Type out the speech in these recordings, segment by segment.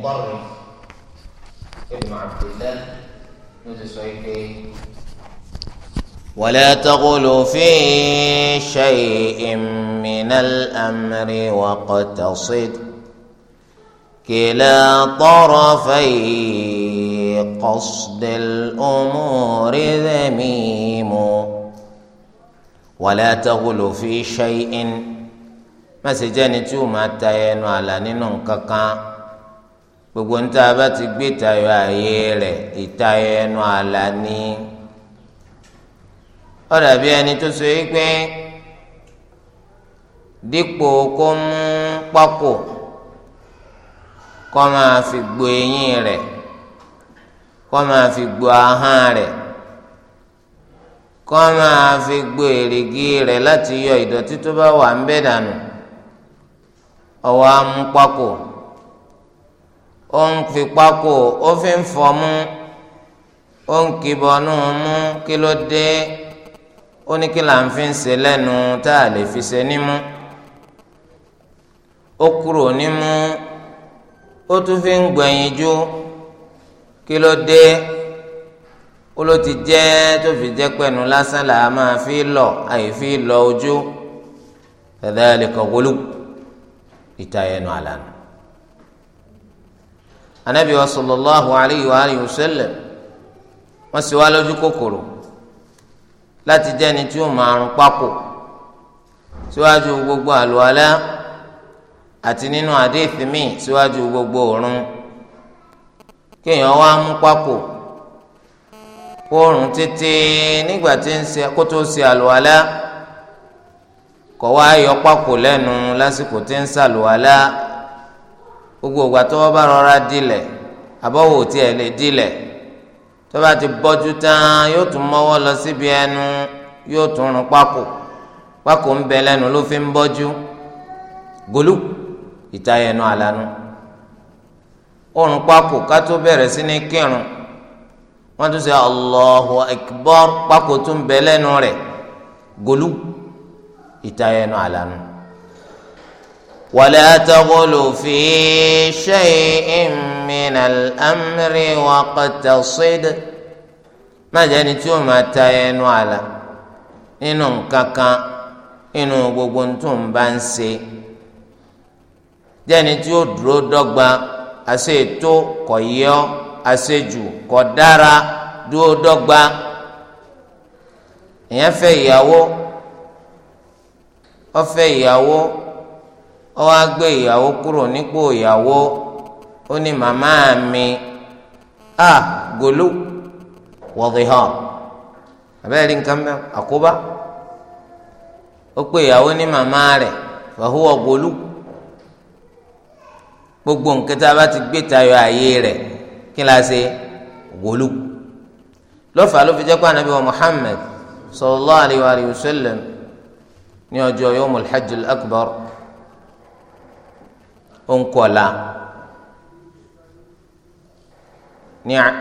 المضر ابن عبد الله نزل إيه؟ ولا تغلوا في شيء من الأمر واقتصد كلا طرفي قصد الأمور ذميم ولا تغلوا في شيء ما سجنت ما على ننكك gbogbo níta bá ti gbé tayọ ààyè rẹ̀ ìtayọ ẹnu àlà ni ó dàbí ẹni tó so yìí pé dípò kó mú pákó kó máa fi gbo eyín rẹ̀ kó máa fi gbo ahọ́n rẹ̀ kó máa fi gbo èrìgì rẹ̀ láti yọ ìdọ̀tí tó bá wà ń bẹ̀ dànù ọwọ́ á mú pákó ó ń fi pákó ó fi ń fọmú ó ń kìbọnú mú kí ló dé ó ní kí là ń fi ń ṣe lẹ́nu tá a lè fi ṣe nímú ó kúrò nímú ó tún fi ń gbẹ̀yìn jú kí ló dé ó ló ti jẹ́ tó fi jẹ́ pẹ̀nu lásán là máa fi lọ àyèfi lọ ojú ẹ̀dá ẹ̀ lè kọ̀ wọlú ìtayẹnu àlànà anabi wa sallallahu alayhi wa alayhi wa sallam wọ́n sì wá lójú kòkòrò láti jẹ́ ẹni tí ó máa rún pákò síwájú gbogbo àlùwalá àti nínú àdéhìí míì síwájú gbogbo òórùn kéèyàn wá mú pákò oorun tètè nígbà tí ń ṣe kó tó ṣe àlùwalá kọ̀ wá yọ pákò lẹ́nu lásìkò tí ń ṣàlùwalá. gbogbo ìgbà tó bá rọra dilẹ̀ àbọ̀wò tiẹ̀ lè dilẹ̀ tó bá ti bọ́jú tán yóò tún lọ síbi ẹnu yóò tún rún pákó pákó ń bẹ ló fi ń bọ́jú gòlú ìtayà àlànà òrùn pákó ká tó bẹ̀rẹ̀ sí ní kírun tún pákó ولا تغلوا في شيء من الأمر واقتصد má jẹ́ ẹni tí ó máa ta ẹnu àlà nínú nǹkan kan nínú gbogbo tó ń bá ń ṣe jẹ́ ẹni tí ó dúró dọ́gba àṣẹ ètò kò àṣẹ jù kò dára dúró dọ́gba èèyàn fẹ́ ìyàwó ó fẹ́ ìyàwó ó wá gbé ìyàwó kúrò nípò ìyàwó ó ní màmá mi a gòló wọ̀dìhàn àbẹ́rẹ́ nǹkan mẹ́ àkóbá ó pé ìyàwó ní màmá rẹ̀ fàhùwà gòló gbogbo nǹkan tá a bá ti gbé tayọ ààyè rẹ̀ kí la ṣe gòló lọ́fà ló fi jẹ́ pé anabi wa Muhammad sallallahu alayhi wa sallam ní ọjọ́ yawmul hajj akbar ònkọ̀la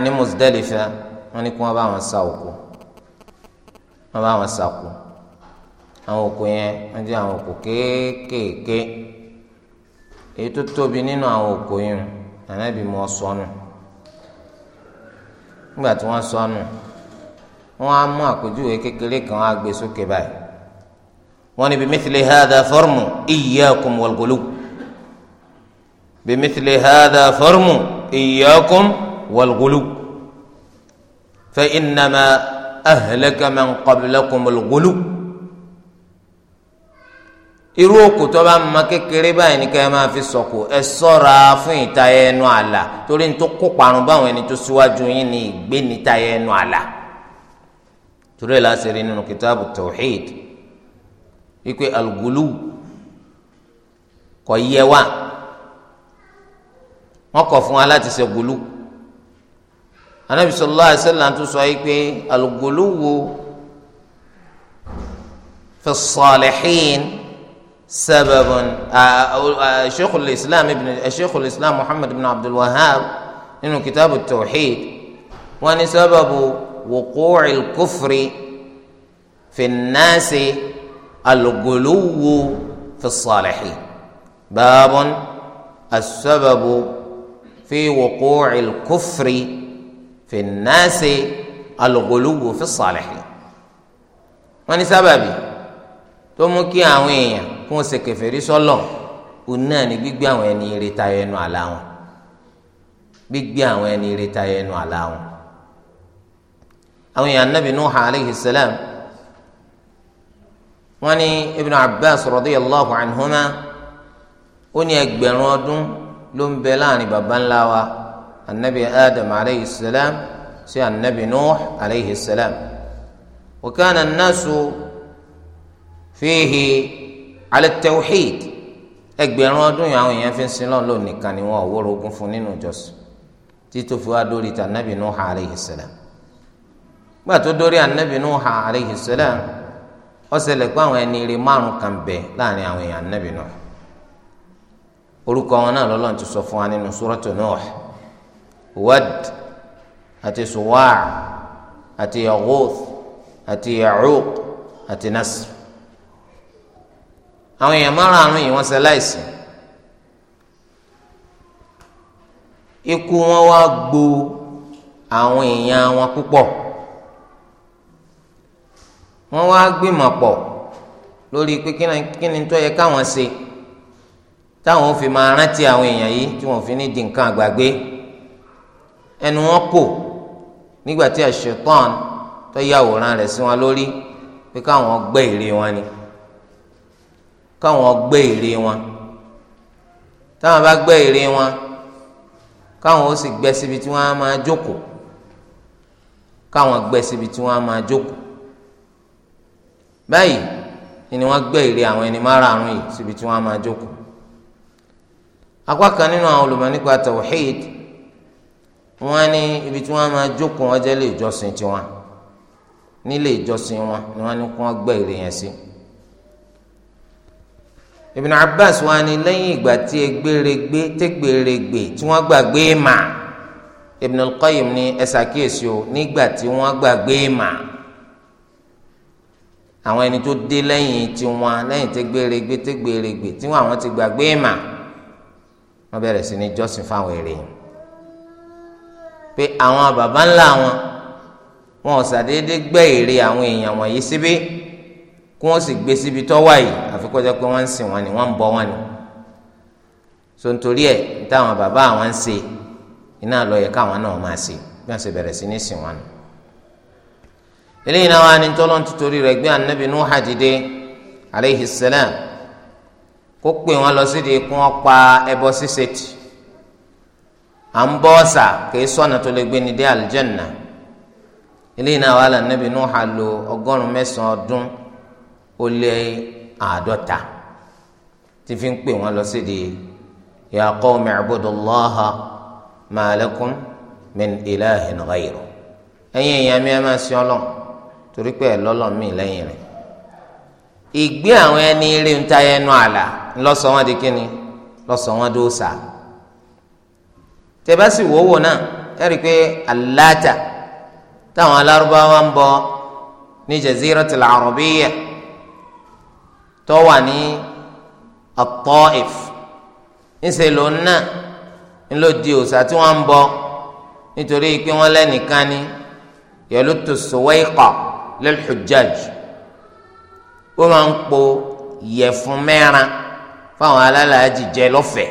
ní Muzdalifa wọ́n ní kí wọ́n àwọn òkú yẹn wọ́n jẹ́ àwọn òkú kéékèèké èyí tó tóbi nínú àwọn òkú yẹn ànábì mọ́ sọnù nígbà tí wọ́n sọnù wọ́n á mú àpèjúwe kékeré kan á gbé sókè báyìí wọ́n níbi mithli hadha بمثل هذا فرموا إياكم wal فإنما أهلك من قبلكم الغلو qablakum al ghulu irú òkú tó bá ma kékeré báyìí ní ká ẹ máa fi sọkò ẹ ṣọ́ra fún ìtayẹ ẹnu àlà torí ní tó kó parun báwọn ẹni tó síwájú yín ní ìgbé ní ẹnu àlà torí ẹ láti nínú kitaabu tawhid wípé algulu kò yẹ wá wọn kọ̀ fún wa láti ṣe gòlù anabi sọlá àṣẹlá tó sọ yìí pé alugòlù wo fi sọlẹ̀xìn sababun sheikhul islam ibn sheikhul islam muhammad ibn abdul wahab nínú kitaabu tawxid wọn ni sababu wuquuci kufri fi naasi alugòlù wo fi sọlẹ̀xìn baabun asababu. fi wuqu'il kufri fi nnaasi al-ghuluw fi salihin wọn ní sábàbí tó mú kí àwọn èèyàn kó ń ṣe kèfèrí sọlọ òun náà ni gbígbé àwọn ẹni ire tayọ ẹnu àlá wọn gbígbé àwọn ẹni ire ẹnu àlá wọn àwọn èèyàn Nabi Nuh alayhi salam wọn ní Ibn Abbas radiyallahu anhuma ó ní ẹgbẹ̀rún ọdún ló ń bẹ láàrin baba ńlá wa anabi adam alayhi salam sí anabi nuh alayhi salam wa kana an-nasu fihi ala at-tawhid ẹgbẹ̀rún ọdún yìí àwọn èèyàn fi ń sin lọ́n lónìí nìkan ni wọn ò wọ́rọ̀ ogun fún nínú ìjọsìn títí fi wá dórí ta anabi nuh alayhi salam gbà tó dórí anabi nuh alayhi salam ó pé àwọn ẹni rí márùn kan bẹ láàrin àwọn èèyàn anabi nuh orúkọ wọn náà lọ́lọ́run ti sọ fún wa nínú suratu Nuh Wad àti Suwa' àti Yaghuth àti Ya'uq àti Nasr àwọn èèyàn márùn-ún yìí wọ́n ṣe láìsí ikú wọn wá gbo àwọn èèyàn wọn púpọ̀ wọ́n wá gbìmọ̀ pọ̀ lórí pé kí ni tó yẹ káwọn ṣe táwọn fi máa rántí àwọn èèyàn yìí tí wọn fi ní di nǹkan àgbàgbé ẹnu wọn kò nígbà tí àṣetán tó yàwòrán rẹ̀ sí wọn lórí pé káwọn gbẹ́ ère wọn ni káwọn gbẹ́ ère wọn táwọn bá gbẹ́ ère wọn káwọn ó sì gbẹ́ síbi tí wọn á máa jókòó káwọn gbẹ́ síbi tí wọn á máa jókòó báyìí ni wọn gbẹ́ ère àwọn ẹni márààrún yìí síbi tí wọn á máa jókòó apá kan nínú àwọn olùmọ̀ nípa tawhid wọ́n ní ibi tí wọ́n máa jókòó wọn jẹ́ ilé ìjọsìn tiwọn nílé ìjọsìn wọn ni wọ́n ní kí wọ́n gbẹ́ ère yẹn sí. Ibn Abbas wọ́n ní lẹ́yìn ìgbà tí egbèrègbè tẹgbèrègbè tí wọ́n gbàgbé mà Ibn al-Qayyim ní ẹ ṣàkíyèsí o nígbà tí wọ́n gbàgbé mà àwọn ẹni tó dé lẹ́yìn tiwọn lẹ́yìn tẹgbèrègbè tẹgbèrègbè tí wọ́n àwọn ti gbàgbé mà wọ́n bẹ̀rẹ̀ sí ní jọ́sìn fáwọn ère yìí pé àwọn baba ńlá wọn wọn ò ṣàdédé gbẹ́ ère àwọn èèyàn wọ̀nyí síbí kí wọ́n sì gbé síbi tó wà yìí àfi kó jẹ́ pé wọ́n ń sìn wọn ni wọ́n ń bọ wọn ni so nítorí ẹ̀ táwọn baba àwọn ń ṣe iná lọ yẹ káwọn náà máa ṣe bí wọ́n sì bẹ̀rẹ̀ sí ní sìn wọn ni eléyìí náà wà ní tọ́lọ́ nítorí rẹ̀ gbé anabi nuhu aleyhi salam. kó pè wọn lọ sí di kí wọn pa ẹbọ ṣíṣe tì à ń bọ ọsà kì í sọnà tó lè gbé ni dé àlùjẹnà eléyìí náà wà inú ha lo ọdún ó àádọ́ta tí fi ń pè wọn lọ sí di min ilahin ghayru ẹ̀yin torí pé mi lẹ́yìn rẹ̀ ìgbé àwọn ẹni rí ń ta ńlọsọ wọn di kíni lọsọ wọn dó sà tẹbẹsì wòówò náà ẹ rí i pé aláta táwọn alárúbáwá ń bọ ní jaziratul arabiyya tó wà ní at-Taif ńṣe lòun náà ńlọ di òòṣà tí wọ́n ń bọ nítorí pé wọ́n lẹ́nìkan ni yalutu suwayqa lil hujjaj ó máa ń po ìyẹ̀fun mẹ́ran fáwọn alálàájì jẹ lọ́fẹ̀ẹ́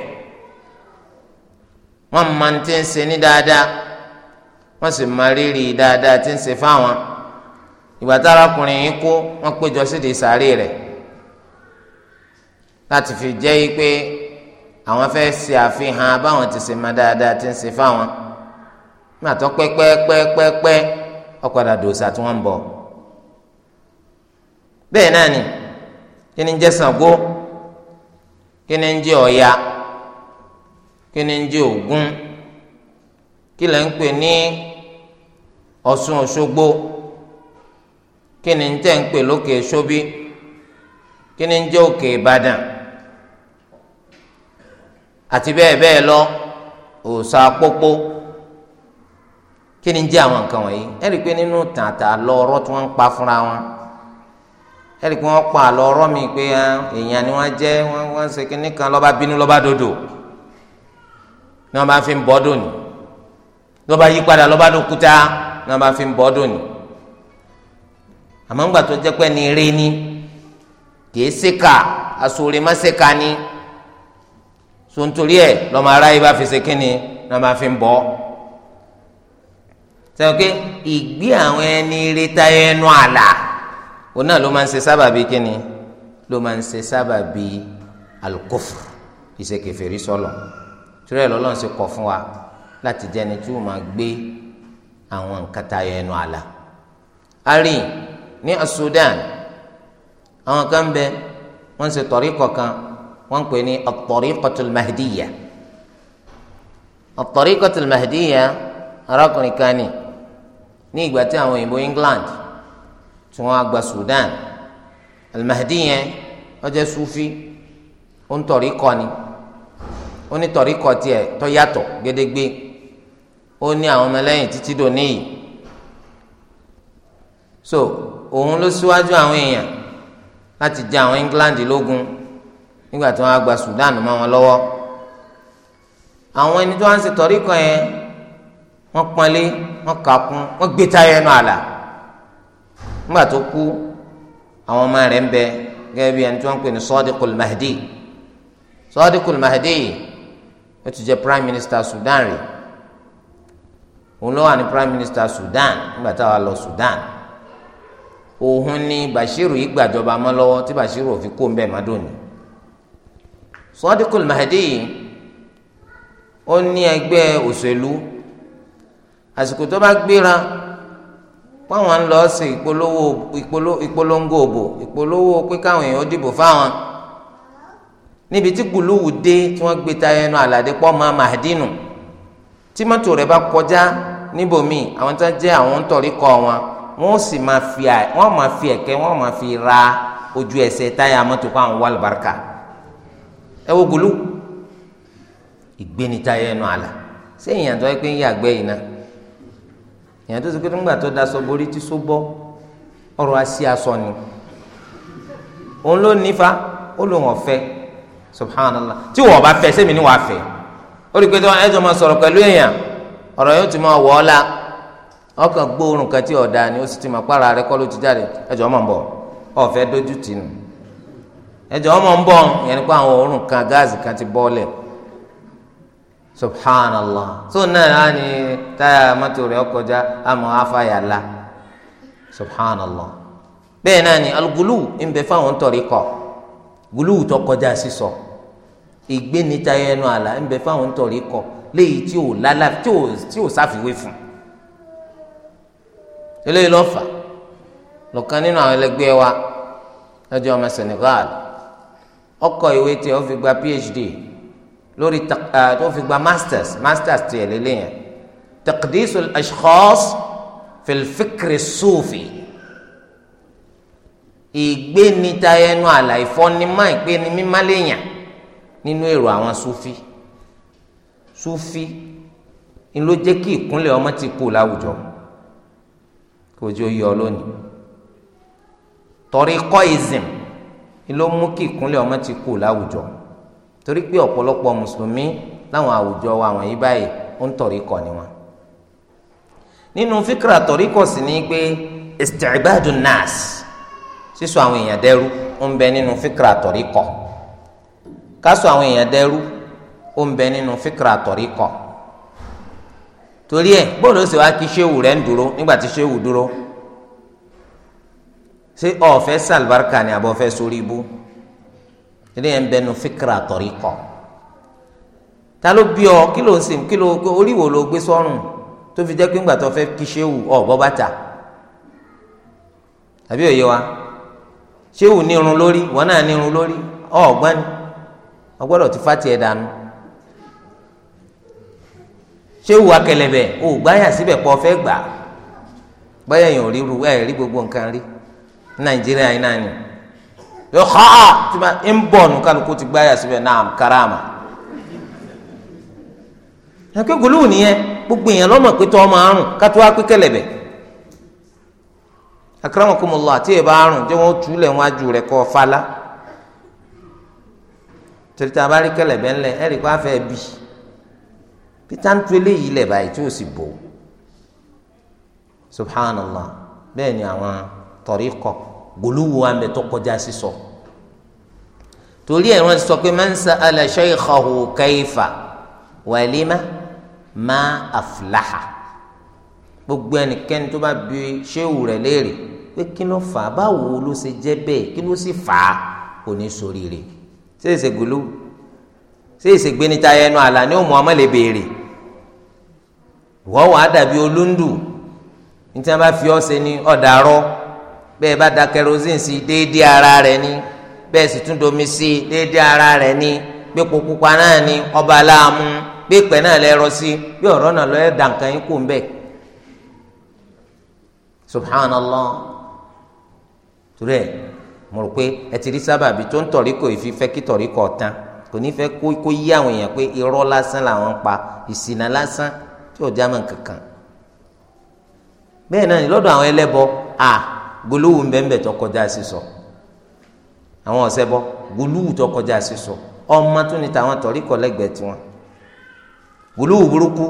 wọ́n máa ń ti ń ṣe ní dáadáa wọ́n sì máa rírì dáadáa ti ń ṣe fáwọn ìgbà tárakùnrin yìí kú wọ́n péjọ sídìí sàárè rẹ̀ láti fi jẹ́ yìí pé àwọn fẹ́ ṣe àfihàn báwọn ti ṣe máa dáadáa ti ń ṣe fáwọn má tán pẹ́pẹ́pẹ́pẹ́ ọ̀padà dòṣà tí wọ́n ń bọ̀ bẹ́ẹ̀ náà ni kí ni jẹ́ Ṣàngó kíni ń jẹ́ ọ̀ya kíni ń jẹ́ ògún kí lẹ́ ń pè ní ọ̀ṣun òṣogbo kíni ń tẹ̀ ń pè lókè ṣóbí kíni ń jẹ́ òkè ìbàdàn àti bẹ́ẹ̀ bẹ́ẹ̀ lọ òòṣà pópó kíni ń jẹ́ àwọn nǹkan wọ̀nyí ẹ pé nínú tàǹtà lọ ọ̀rọ̀ tí wọ́n ń pa fúnra wọn ẹ̀rí pé pa àlọ́ ọ̀rọ̀ mi pé ah, èèyàn ni wọ́n jẹ́ wọ́n wọ́n ń ṣe kínní kan lọ́ba bínú lọ́ba dòdò ni wọ́n bá fi ń bọ́ dòní lọ́ba yí padà lọ́ba dòkúta ni wọ́n bá fi ń bọ́ dòní àmọ́ ńgbà tó jẹ́ pé ni eré ni kìí ṣèkà asòrè má ṣèkà ni sontori ẹ̀ lọ́mọ aráyé bá fi ṣe kínní ni wọ́n bá fi ń bọ́ sẹ́wọ́n pé ìgbé àwọn ẹni retá ẹnu àlà òun náà ló máa ń ṣe sábàbí kíni ló máa ń ṣe sábàbí alukófù ìṣe kèfèrí sọlọ tirẹ̀ lọ́lọ́run ṣe kọ̀ fún wa láti jẹ́ni tí ó máa gbé àwọn nǹkan tayọ ẹnu àlà a rí ní Sudan àwọn kan bẹ wọ́n ṣe tọ̀ríkọ̀ kan wọ́n pè ní at-tariqatul mahdiya at-tariqatul mahdiya arákùnrin kan ní ní ìgbà tí àwọn òyìnbó England tí wọ́n á gba Sudan Al-Mahdi yẹn wọ́n jẹ́ sufi ó ń tọ̀rí kọ́ ni ó ní tọ̀rí kọ́ tiẹ̀ tó yàtọ̀ gédégbé ó ní àwọn ọmọlẹ́yìn títí dòní yìí so òun ló síwájú àwọn èèyàn láti jẹ àwọn England lógun nígbà tí wọ́n á gba Sudan mọ́ wọn lọ́wọ́ àwọn ẹni tó wá ń ṣe tọ̀rí kọ́ yẹn wọ́n pọ́nlé wọ́n kà kún wọ́n gbé táyà ẹnu àlà ńgbà tó kú àwọn ọmọ rẹ̀ ń bẹ gẹ́gẹ́ bí ẹni tí wọ́n ń pè ní Sadiqul Mahdi Sadiqul Mahdi ó ti jẹ́ prime minister Sudan rẹ̀ òun ló wà ní prime minister Sudan nígbà táwa lọ Sudan òun ni Bashiru yìí gbàjọba mọ́ lọ́wọ́ tí Bashiru òfin kó ń bẹ̀ má dòní Sadiqul Mahdi ó ní ẹgbẹ́ òṣèlú àsìkò tó bá gbéra páwọn ń lọ sí ìpolówó ìpolongo òbò ìpolówó pé káwọn èèyàn dìbò fáwọn níbi tí gùlùwù dé tí wọ́n gbé ta ẹnu àlàdé pọ́ máa màdínù tí mọ́tò rẹ̀ bá kọjá níbòmíì àwọn tó jẹ́ àwọn ń tọ̀rí kọ́ wọn wọ́n sì máa fi wọ́n máa fi ẹ̀kẹ́ wọ́n máa fi ra ojú ẹsẹ̀ táyà mọ́tò kó àwọn wà lùbáríkà ẹ wo gùlù ìgbéni táyà ẹnu àlà sẹ́yìn àtọ́ ẹ pé ń yàgbẹ́ yìí náà. ìyẹn tó sọ pé nígbà tó daṣọ borí tí so bọ́ ọrọ̀ àṣì aṣọ ni òun ló nífa ó lò fẹ subhanallah tí wọ́n bá fẹ́ sẹ́mi ni ó rí i pé tí wọ́n máa pẹ̀lú èèyàn ọ̀rọ̀ yóò ti máa wọ̀ la ọkàn gbóòórùn kan tí ni ó sì ti máa ló subhanallah tó náà á ní táyà mọ́tò rẹ̀ ọkọjá àmọ́ afáyàlá subhanallah bẹ́ẹ̀ náà ni alugulu ń bẹ fáwọn tọ̀rí kọ gulu tó kọjá sísọ ìgbénitayọ ẹnu àlà ń bẹ fáwọn tọ̀rí kọ léyìí tí ò lálá tí ò tí ò sáfiwé fún eléyìí lọ fà lọ́kàn nínú àwọn ẹlẹgbẹ́ wa lọ́jọ́ ọmọ Senegal ọkọ ìwé tí ó fi gba PhD lórí tó fi gba masters masters tiẹ̀ lélẹ́yìn taqdisul ashkhas fil fikri sufi ìgbénita ẹnu àlàìfọ́nimá ìgbéni mímá lèèyàn nínú èrò àwọn sufi sufi ń ló jẹ́ kí ìkúnlẹ̀ ọmọ ti kú láwùjọ kò jẹ́ oyè ọlọ́ni tọrí kọ́ ìzìn ń ló mú kí ìkúnlẹ̀ ọmọ ti kú láwùjọ torí pé ọ̀pọ̀lọpọ̀ mùsùlùmí láwọn àwùjọ wa wọ̀nyí báyìí ó ń tọ̀rí ni wọn. nínú fíkra tọ̀rí kọ̀ sí ni pé istibadu nas sísọ àwọn èèyàn dẹrú ó ń bẹ nínú fíkra tọ̀rí kọ̀ kásọ àwọn èèyàn dẹrú ó ń bẹ nínú fíkra tọ̀rí kọ̀ torí ẹ bóòlù ṣe wá kí ṣéwù rẹ ń dúró nígbà tí ṣéwù dúró ṣé ọ̀fẹ́ sàlùbáríkà ni àbọ̀fẹ́ sórí ibú. ilé yẹn ń bẹnu fíkìrà àtọ̀rí kọ̀ ta ló bí ọ kí ló ń sìn kí ló gbé tó fi jẹ́ pé ńgbà tó fẹ́ àbí òye wa ṣéwù ní lórí wọn náà lórí ọ ni ọgbọ́dọ̀ ti fàtì ẹ̀ dànù ṣéwù akẹlẹ̀bẹ̀ o gbáyà síbẹ̀ pọ̀ fẹ́ gbà báyà yẹn ló xaa tí ma ń bọ̀ nù kálukú ti gbáyà síbẹ̀ náà karama ẹ̀kọ́ gòlù nìyẹn gbogbo èèyàn lọ́mọ pé tọ́ ọmọ àrùn kátó wá pé kẹlẹ̀bẹ̀ akramakumullah àti ìbá àrùn jẹ́ wọ́n tú lẹ̀ wájú rẹ̀ kọ́ fala torí tá a bá rí kẹlẹ̀bẹ̀ ńlẹ̀ ẹ̀rí kó a fẹ́ bì peter ń tu eléyìí lẹ̀ báyìí tí ó sì bò subhanallah bẹ́ẹ̀ ni àwọn tọ̀rí kọ̀ gòlúwo àmì tó kọjá sísọ torí ẹ̀ wọ́n ti sọ pé man sa'ala shaykhahu kayfa walima ma aflaha gbogbo ẹnikẹ́ni tó bá bi ṣéwù rẹ̀ léèrè pé kí ló fà á báwo ló ṣe jẹ́ bẹ́ẹ̀ kí ló sì fà á kò ní ṣoríire ṣé èsè gòlú ṣé èsè gbé ẹnu àlà ni ó mú ọmọ lè béèrè wọ́n wàá dàbí olúndù níta bá fi ọ́ ṣe ni ọ̀dàrọ́ bẹ́ẹ̀ bá da kerosene sí déédéé ara rẹ̀ ni bẹ́ẹ̀ sì tún domi sí déédéé ara rẹ̀ ni gbépo pupa náà ni ọba aláàmú gbépẹ́ náà lẹ́rọ sí bí ọ̀rọ̀ náà lọ́ọ́ dà nǹkan yín kò ń bẹ̀. subhanallah torí ẹ mo rò pé ẹ ti rí sábàbí tó ń tọ̀ríkọ̀ ìfi fẹ́ kí tọ̀ríkọ̀ tán kò ní fẹ́ kó yí àwọn èèyàn pé irọ́ lásán làwọn ń pa ìṣìnà lásán tí ò já mọ́ kankan bẹ́ẹ̀ náà lọ́dọ̀ àwọn ẹlẹ́bọ Ah gbolówó ńbẹ́ńbẹ́ tó kọjá sí sọ àwọn ọ̀sẹ̀ bọ́ gbolówó tó kọjá sí sọ tó ní tàwọn tọ̀rí kọ lẹ́gbẹ̀ẹ́ tiwọn gbolówó burúkú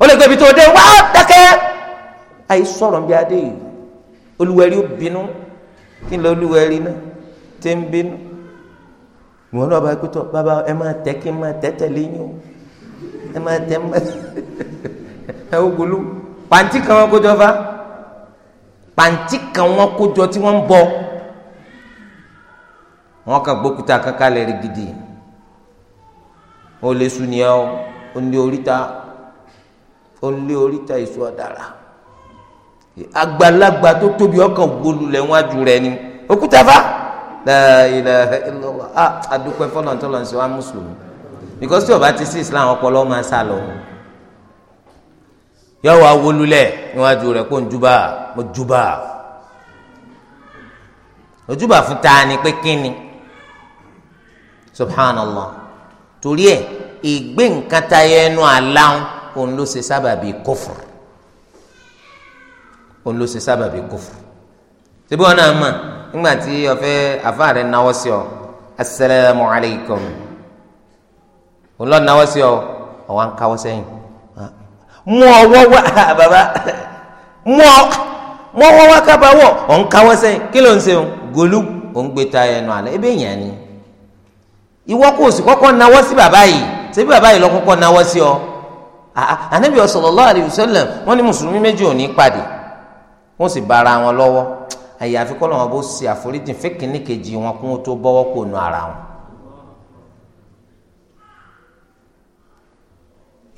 ó lè tó dé wá dákẹ́ àyè sọ̀rọ̀ bí adé yìí olúwẹ̀rí bínú kí ni olúwẹ̀rí náà ti ń bínú ìwọ náà bá gbẹtọ bàbá ẹ máa tẹ kí n máa tẹ tẹlé yín o ẹ máa tẹ ẹ máa tẹ ẹ ó gulu. pàǹtí kan wọn kó jọ fa pàǹtí kan wọn kó jọ tí wọ́n ń bọ wọn kà gbókúta kankan lẹ́rìí gidi ó lé sunìyà ó ó lé oríta ó lé oríta èso ọ̀dàrà àgbàlagbà tó tóbi ọkàn gbolulẹ̀ wájú rẹ̀ ni òkúta fa la ilaha illallah ah, a adúpẹ́ fọlọ́ntọ́lọ́ ń sọ wá mùsùlùmí because tí o bá ti sí islam ọpọlọ máa sá lọ. yọ wá wólulẹ̀ níwájú rẹ̀ kó njúbà mo ojúbà fún taani pé kíni subhanallah torí ẹ ìgbé nǹkan ta yẹ ẹnu aláwọn òun ló ṣe sábàbí kófù òun ló ṣe sábàbí kófù síbí wọn náà mọ nígbà tí ọ asalaamualeykum òun lọ náwó sí ọ mú ọwọ́ ha ah, bàbá mú ọ mú ọwọ́ wá kábàáwọ̀ ọ̀ ń káwọ́ sẹ́yìn kí ló ń ṣe gòlú ò ń gbé ta ẹnu àlẹ́ ebe yẹn ni ìwọ kò sì kọ́kọ́ nawọ́ sí bàbá yìí ṣé bí bàbá yìí lọ kọ́kọ́ nawọ́ sí ọ ah, ah, ànábì sallallahu alaihi wasallam wọ́n ní mùsùlùmí méjì ò ní pàdé wọ́n sì bára wọn lọ́wọ́ àyàfi kọ́ lọ́wọ́ bó ṣe àforíjì fẹ́kìnní kejì wọn kún ó tó bọ́wọ́ kò nu ara wọn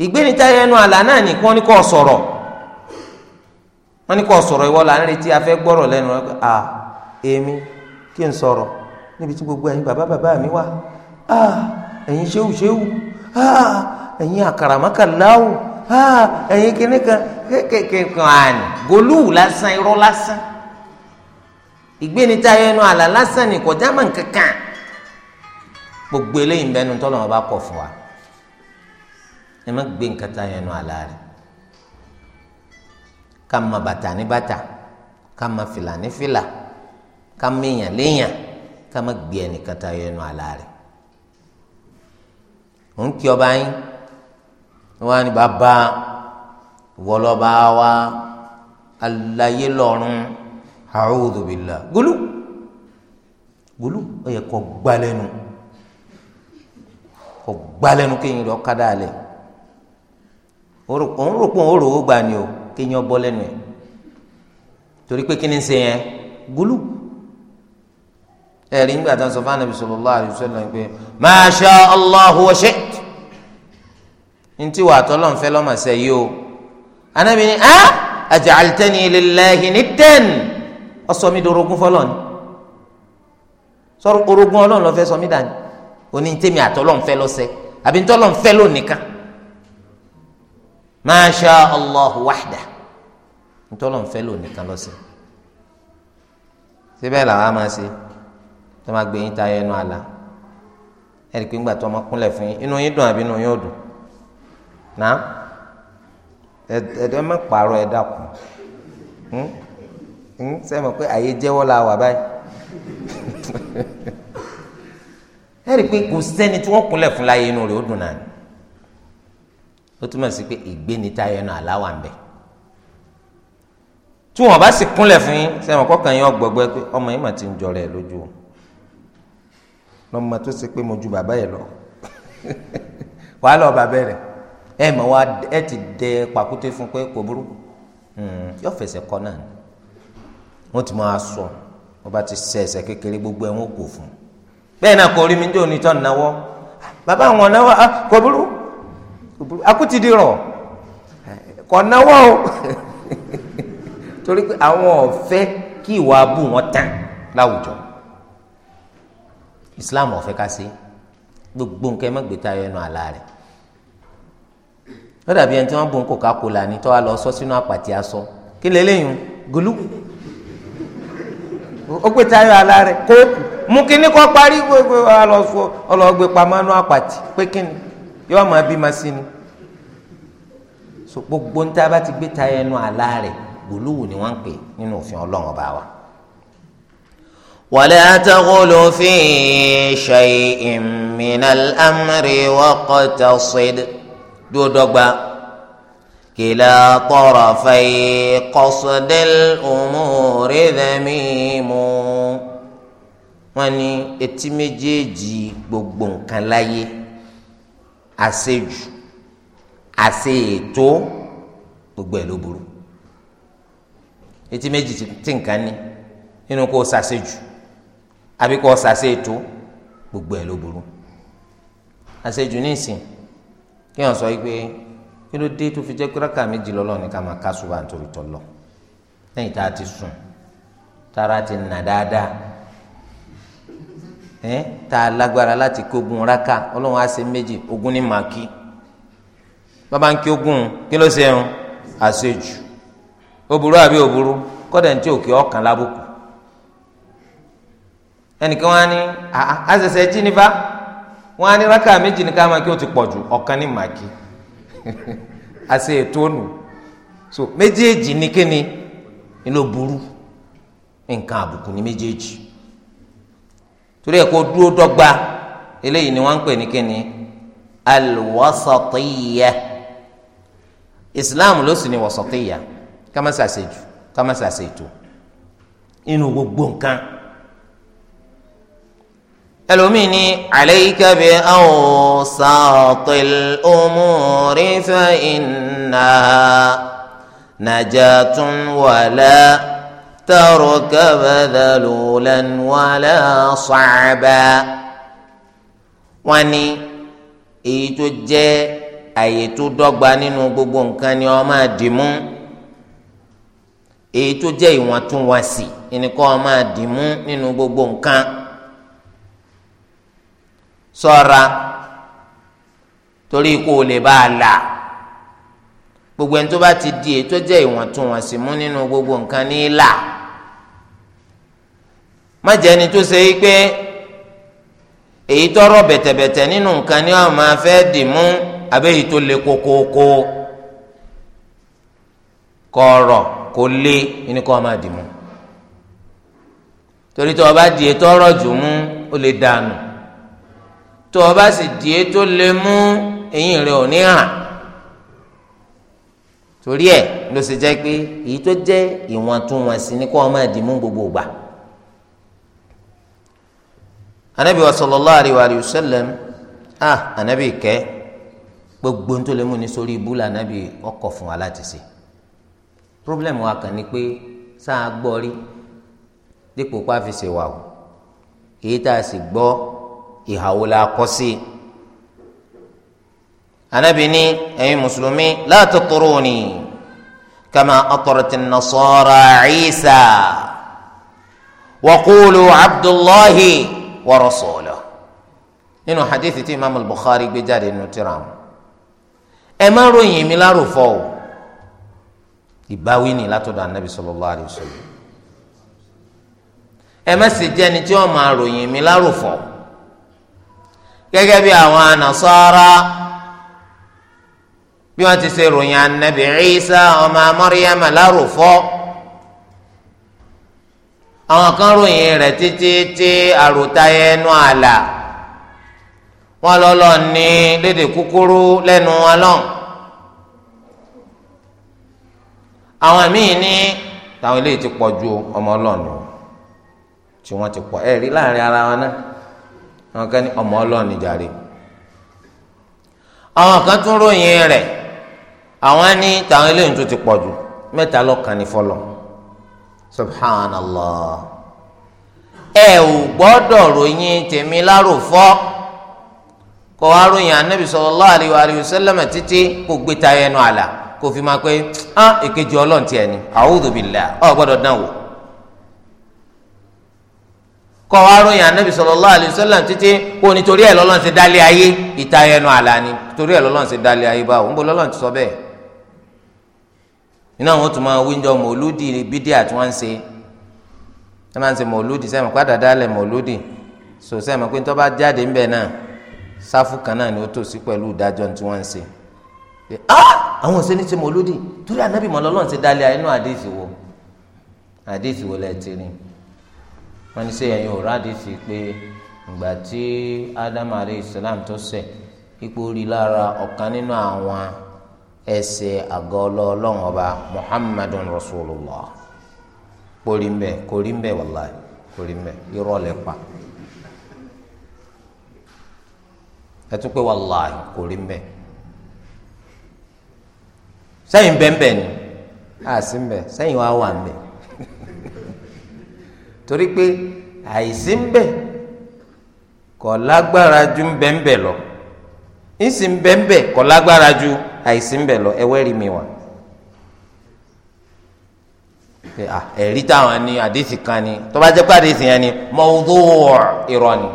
ìgbénita ẹnu àlá náà ni kí wọ́n ní kó sọ̀rọ̀ wọ́n ní kó sọ̀rọ̀ ìwọ là ń retí afẹ́ gbọ́rọ̀ lẹ́nu rẹ à èmi kí n sọ̀rọ̀ níbi tí gbogbo ẹ̀yin bàbá bàbá mi wà à ẹ̀yin ṣéwù ṣéwù à ẹ̀yin àkàràmákàláwù à ẹ̀yin kìnnìkan kékèké kan àní gòlúù lásán irọ́ lásán ìgbénita ẹnu àlá lásán ní kọjá mọ̀ nǹkankan gbogbo eléyìí ń bẹnu tọ́lọ́mọba kọ̀ fún wa ẹ má gbé nǹkan tá yẹn nu àlá rẹ̀ ká ma bàtà ní bàtà ká ma fìlà ní fìlà ká ma èèyàn léèyàn ká ma gbé ẹnìkan tá yẹn nu àlá rẹ̀ ń kí ọba yín wọn á bàbá wọlọba wa alayé lọ́run a'udhu gulu gulu ó yẹ kó gbalẹnu kó gbalẹnu kéyìn lọ kádà òun rò pé òun rò ó gbà ni o kéèyàn bọ́ lẹ́nu ẹ̀ torí pé kíni ń ṣe yẹn gúlù ẹ̀rí ńgbà tán sọ fún anabi sallallahu alaihi wasallam pé ma sha Allahu wa shi'ta ntí wàá tọ́lọ̀ ń fẹ́ lọ́mọ sẹ́ yìí o anabi ni ah aj'altani lillahi niddan ọsọ mi dorogún fọlọ́ ni sọ orogún ọlọ́run ló sọ mí dání oní tèmi àtọ́lọ́ ń lọ́sẹ̀ àbí ntọ́lọ́ ń lónìkan masha allah wahda ntọrọ ń nìkan lọ́sẹ̀ síbẹ̀ làwọn á máa ṣe tó máa ta ẹnu àlà ẹ̀rí pé ńgbà tó ọmọ fún yín inú yín dùn àbí inú yín ò dùn náà ẹ̀ẹ́dẹ́ má pààrọ̀ ẹ̀ dàkún sẹ́mi pé la wà báyìí kò tí fún ó túmọ̀ sí pé ìgbénitayọ náà aláwà ń bẹ tí wọn bá sì kúnlẹ̀ fún yín sẹ́wọ̀n kọ́kàn yín ọgbọ̀gbọ́ pé ọmọ yín mà ti ń jọrọ ẹ̀ lójú o lọ́mọ tó ṣe pé mo ju bàbá yẹn lọ wàá lọ bàbá rẹ̀ ẹ mọ̀ wá ẹ ti dẹ pàkúté fún pé kò burú hmm, yóò fẹsẹ̀ kọ́ náà wọ́n ti máa sọ wọ́n bá ti ṣe ẹsẹ̀ kékeré gbogbo ẹ̀ kò fún bẹ́ẹ̀ náà kò rí mi ní òní tán bàbá àwọn náwó ah, kò burú akutidìrọ̀ kọ̀náwọ́ o torí pé àwọn ọ̀fẹ́ kí ìwà abú wọn tán láwùjọ Islam ọ̀fẹ́ ká sí gbogbo nǹkan ẹ má gbé tayọ ẹnu àlá rẹ̀ lọ́dà bíi ẹni tí wọ́n bu nǹkó kákólà ní tọ́wá lọ sọ sínú àpàtì aṣọ kí lélẹ́yìn gòlú ó gbé tayọ àlá rẹ̀ kó mú kínní kọ́ parí gbogbo ọlọ́gbé pamọ́ nú àpàtì pé kínní yóò máa bí máa sí ni so gbogbo ń tá a bá ti gbé ta ẹnu àlá rẹ̀ gbòlúwò ni wọ́n ń pè nínú òfin ọlọ́run ọba wa. wala taghulu fi shay'in minal amri waqtasid dúró dọ́gba kila tarafay qasdil umuri dhamimu wọ́n ní etí méjèèjì gbogbo nǹkan láyé àṣejù àṣe ètò gbogbo ẹ̀ ló burú etí méjì tí nǹkan ní nínú kó o ṣàṣejù àbí kó o ṣàṣe ètò gbogbo ẹ̀ ló burú àṣejù nísìn kí wọ́n sọ pé kí ló dé tó fi jẹ́ kíráka méjì lọ́lọ́ ní ká máa ká ṣùgbọ́n àtòrítọ́ lọ lẹ́yìn tá a ti sùn tára ti nà dáadáa. ẹ tá a lágbára láti kó ogun raka ọlọ́run á ṣe méjì ogun ní màkì bàbá ń kí ogun kí ló ṣe ń àṣejù òbúrú àbí òbúrú kọ́dà ní tí òkè ọ̀kan lábùkù ẹnìkan wọn á ní àṣẹṣẹ jínífà wọn á ní raka méjì ní ká máa kí ó ti pọ̀ jù ọ̀kan ní màkì àṣe ètò nù so méjèèjì ní kíni ni ló burú nǹkan àbùkù ní méjèèjì. torí ẹ̀ kó dúró dọ́gba eléyìí ni wọ́n ń pè ní kíni alwasatiyya islam ló sì ní wasatiyya kámásà ṣèjú kámásà ṣètò inú gbogbo nǹkan ẹlòmíì ní alayka bi awsatil umuri fa inna najatun wala. تركب ذلولا ولا صعبا wọ́n ní èyí tó jẹ́ àyè tó dọ́gba nínú gbogbo nǹkan ni ó máa dì mú èyí tó jẹ́ ìwọ̀ntúnwọ̀nsì ni kó máa dì mú nínú gbogbo nǹkan ṣọ́ra torí kó o lè bá a là gbogbo ẹni tó bá ti di èyí tó jẹ́ ìwọ̀ntúnwọ̀nsì mú nínú gbogbo nǹkan ní là má jẹ́ ẹni tó ṣe é pé èyí tọrọ bẹ̀tẹ̀bẹ̀tẹ̀ nínú nǹkan ni wọ́n máa fẹ́ dì mú àbẹ́yìí tó le kókókó kọ̀ọ̀rọ̀ kò le ní kọ́ máa dì mú torí tó o bá di ètò ọ̀rọ̀ jù mú o lè dànù tó o bá sì di ètò lè mú eyín rẹ ò ní hàn torí ẹ ló ṣe jẹ́ pé èyí tó jẹ́ ìwọ̀ntúnwọ̀nsì ni kó o máa dì gbogbo gbà. anabi wa sallallahu alayhi wa sallam ah anabi kẹ gbogbo ń tó ni sórí ibú la anabi ọkọ fún wa láti ṣe problem wa kàn ní pé sáà gbọ́ rí dípò pàfi ṣe wà o èyí tá a sì gbọ́ ìhàwó la kọ́ sí i anabi ní ẹ̀yin mùsùlùmí la tatruni kama atrat an-nasara Isa wa qulu abdullahi wa rasuluhu nínú hadithi tí imaamu Bukhari gbé jáde nínú tírà wọn ẹ má ròyìn mi lárúfọ o ìbáwí ni látọ̀dọ̀ anabi sallallahu alaihi wasallam ẹ má sì jẹ́ ni tí wọ́n máa ròyìn mi lárúfọ gẹ́gẹ́ bí àwọn Nasara bí wọ́n ti ṣe ròyìn anabi Isa ọmọ amọríyàmà lárúfọ àwọn kan ròyìn rẹ̀ títí tí àròtayé ẹnu àlà wọ́n lọlọ ní lédè kúkúrú lẹ́nu wọn lọ àwọn míì ní táwọn eléyìí ti pọ̀ ju ọmọ ọlọ́ọ̀nù tí wọ́n ti pọ̀ ẹ̀ rí láàrin ara wọn náà àwọn kan ní ọmọ ọlọ́ọ̀nù jàre àwọn kan tún ròyìn rẹ̀ àwọn ní tàwọn eléyìí tó ti pọ̀ jù mẹ́ta lọ́kàn ní fọlọ́ subhanallah ẹ ò gbọ́dọ̀ ròyìn tèmi láròfọ́ kọ́ wa ròyìn anabi sallallahu alaihi wa alihi wasallam títí kò gbé ta ẹnu àlà kò fi máa pé ah èkejì ọlọ́run tiẹ̀ ni a'udhu billah ọ̀ gbọ́dọ̀ dán wò kọ́ wa ròyìn anabi sallallahu alaihi wasallam kò nítorí ẹ̀ lọ́lọ́run ti dálé ayé ìta ẹnu àlà ni torí ẹ̀ ti dálé ayé báwo ń bọ́ lọ́lọ́run ti sọ bẹ́ẹ̀ iná wọn tún máa wíńdọ mọ̀lúdì bídíà tí wọ́n ń ṣe tí wọ́n ń ṣe mọ̀lúdì sẹ́mi pàdàdà lẹ̀ mọ̀lúdì so sẹ́mi pé tó bá jáde ńbẹ̀ náà sáfù kan náà ni ó tòsí pẹ̀lú ìdájọ́ tí wọ́n ń ṣe pé àwọn ò ṣe ní ṣe mọ̀lúdì torí ànábì mọ̀lọ́lọ́n ti dálé inú àdéhìí wo àdéhìí wo lẹ́ẹ̀ ti wọ́n ní sẹ́yìn ò rádìsí pé ìgbà tí ádámù alayhi salam tó ṣẹ̀ ipò rí lára ọ̀kan nínú àwọn ẹsẹ àgọ́ ọlọ́ọ̀lọ́wọ́n ọba Muhammadu rasulullah kórì ń bẹ kórì ń bẹ mbe kórì ń bẹ irọ́ lẹ pa ẹtú pé wàláì kórì ń bẹ sẹ́yìn bẹ́ẹ̀nbẹ́ ni àsì ń bẹ sẹ́yìn wá wà ń bẹ torí pé àìsí ń bẹ lágbára ju ń bẹ́ẹ̀nbẹ́ lọ. ìsì ń bẹ ń bẹ kò lágbára ju àìsí ń bẹ lọ ẹ wẹ́rì mi wá. ẹ̀rí táwọn ní àdéhìí kan ni tó bá jẹ́ pé àdéhìí yẹn ni mawdhu' irọ́ ni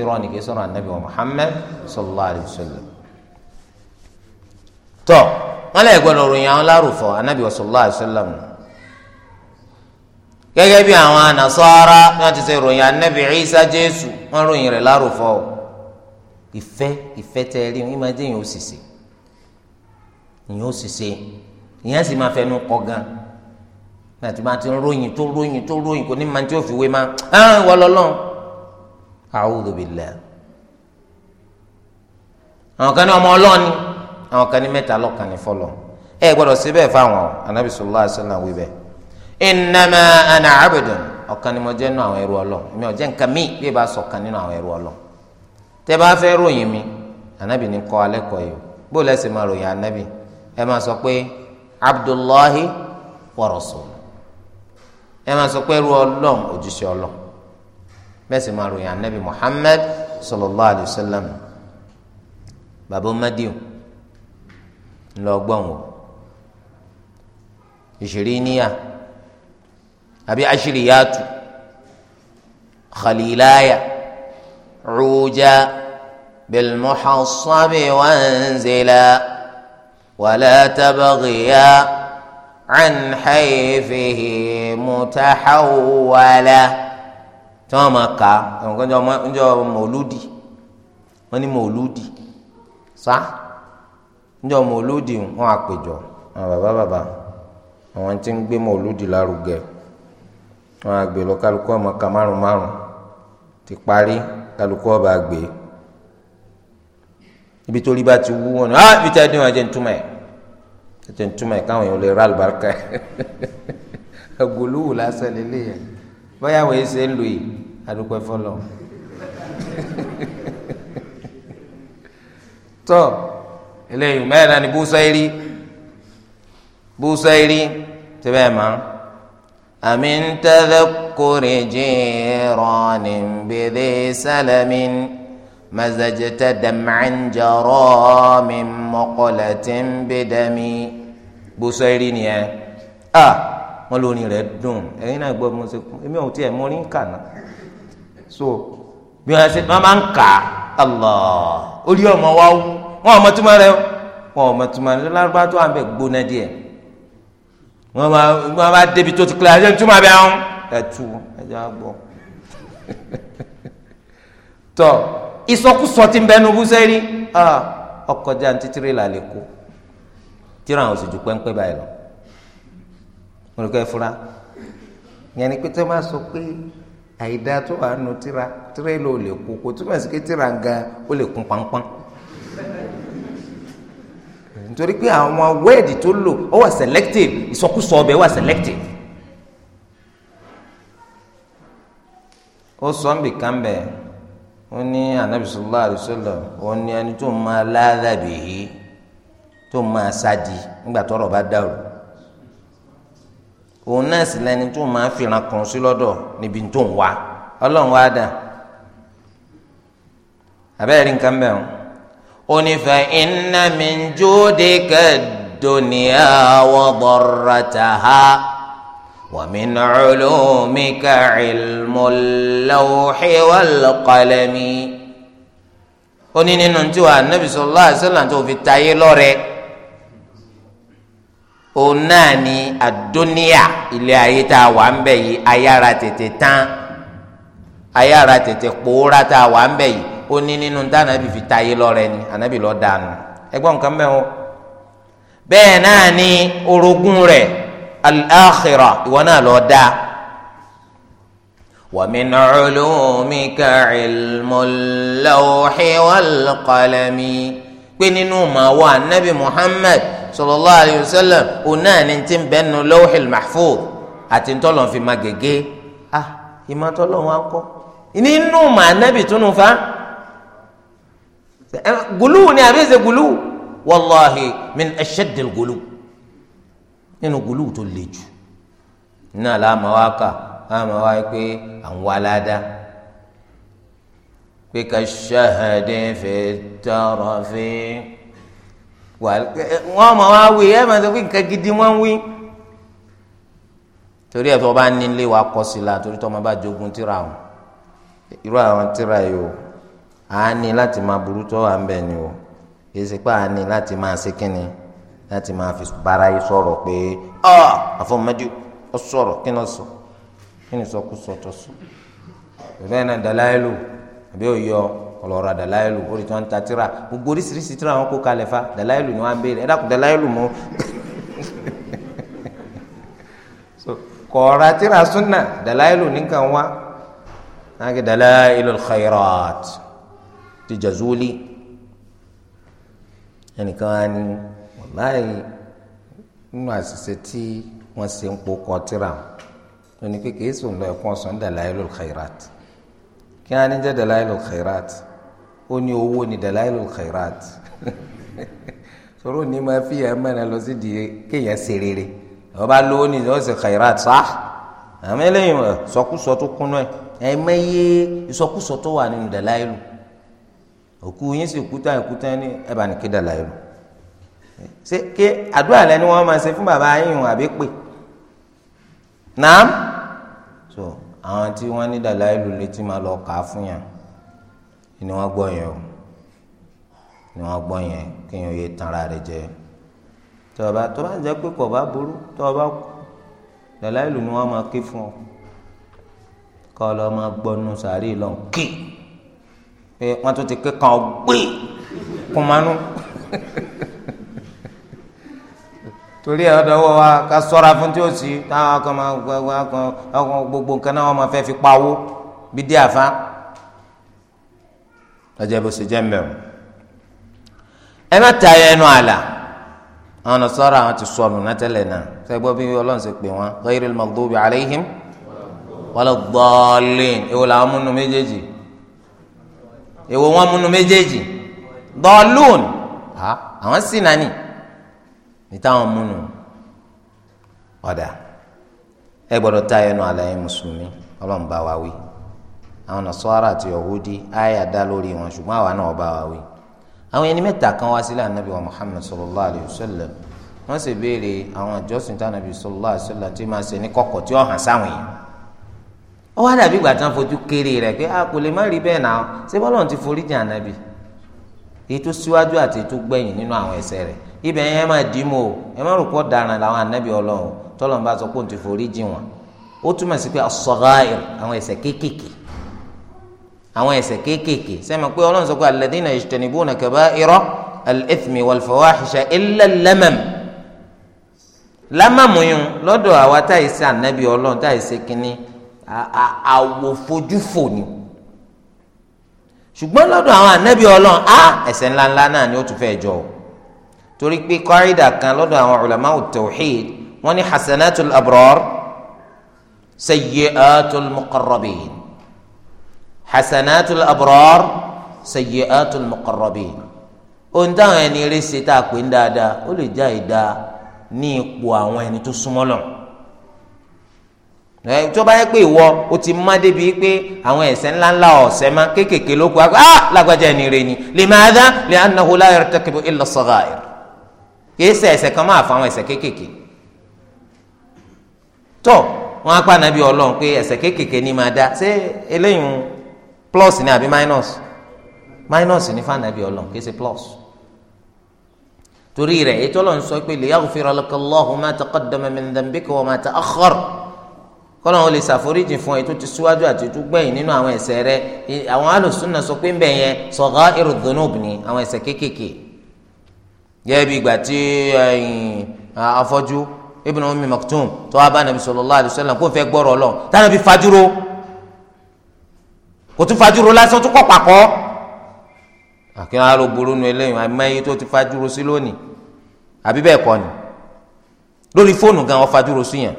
irọ́ ni kì í sọ̀rọ̀ ànábì wa Muhammad sallallahu alayhi wa sallam. tọ́ wọn lè gbọdọ̀ ròyìn àwọn lárúfọ̀ ànábì wa sallallahu alayhi wa sallam gẹ́gẹ́ bí àwọn Nasara wọn ti ṣe ròyìn ànábì Isa Jésù wọn ròyìn rẹ̀ lárúfọ̀ o ìfẹ́ ìfẹ́ tẹ rí wọn máa jẹ́ èèyàn òṣìṣẹ́ èèyàn òṣìṣẹ́ èèyàn sì máa fẹnu kọ gan láti máa ti ròyìn tó ròyìn tó ròyìn kò ní máa tí ó fi wé máa ẹn ah, wọ lọlọ́n a'udhu billah àwọn kan ní ọmọ ọlọ́ọ̀ni àwọn kan ní mẹ́ta lọ́kàn ní fọlọ́ ẹ gbọ́dọ̀ sí bẹ́ẹ̀ fáwọn anabi sallallahu alaihi wasallam wí bẹ́ẹ̀ innama ana abdun ọ̀kan ni mo jẹ́ nínú àwọn ẹrú ọlọ́ọ̀ mi ò jẹ́ nǹkan míì bí ẹ bá sọ̀kan nínú àwọn ẹrú ọlọ́ọ̀ tẹ́ bá fẹ́ ròyìn mi anabi ní kọ́ alẹ́ kọ́ yìí bó lẹ́sẹ̀ máa ròyìn anabi ẹ máa sọ pé abdullahi wa rasul ẹ máa sọ pé ẹrú ọlọ́run òjíṣẹ́ ọlọ́run bẹ́ẹ̀ sì máa ròyìn anabi muhammad sallallahu alayhi wa sallam bàbá madiu ńlọgbọ̀n wò ìṣirí níyà àbí aṣiriyatu khalilaya ruja. بالمحصب وانزلا ولا تبغيا عن حيفه متحولا tí wọn máa kà á ẹnìkan jọ ọjọ mọlúdì wọn ní mọlúdì sá níjọ mọlúdì wọn àpèjọ àwọn bàbá bàbá àwọn tí ń gbé mọlúdì lárugẹ wọn àgbè lọ kálukú ọmọ ká márùn márùn ti parí kálukú ọba àgbè ibi tó rí bá ti wú wọn ni ah ibi tí a dín wọn jẹ ntúmọ̀ ẹ̀ jẹ ntúmọ̀ ẹ̀ káwọn èèyàn lè ra àlùbáríkà ẹ̀ agolówó lásán lélẹ̀ yẹn báyà wọ́n ṣe ń lò yìí adúpẹ́ fọlọ́ tọ́ eléyìí mẹ́rin náà ni búsọ irí búsọ irí tẹ́bẹ̀ mọ́ àmì ń tẹ́lẹ̀ kórè jẹ́ rọ́ọ̀nì bèdè sálẹ̀mí. مزجت دمعا جرى من مقلة بدمي بوسيري نيا اه wọn lóni rẹ dùn ẹyin náà gbọ́ mo ṣe èmi ò tiẹ̀ mo rí ń kà náà so bí wọn ṣe wọn máa ń kà Allah orí ọmọ wa wú wọn ọmọ túmọ̀ rẹ wọn ọmọ túmọ̀ rẹ lárúbá tó wà ń bẹ gbóná díẹ̀ wọn bá wọn bá débi tó ti kílẹ̀ ẹjẹ túmọ̀ bẹ àwọn ẹtù ẹjẹ àgbọ tọ ìsọkúsọ ti ń bẹnu búsẹ́rí ọkọ̀ jà ní tirẹ̀là lè kó tíra àwọn òṣèjú pẹ́ńpẹ́ báyìí lọ mo rí kọ́ ẹ fura yẹn ni pé tẹ́ máa sọ pé àìdá tó wà nù tíra tírẹ́là ò lè kó kó túmọ̀ sí pé tíra gan ó lè kún pánpán nítorí pé àwọn wẹ́ẹ̀dì tó lò ó wà selective ìsọkúsọ ọbẹ̀ wà selective. ó sọ ń bì kan bẹ́ẹ̀ wọ́n ní anabi sallallahu alayhi wa sallam wọ́n ní ẹni tó máa láàdàbì yìí tó máa sádi nígbà tọ́rọ̀ bá dàrú òun náà sì lẹni tó máa fìràn kùn sí lọ́dọ̀ níbi tó ń wá ọlọ́run wá dà abẹ́rẹ́ nǹkan bẹ́ẹ̀ o ó ní fa inna min judika dunya wa darrataha. ومن علومك علم اللوح والقلم ó ní nínú tí wàá nàbì sallallahu alaihi wasallam tó fi tayé lọ́rẹ òun náà ni àdóníyà ilé ayé tá a wà ń bẹ yìí ayára tètè tán ayára tètè pòórá tá a wà ń bẹ yìí ó ní nínú tá ànábì fi tayé lọ́rẹ ni ànábì lọ́ọ́ dànù ẹgbọ́n nǹkan mẹ́wọ́ bẹ́ẹ̀ náà ni orogún rẹ̀ الآخرة وانا لو دا ومن علومك علم اللوح والقلم بين ما والنبي محمد صلى الله عليه وسلم ونا ننتم بين اللوح المحفوظ هاتين تولون في مجيجي أه يما تولون وانكو إنينو ما النبي تنوفا قلوني أبيز قلو والله من أشد القلوب nínú gòlù tó le jù náà láàmà wá kà láàmà wá pé àwọn aládá pé ká ṣahadé fi tọrọ fi wọn mọ wá wí ẹ máa sọ pé nǹkan gidi wọn wí torí ẹ bá nílé wa kọ sí la torí tó máa bá jogun tíra o irú àwọn tíra yìí o àá ní láti máa burú tó wà ń bẹ̀ ni o èsì pa àá ní láti máa ṣe kínni láti máa fi bára yìí sọ̀rọ̀ pé àfọ̀mọ́jú ọ sọ̀rọ̀ kí ni ọ sọ kí ni sọkú sọ tó sọ ìfẹ́ náà dàláìlù àbí òyọ ọlọ́ra dàláìlù orí tí wọ́n ń ta tíra gbogbo oríṣiríṣi tíra wọn kó kalẹ̀ fa dàláìlù ni wọ́n á béèrè ẹ dákun dàláìlù mú kọ̀ọ̀ra tíra súnà dàláìlù nìkan wá náà dàláìlù khairat ti Jazuli ẹnìkan á ní báyìí nínú àṣìṣe tí wọ́n ṣe ń po kọtíra wọn ní pé kìí sùn lọ ẹ̀kọ́ sùn dalailul khairat kí wọ́n á ní jẹ́ dalailul khairat ó ní owó ní dalailul khairat sọ̀rọ̀ ní ma fi ẹ̀ mẹ́rin lọ sí di kéèyàn ṣe rere wọ́n bá lówó ní ìjọ ṣe khairat sá àmì lẹ́yìn sọkúsọ tó kúnú ẹ̀ ẹ̀ mẹ́yẹ ìsọkúsọ tó wà nínú dalailul òkú yín sì kúta ìkúta ní ẹ̀ bá ní kí dalailul ṣe ké àdúrà lẹni wọn máa ṣe fún bàbá yìnyín àbí pè naam so àwọn tí wọn ní dàláìlú létí máa lọ kà á fún yàn ni wọn gbọ́ yẹn o ni wọn gbọ́ yẹn kéèyàn yé tanra rẹ̀ jẹ tọba tọba jẹ pé kò bá burú tọba kú dàláìlú ni wọn máa ké fún ọ kọ lọ máa gbọnu sàárì lọ ké pé wọn tún ti ké kan ọ gbé kùmánú. torí ẹ ọdọwọ wa ká ṣọ́ra fún tí ó sì táwọn akọ máa gbogbo akọ gbogbo nǹkan náà wọn máa fẹ́ fi pawó bí dé àfa lọ́jọ́ ìbò sì jẹ́ mẹ́rin ẹ má ta ẹnu àlà àwọn nasara àwọn ti sọnù nátẹ́lẹ̀ náà sẹ́gbọ́n bí ọlọ́run ṣe pè wọ́n ghayril maghdubi alayhim waladdallin èwo làwọn múnú méjèèjì èwo wọn múnú méjèèjì dọ́ọ̀lùn àwọn sì nání nítawọn múnu ọ̀dà ẹ gbọ́dọ̀ tá ẹnu àlàyé mùsùlùmí ọlọ́run bá wa wí àwọn nasara àti yahudi àyà dá lórí wọn ṣùgbọ́n àwa náà bá wa wí àwọn ẹni mẹ́ta kan wá sílẹ̀ anabi wa muhammed sallallahu alayhi wa sallam wọ́n sì béèrè àwọn àjọsìn tí anabi sallallahu alayhi wa sallam ti máa ṣe ní kọ̀kọ̀ tí ó hàn sáwọn yìí ó wá dàbí ìgbà tí wọ́n fojú kéré rẹ̀ pé a kò lè má rí bẹ́ẹ̀ náà ṣé bọ́lọ́run ti forí jìn anabi èyí síwájú àti èyí tó nínú àwọn ẹ̀ṣẹ̀ rẹ̀ ibẹ̀ yẹn máa dì í mú o ẹ má rò pọ̀ daran làwọn anabi ọlọ́run tọ́lọ́n bá sọ pé òun ti forí jì wọ́n ó túmọ̀ sí pé as-saghā'ir àwọn ẹ̀ṣẹ̀ kéékèèké àwọn ẹ̀ṣẹ̀ kéékèèké sẹ́mi pé ọlọ́run sọ pé alladhīna yajtanibūna kabā'ira al-ithmi wal-fawāḥisha illā al-lamam lámàmúyún lọ́dọ̀ àwa táyì anabi ọlọ́run táyì sí kínní àwòfojúfò ni ṣùgbọ́n lọ́dọ̀ àwọn anabi ọlọ́run á ẹ̀ṣẹ̀ ńláńlá náà ni ó tún fẹ́ jọ torí pé kọ́ìdà kan lọ́dọ̀ àwọn ulama tawhid wọ́n ní hasanatul abrar sayyi'atul muqarrabin hasanatul abrar sayyi'atul muqarrabin ohun táwọn ẹni rí ṣe tá a pè ń dáadáa ó lè já ìdá ní ipò àwọn ẹni tó súnmọ́ lọ ẹ tó bá yẹ pé ìwọ o ti má débi pé àwọn ẹ̀ṣẹ̀ ńláńlá ọ̀ṣẹ̀ má kéékèèké ló kù lágbájá ẹni rẹ ni limadha li'annahu la yartakibu illa as-sagha'ir kìí ṣe ẹ̀ṣẹ̀ kan máa fa àwọn ẹ̀ṣẹ̀ kéékèèké tó wọn apá nàbí Ọlọ́run pé ẹ̀ṣẹ̀ kéékèèké ni máa dá ṣé eléyìí plus ni àbí minus minus ni fún ànàbí Ọlọ́run kìí ṣe plus torí rẹ̀ ètò Ọlọ́run sọ pé liyaghfira laka Allahu ma taqaddama min dhanbika wa ma ta'akhkhar kọ́nà wọn lè ṣàforíjì fún ẹ tó ti síwájú àti tó gbẹ̀yìn nínú àwọn ẹ̀ṣẹ̀ rẹ àwọn alùsùn náà sọ pé ń bẹ̀ yẹn saghairu dhunub ni àwọn ẹ̀ṣẹ̀ kéékèèké gẹ́gẹ́ bí ìgbà tí eh, eh, afọ́jú ibn Ummi Maktum tó wá bá nàbí sallallahu alaihi wasallam kó fẹ́ gbọ́rọ̀ lọ táwọn nàbí fajúro kò tún fajúro lásán tún kọ́ pàkọ́ àkínwá ló burú nu eléyìí àmọ́yé tó ti fajúro sí lónìí àbí bẹ́ẹ̀ kọ́ ni lórí fóònù gan wọ́n fajúro sí yẹn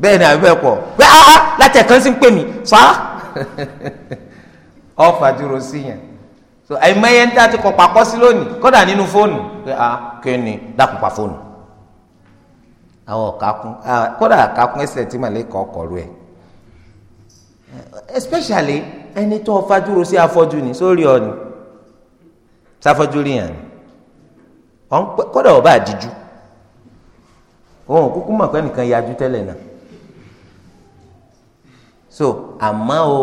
bẹ́ẹ̀ ni àbí bẹ́ẹ̀ kọ́ bẹ́ẹ̀ á ah, ah, látẹ̀kán sí ń pè mí fa ọ́ fajúro sí yẹn so àìmọye ń tà ti kọ pàkọ́ sí lónìí kódà nínú fóònù pé a kéènì dákun pa fóònù àwọn kakun. kódà kákun ẹsẹ̀ tí màlẹ́ kọ́ kọ̀ọ̀rọ̀ ẹ̀ especially ẹni tó fajúro sí afọ́jú ni sórí ọ ni sáfọ́jú rí yàn ni kódà ọba àdíjú òun kúkú mọ̀ pé nìkan yájú tẹ́lẹ̀ náà so àmọ́ o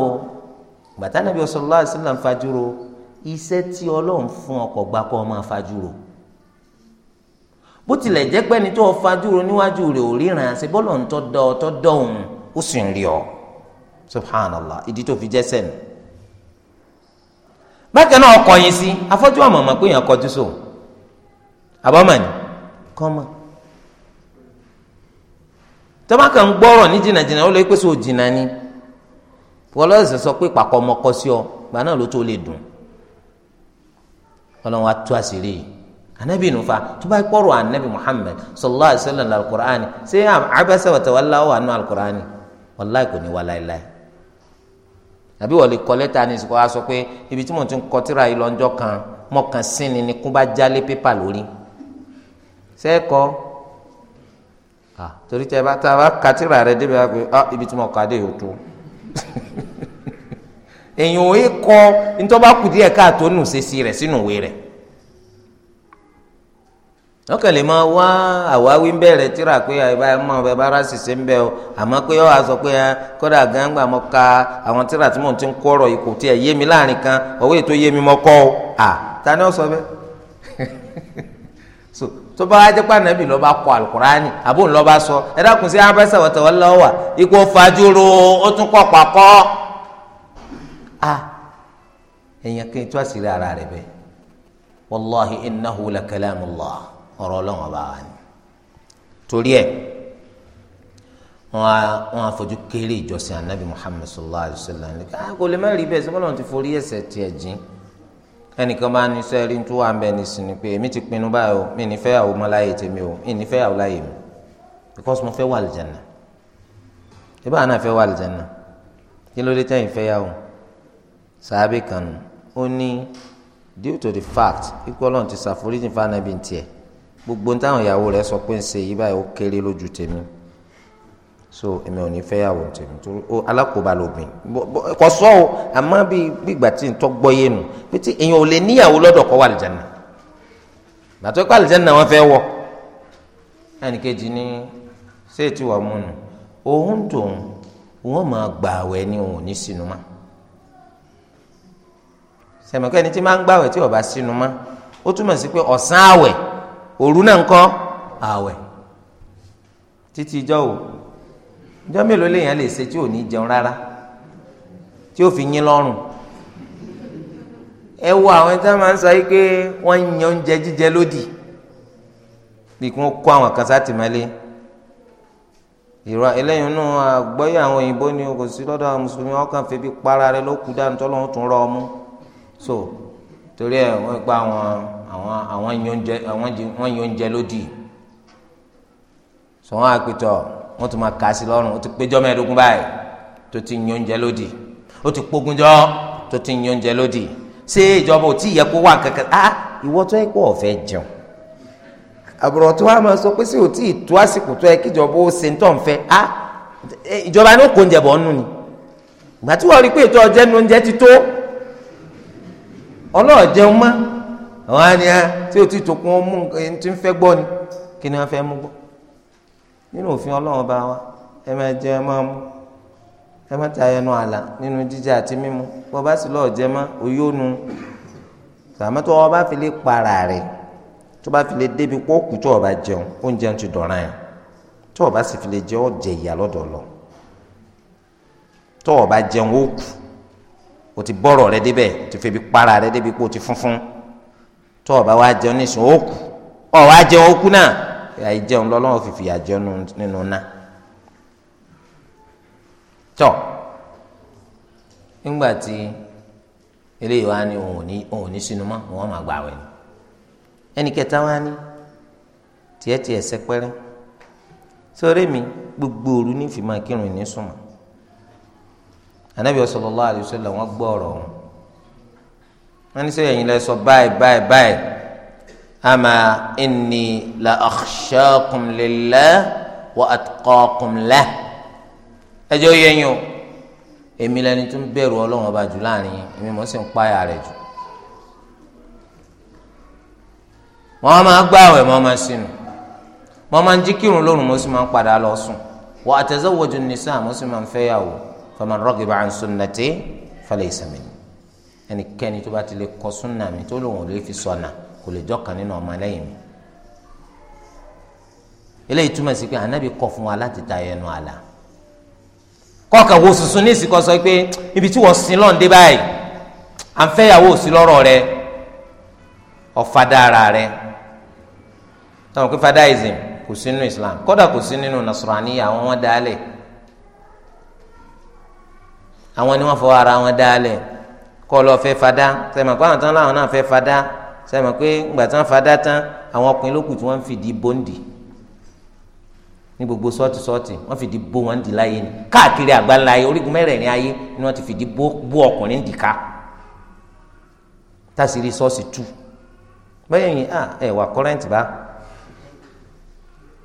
gbàtà nàbí sallallahu alaihi wasallam fajúro iṣẹ́ tí ọlọ́run fún ọkọ̀ gba kọ́ máa fajúro bó tilẹ̀ jẹ́ pé ẹni tó fajúro níwájú rẹ̀ ò ríran ṣe bọ́lọ̀ ń tọ́ dọ́ ọ tọ́ dọ́ òun ó sì ń rí ọ subhanallah ìdí tó fi jẹ́ sẹ́nu. bákan náà ọkọ̀ yìí sí afọ́jú àmọ̀ mọ̀ pé èèyàn kọjú sóun àbámọ̀ni kọ́mọ̀ tọ́mọ́kàn ń gbọ́rọ̀ ní jìnnàjìnnà ó lè pèsè òjìnnà ni wọ́n lọ́sẹ̀ sọ pé pàkọ́ ọmọkọ sí ọ gbaná ló tó lè dùn ọlọ́run wa tú àṣírí yìí anabi nufa tó bá kpọ́rọ̀ anabi muhammed sallallahu alayhi wa sallam alukur'ani ṣé abasa wàtawàlá wà nù alukur'ani wàláì kò ní wà láìláì àbí wọ́n lè kọ́ lẹ́tà ní ìsìnkú wa sọ pé ibi tí mo ti ń kọtíra yìí lọ́njọ́ kan mọ̀kàn sí ni ni kún bá jálé pépà lórí sẹ́ẹ̀kọ́ torí tẹ bá tá a bá katíra rẹ débi wá pé ah, ibi tí mo kà dé yòó tó. èèyàn ò kọ nítorí bá kù káàtó nù sèṣì rẹ̀ sínú ìwé rẹ̀ wọ́n lè máa wá àwáwí ń bẹ̀rẹ̀ tíra pé àìbá ẹ mọ̀ bá rà ń bẹ̀ o àmọ́ pé ọ́ pé ẹ kọ́dà gángbà mọ́ ka àwọn tíra tí mò ń ti ń kọ́rọ̀ ikò tí ẹ yé mi láàrin kan ọ̀wé yé mi mọ́ kọ́ o à ta ni ọ sọ bẹ́ẹ̀ so tó bá lọ́ba alukurani àbò a èèyàn kan tó àṣírí ara rẹ̀ bẹ́ẹ̀ wàláhi innahu la kalamullah ọ̀rọ̀ ọlọ́run ọba wa ni torí ẹ̀ wọn àfojú kéré ìjọsìn anabi muhammed sallallahu alayhi wa sallam ní ká ah, kò lè má rí bẹ́ẹ̀ sọ́kọ́ lọ́run ti forí ẹ̀ṣẹ̀ tiẹ̀ jìn ẹnìkan bá ní sẹ́ẹ̀rí tó wà ń bẹ ní sinmi pé èmi ti pinnu báyìí o mi ní fẹ́ àwọn ọmọ tèmi o mi ní fẹ́ àwọn láyé mi because mo fẹ́ wà àlìjànnà ìbá àná fẹ́ wà àlìjànnà kí ló dé tẹ́yìn fẹ́ yà wọ́n sàábì kan nù ó ní due to the fact ikú ọlọ́run ti ṣàforíjì fanabi tiẹ̀ gbogbo táwọn ìyàwó rẹ̀ sọ pé ń ṣe yí báyìí ó kéré lójú tèmi so èmi ò ní fẹ́ yàwó tèmi torí ó alákòóbá lòbìn kò sọ o àmọ́ bí ìgbà tí n tọ́ gbọ́ yé nu pé tí èèyàn ò lè níyàwó lọ́dọ̀ kọ́ wà àlìjáná gbàtọ́ kọ́ àlìjáná wọn fẹ́ wọ ẹnìkejì ní ṣé ètí wàá mú nu òun tòun wọn máa gbà àwẹ̀ ni òun ò ní sinú máa sẹ̀mọ̀kọ́ ẹni tí máa ń gbàwẹ̀ tí ó bá sínú mọ́ ó túmọ̀ sí pé ọ̀sán àwẹ̀ òru náà ń kọ́ àwẹ̀ títí ìjọ wò ìjọ mélòó lèèyàn lè ṣe tí ò ní jẹun rárá tí ó fi yín lọ́rùn ẹ wo àwọn tí wọ́n máa ń sọ yìí pé wọ́n ń yan oúnjẹ jíjẹ lódì bí kó àwọn kan sátìmọ́lé ìrọ eléyìí nù àgbọ́yé àwọn òyìnbó ni kò sí lọ́dọ̀ àwọn mùsùlùmí ọkàn fẹ́ bí para rẹ ló kú dáńtọ́ lọ́wọ́ tún rọ ọmú so torí ẹ wọ́n pa àwọn àwọn àwọn yóúnjẹ àwọn wọ́n yóúnjẹ lódì sọ wọ́n àpètọ wọ́n tún máa kà sí lọ́rùn ó ti péjọ mẹ́ẹ̀ẹ́dógún báyìí tó ti yóúnjẹ lódì ó ti pógunjọ tó ti yóúnjẹ lódì ṣé ìjọba ò tí ì yẹ kó wà kankan ah ìwọ tó yẹ kó ọ̀fẹ́ jẹun àbúrò tó wà máa sọ pé sí ò tí ì tó àsìkò tó yẹ kíjọba ó ṣe ń tọ̀ ń fẹ́ ah ìjọba ní kò ń jẹ̀bọ̀ nù ni ìgbà tí wọ́n rí pé ètò ọjẹ́ ọlọ́ọ̀ jẹun mọ́ àwọn àníyàn ah, tí o ti tòkun mú ẹni tí ń fẹ́ gbọ́ ni kí ni wọ́n fẹ́ mú gbọ́ nínú òfin ọlọ́run bá wa ẹ máa jẹ ẹ máa mú ẹ máa ta ẹnu àlà nínú jíjẹ àti mímu bó bá sì lọ́ọ̀ jẹ mọ́ oyó nu sàmẹ́tọ́ ọba fi lè para rẹ̀ tó bá fi lè débi kó kù tó ọba jẹun oúnjẹ ti dọ̀ràn yẹn tó ọba sì fi lè jẹ ọ̀jẹ̀ ìyá lọ́dọ̀ lọ tó ọba jẹun ó kù kò ti bọ́rọ̀ rẹ débẹ̀ ti fi bi para rẹ débi kó o ti funfun tó o bá wá jẹun nísìnyí ó kù ọ wá jẹun ó kú náà àì jẹun lọ́lọ́wọ́ fìfì àjẹun nínú náà tọ́ nígbà tí eléyìí wá ni òun ò ní òun ò ní sínú mọ́ òun máa gbà wẹ̀ ẹnì kẹta wá ní tiẹ̀ tiẹ̀ sẹ́pẹ́rẹ́ sórí mi gbogbo òru ní fìmà kírun ní sùnmọ́ anabi sallallahu alayhi wa sallam wọn gbọ́ ọ̀rọ̀ wọn wọn ní sẹ ẹ̀yin lẹ sọ báyìí báyìí báyìí ama inni la akhshakum lillah wa atqakum lah ẹjọ yẹn o èmi lẹni tó ń bẹ̀rù ọba jù láàrin yìí èmi mọ sí ń páyà rẹ̀ jù wọn máa gbààwẹ̀ wọn máa sínú wọn máa ń jí kírun lóru mo sì máa ń padà lọ sùn wa atazawwaju nisa mo sì máa ń fẹ́yàwó faman ragiba an sunnati falaysa minni ẹnikẹ́ni tó bá ti lè kọ̀ súnà mi tó lòun ò lè fi sọ̀nà kò lè jọ́kàn nínú ọmọ lẹ́yìn mi eléyìí túmọ̀ sí pé ànábì kọ̀ fún wa láti ta ẹnu àlà kọ́ọ̀kan wo sùsùn ní ìsìnkọ́ sọ pé ibi tí wọ́n sin lọ́n dé báyìí à ń fẹ́yàwó sí lọ́rọ̀ rẹ ọ̀fadà ara rẹ táwọn pé fadaism kò sí nínú Islam kódà kò sí nínú nasrani àwọn wọn dálẹ̀ àwọn ni wọ́n fọ ara wọn dálẹ̀ kọ́ lọ fẹ́ fada sẹ́mi pé àwọn tán láwọn náà fẹ́ fada sẹ́mi pé ìgbà tán fada tán àwọn ọkùnrin lókùn tí wọ́n ń fìdí bóńdì ní gbogbo sọ́ọ̀tì sọ́ọ̀tì wọ́n fìdí bó wọn dì láyé ni káàkiri àgbáńlá ayé orígun mẹ́rẹ̀ẹ̀rin ayé ni wọ́n ti fìdí bó ọkùnrin dì ká tásìrí sọ́ọ̀sì tú bẹ́ẹ̀ yìí à ẹ̀ wà kọ́rẹ́ǹtì bá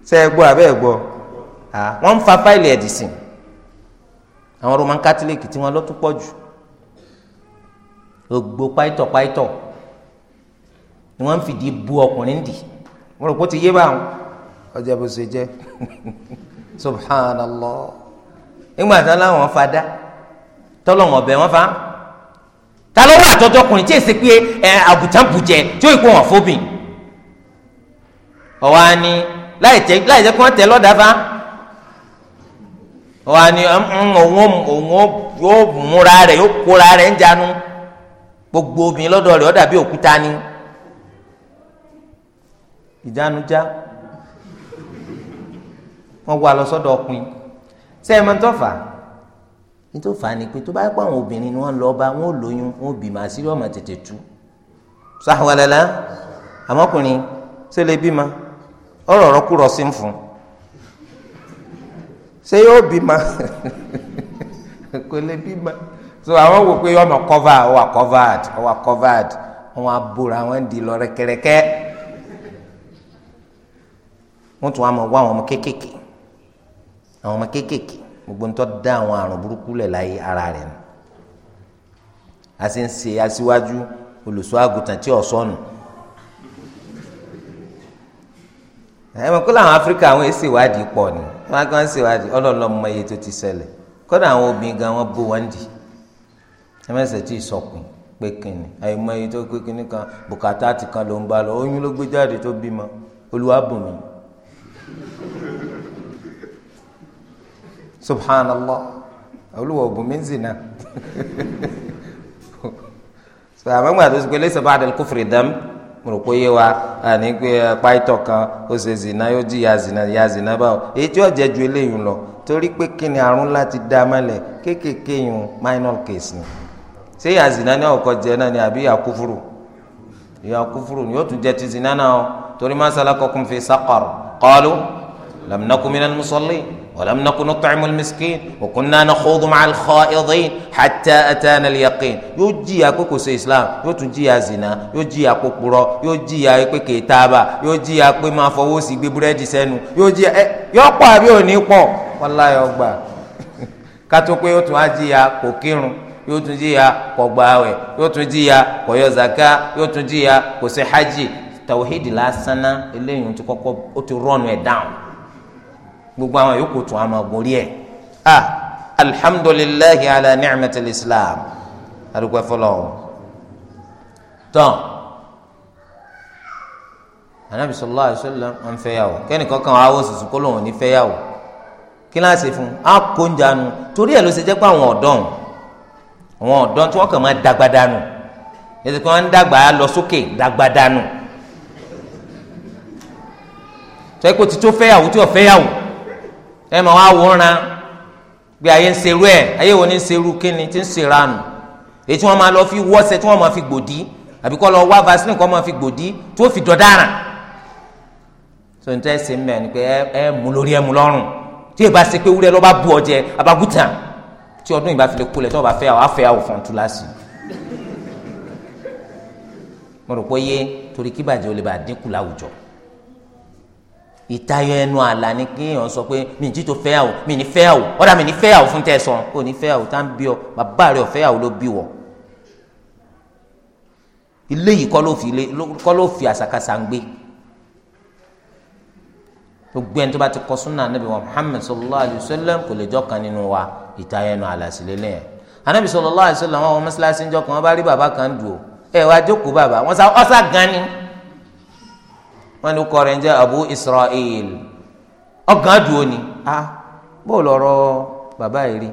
ṣe é gbọ́ àbẹ́ ẹ̀ gbọ́ ah, wọ́n fa fáìlì ẹ̀dì àwọn roman catholic tí wọn lọ tún pọ̀ jù gbogbo páìtọ̀ páìtọ̀ ni wọ́n ń fìdí bu ọkùnrin dì wọ́n rò ti yé báwọn ọjọ́ bó ṣe jẹ́ subhanallah nígbà tán láwọn fada tọ́lọ̀ wọn bẹ̀ wọ́n fa ta ló wà àtọ́jọ́ ọkùnrin tí èsì pé ẹ àgùntàn bùjẹ tí ó ìkó wọn fóbìn ọ̀wá ni láì jẹ́ kí wọ́n tẹ̀ lọ́dàá fa. wà ní òun òun yóò múra rẹ̀ yóò kóra rẹ̀ gbogbo obìnrin lọ́dọ̀ rẹ̀ ó dàbí ni ìjánu lọ sọ́dọ̀ ọkùnrin sẹ́yìn mọ́ tó fà á ni tó àwọn obìnrin ni wọ́n lọ bá wọn lóyún wọn ò bímọ àṣírí ọmọ tètè ṣé yóò bímọ kò lè bímọ so àwọn wò pé ọmọ cover ọwà covered ọwà covered wọn abúra wọn di lọ rẹkẹrẹkẹ wọn tún wà mọ wá àwọn ọmọ kéékèèké àwọn ọmọ kéékèèké gbogbo nítorí dá àwọn àrùn burúkú lẹ̀ láyé ara rẹ̀ nù a sì ń ṣe aṣíwájú olùṣọ́ àgùntàn tí ò sọnù. So ẹ mọ̀ kó làwọn áfíríkà àwọn èsì ìwádìí pọ̀ ni wọn kàn ń ṣèwádìí ọlọ́ọ̀lọ́ mọ iye tó ti ṣẹlẹ̀ kọ́dà àwọn obìnrin gan wọn bó wọn dì ẹ mẹ́sẹ̀ tí ì sọkùn pé kìnnì àìmọ iye tó pé kìnnì kan bùkátà ti kan ló ń bá lọ oyún ló gbé jáde tó bímọ olúwàbùnmi subhanallah olúwàbùnmi ń zina sọ àmọ́gbà tó ti pé lẹ́sẹ̀ bá àdàlù kófìrì dàmú mo rò pé yé wa àní pé pàìtọ̀ kan ó ṣe zina yóò di ya zina ya zina báwo èyí tí yóò jẹ́ ju eléyìí lọ torí pé kí ni àrùn láti dá mọ́lẹ̀ kéékèèké yun minor case ni ṣé ya zina ní ọ̀kọ́ jẹ náà ni àbí ya kúfúrú ya kúfúrú ni yóò tún jẹ ti zina náà torí ma salakakum fi saqar qalu lam naku minal musallin. ولم نكن نطعم المسكين وكنا نخوض مع الخائضين حتى أتانا اليقين yóò jìyà pé kò ṣe islam yóò tún jìyà zina yóò jìyà pé purọ́ yóò jìyà pé kèétaaba yóò jìyà pé máa fọwọ́ sí gbé búrẹ́dì sẹ́nu yóò jìyà ẹ yóò pọ̀ àbí ò ní pọ̀ wallahi yóò gbà kátó pé yóò tún á jìyà kò kírun yóò tún jìyà kò gbààwẹ̀ yóò tún jìyà kò yọ zaka yóò tún jìyà kò ṣe hajj tawhid lásán ná eléyìí ó ti kọ́kọ́ ó ti rọ́ọ̀nù ẹ̀ dáhùn gbogbo àwọn yòókù tún àmọ́ borí ẹ̀ a alhamdulillahi ala ni'matil islam adúgbò fọlọ́ tán anabi sallallahu alaihi wasallam ń fẹ́ yàwó kẹ́nìkan kan àwọn òṣìṣú kó lóun ò ní fẹ́ yàwó kí láà ṣe fún un á kó ń janu torí ẹ̀ ló ṣe jẹ́ pé àwọn ọ̀dọ́n àwọn ọ̀dọ́n tí wọ́n kàn máa dàgbà dànù kí wọ́n ń dàgbà lọ sókè dàgbà dànù tọ́ tó fẹ́ yàwó tí ò fẹ́ yàwó ẹ mọ̀ wá wòran gbé ayé ń serú ẹ̀ ayé wo ni ń serú kíni tí ń seranu èyí tí wọ́n máa lọ fi wọ́sẹ̀ tí wọ́n máa fi gbòdì àbí kọ́ lọ wá vaseline kọ́ máa fi gbòdì tí ó fi dọ̀daràn tó ń tẹ́sí ń bẹ̀ ni pé ẹ mú lórí ẹ mú lọ́rùn tí ì bá ṣe pé wúrẹ́ lọ́ bá bu ọ̀jẹ̀ abagùtàn tí ọdún ìbá fi lè kulẹ̀ tí wọ́n bá fẹ́ àwọn afẹ́ àwọn fọ́n túláàsì mo rò pé yé torí kí bàjẹ́ lè bá dínkù láwùjọ ìtayọ ẹnu àlà ni kí èèyàn sọ pé mi jí tó fẹ́yàwó mi ní fẹ́yàwó ọ̀dà mi ní fẹ́yàwó fún tẹ̀sán kò ní fẹ́yàwó tá ń bí ọ bàbá rẹ̀ ọ̀fẹ́yàwó ló bí wọ. ilé yìí kọ́ ló fi àṣàkáṣà ń gbé gbogbo ẹni tó bá ti kọ súnà anábì wa Muhammad sallallahu alayhi wa sallam kò lè jọkan nínú wa ìtayọ ẹnu àlà sí lélẹ̀ anábì sallallahu alayhi wa sallam wọn mọ́sálásí ń jọkan wọn bá rí bàbá kan dùn wọ́n ní kọ́ ń jẹ́ abu israel ọ̀gá àdúgbò ni a bó lọ́rọ̀ bàbá yìí rí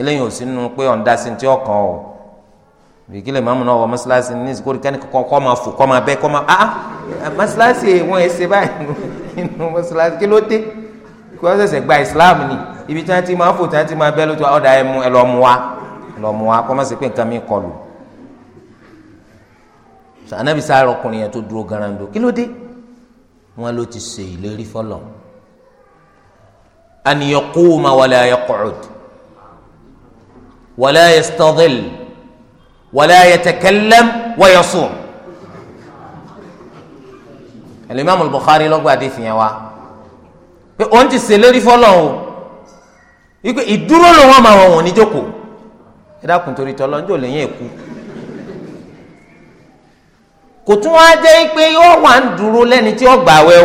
eléyìí ò sí nínú pé ọ̀ǹda sí ti ọkàn o bìkílẹ̀ mọ́mú náà wọ mọ́sálásí ní ìsìnkú kẹ́ni kọ́ máa fò kọ́ máa bẹ́ kọ́ máa a mọ́sálásí wọn ẹ ṣe báyìí nínú mọ́sálásí kí ló dé kí wọ́n ṣẹ̀ṣẹ̀ gba islam ni ibi tí wọ́n ti máa fò tí wọ́n ti máa bẹ́ lójú ọ̀dà ẹ̀mú ẹ̀ lọ́mú wa lọ́mú wa kọ́ máa ṣe pé nǹkan mi kọlù anabi sáré ọkùnrin yẹn tó dúró garando kí ló dé wọn ló ti ṣe ìlérí fọlọ an yaquma wala yaq'ud wala yastadhil wala yatakallam wa yasum al-Imam al-Bukhari ló gbà hadith yẹn wá pé òun ti ṣe ìlérí fọlọ o ìdúró ló wọn máa wọn wọn ní ẹ dákun torí tọlọ ń jò lẹ́yìn èkú kò tún wá jẹ́ pé yóò wà ń dúró lẹ́ni tí ó gbà wẹ́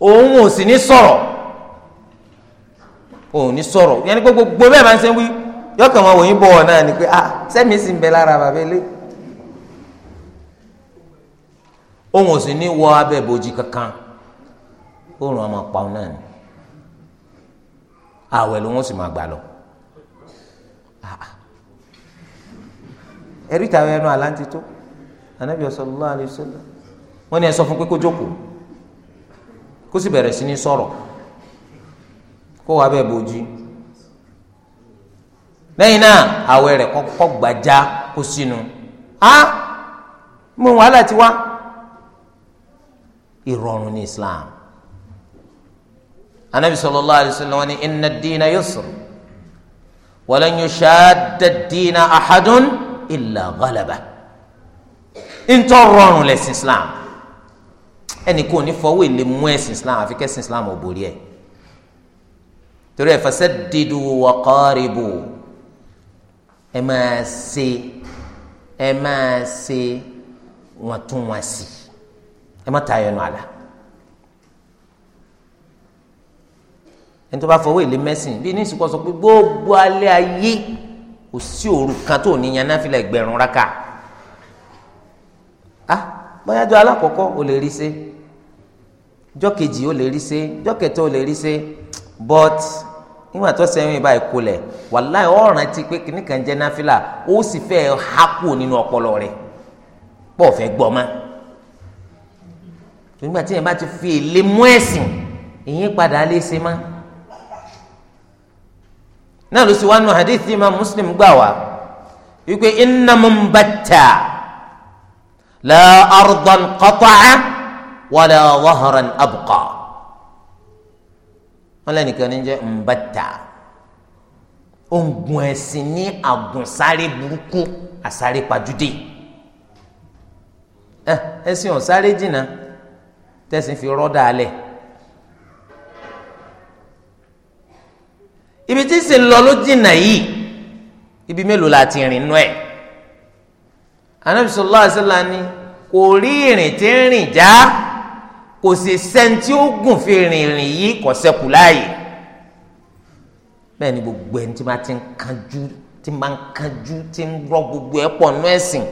o òun ò sì ní sọ̀rọ̀ òun ní sọ̀rọ̀ yẹn ni pé gbogbo bẹ́ẹ̀ máa ń ṣe wí yọkàn wọn òyìnbó ọ̀ náà ni pé ah sẹ́mi sì ń bẹ lára bàbá ilé òun ò sì ní wọ abẹ́ bòjì kankan òun ọmọ pa òun náà ni àwẹ̀ lòun ó sì máa gbà lọ ah, ẹ̀rí ìtàwé ẹnu àlántí tó anabi sallallahu alaihi wasallam wọ́n ní ẹ sọ fún pé kó jókòó kó sì bẹ̀rẹ̀ sí ní sọ̀rọ̀ kó wàá bẹ́ẹ̀ bójú lẹ́yìn náà àwẹ̀ rẹ̀ kọ́kọ́ gbàjá kó sínú á mú wàhálà ti wá ìrọ̀rùn ní Islam anabi sallallahu alaihi wasallam wọ́n ní inna ad-dina yusr wa lan yushadda illa ghalaba ntọ́ rọrùn lẹ́sìn islam ẹnì kò ní fọwọ́ èlé mú ẹ̀sìn islam àfi kẹ́sìn islam ò borí ẹ̀ torí ẹ̀ fasaddidu wa qaribu ẹ máa ṣe ẹ máa ṣe wọ́n tún wọ́n sí ẹ má tayọ nù àlà. ẹni tó bá fọwọ́ èlé mẹ́sìn bí ní ìsìnkú sọ pé gbogbo alẹ́ ayé kò sí òru kan tó ní yan náfìlà ẹgbẹ̀rún raka ah bóyá jọ alákọ̀ọ́kọ́ o lè rí ṣe jọ kejì o lè rí ṣe jọ kẹta o lè rí ṣe but nígbà tó sẹ́yìn ìbá ìkulẹ̀ wàláì ọ̀ràn ti pé kíní kan jẹ́ náfìlà ó sì fẹ́ hákù nínú ọpọlọ rẹ̀ pọ̀ fẹ́ gbọ́ mọ́ nígbà tí yẹn bá ti fi èlé mú ẹ̀sìn ìyín lè ṣe máa náà ló sì wá nu hadith tí imam muslim gbà wá wípé innamun batta la ardan qata'a wala wahran abqa wọn lẹ́nìkan ní jẹ́ nbàtà ògùn ẹ̀sìn ní àgùnsáré burúkú àsáré pajúdé ẹ ẹ̀sìn ọ̀sáré jìnnà tẹ̀sìn fi rọ́dà alẹ̀. ibi tí sì ń lọ ló jìnnà yìí ibi mélòó la ti rìn nú ẹ̀ anabi sallallahu alaihi wasallam ni kò rí ìrìn tí ń rìn já kò sì sẹ́ni tí ó gùn fi rìn rìn yìí kò sẹ́kù láàyè bẹ́ẹ̀ ni gbogbo ẹni tí máa ti ń kanjú tí máa ń kanjú tí ń rọ gbogbo ẹ̀ pọ̀ nú ẹ̀sìn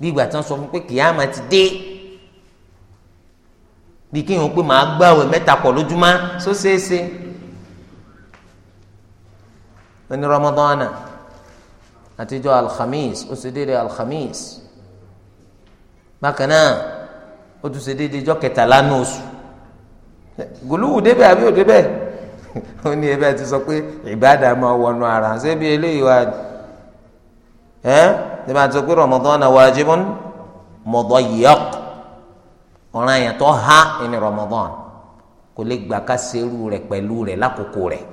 bí ìgbà tí wọ́n sọ fún pé kìyàmá ti dé bí kí n ò pé màá gbàwẹ̀ mẹ́ta pọ̀ lójúmọ́ sóṣeéṣe. So, ní ramadana àtijọ́ alhamis ó ṣe déédéé alhamis bákan náà ó tún ṣe déédéé ijọ́ kẹtàlá ní oṣù gòlúwù débẹ̀ àbí ò débẹ̀ ó ní ẹbí àti sọ pé ìbáàdà máa wọnú ara ṣé bí eléyìí wá ẹ ṣé bá ti sọ pé ramadana wajibun mudayyiq ọ̀ràn yẹn tó há ní ramadana kò lè gbà ká ṣerú rẹ̀ pẹ̀lú rẹ̀ lákòókò rẹ̀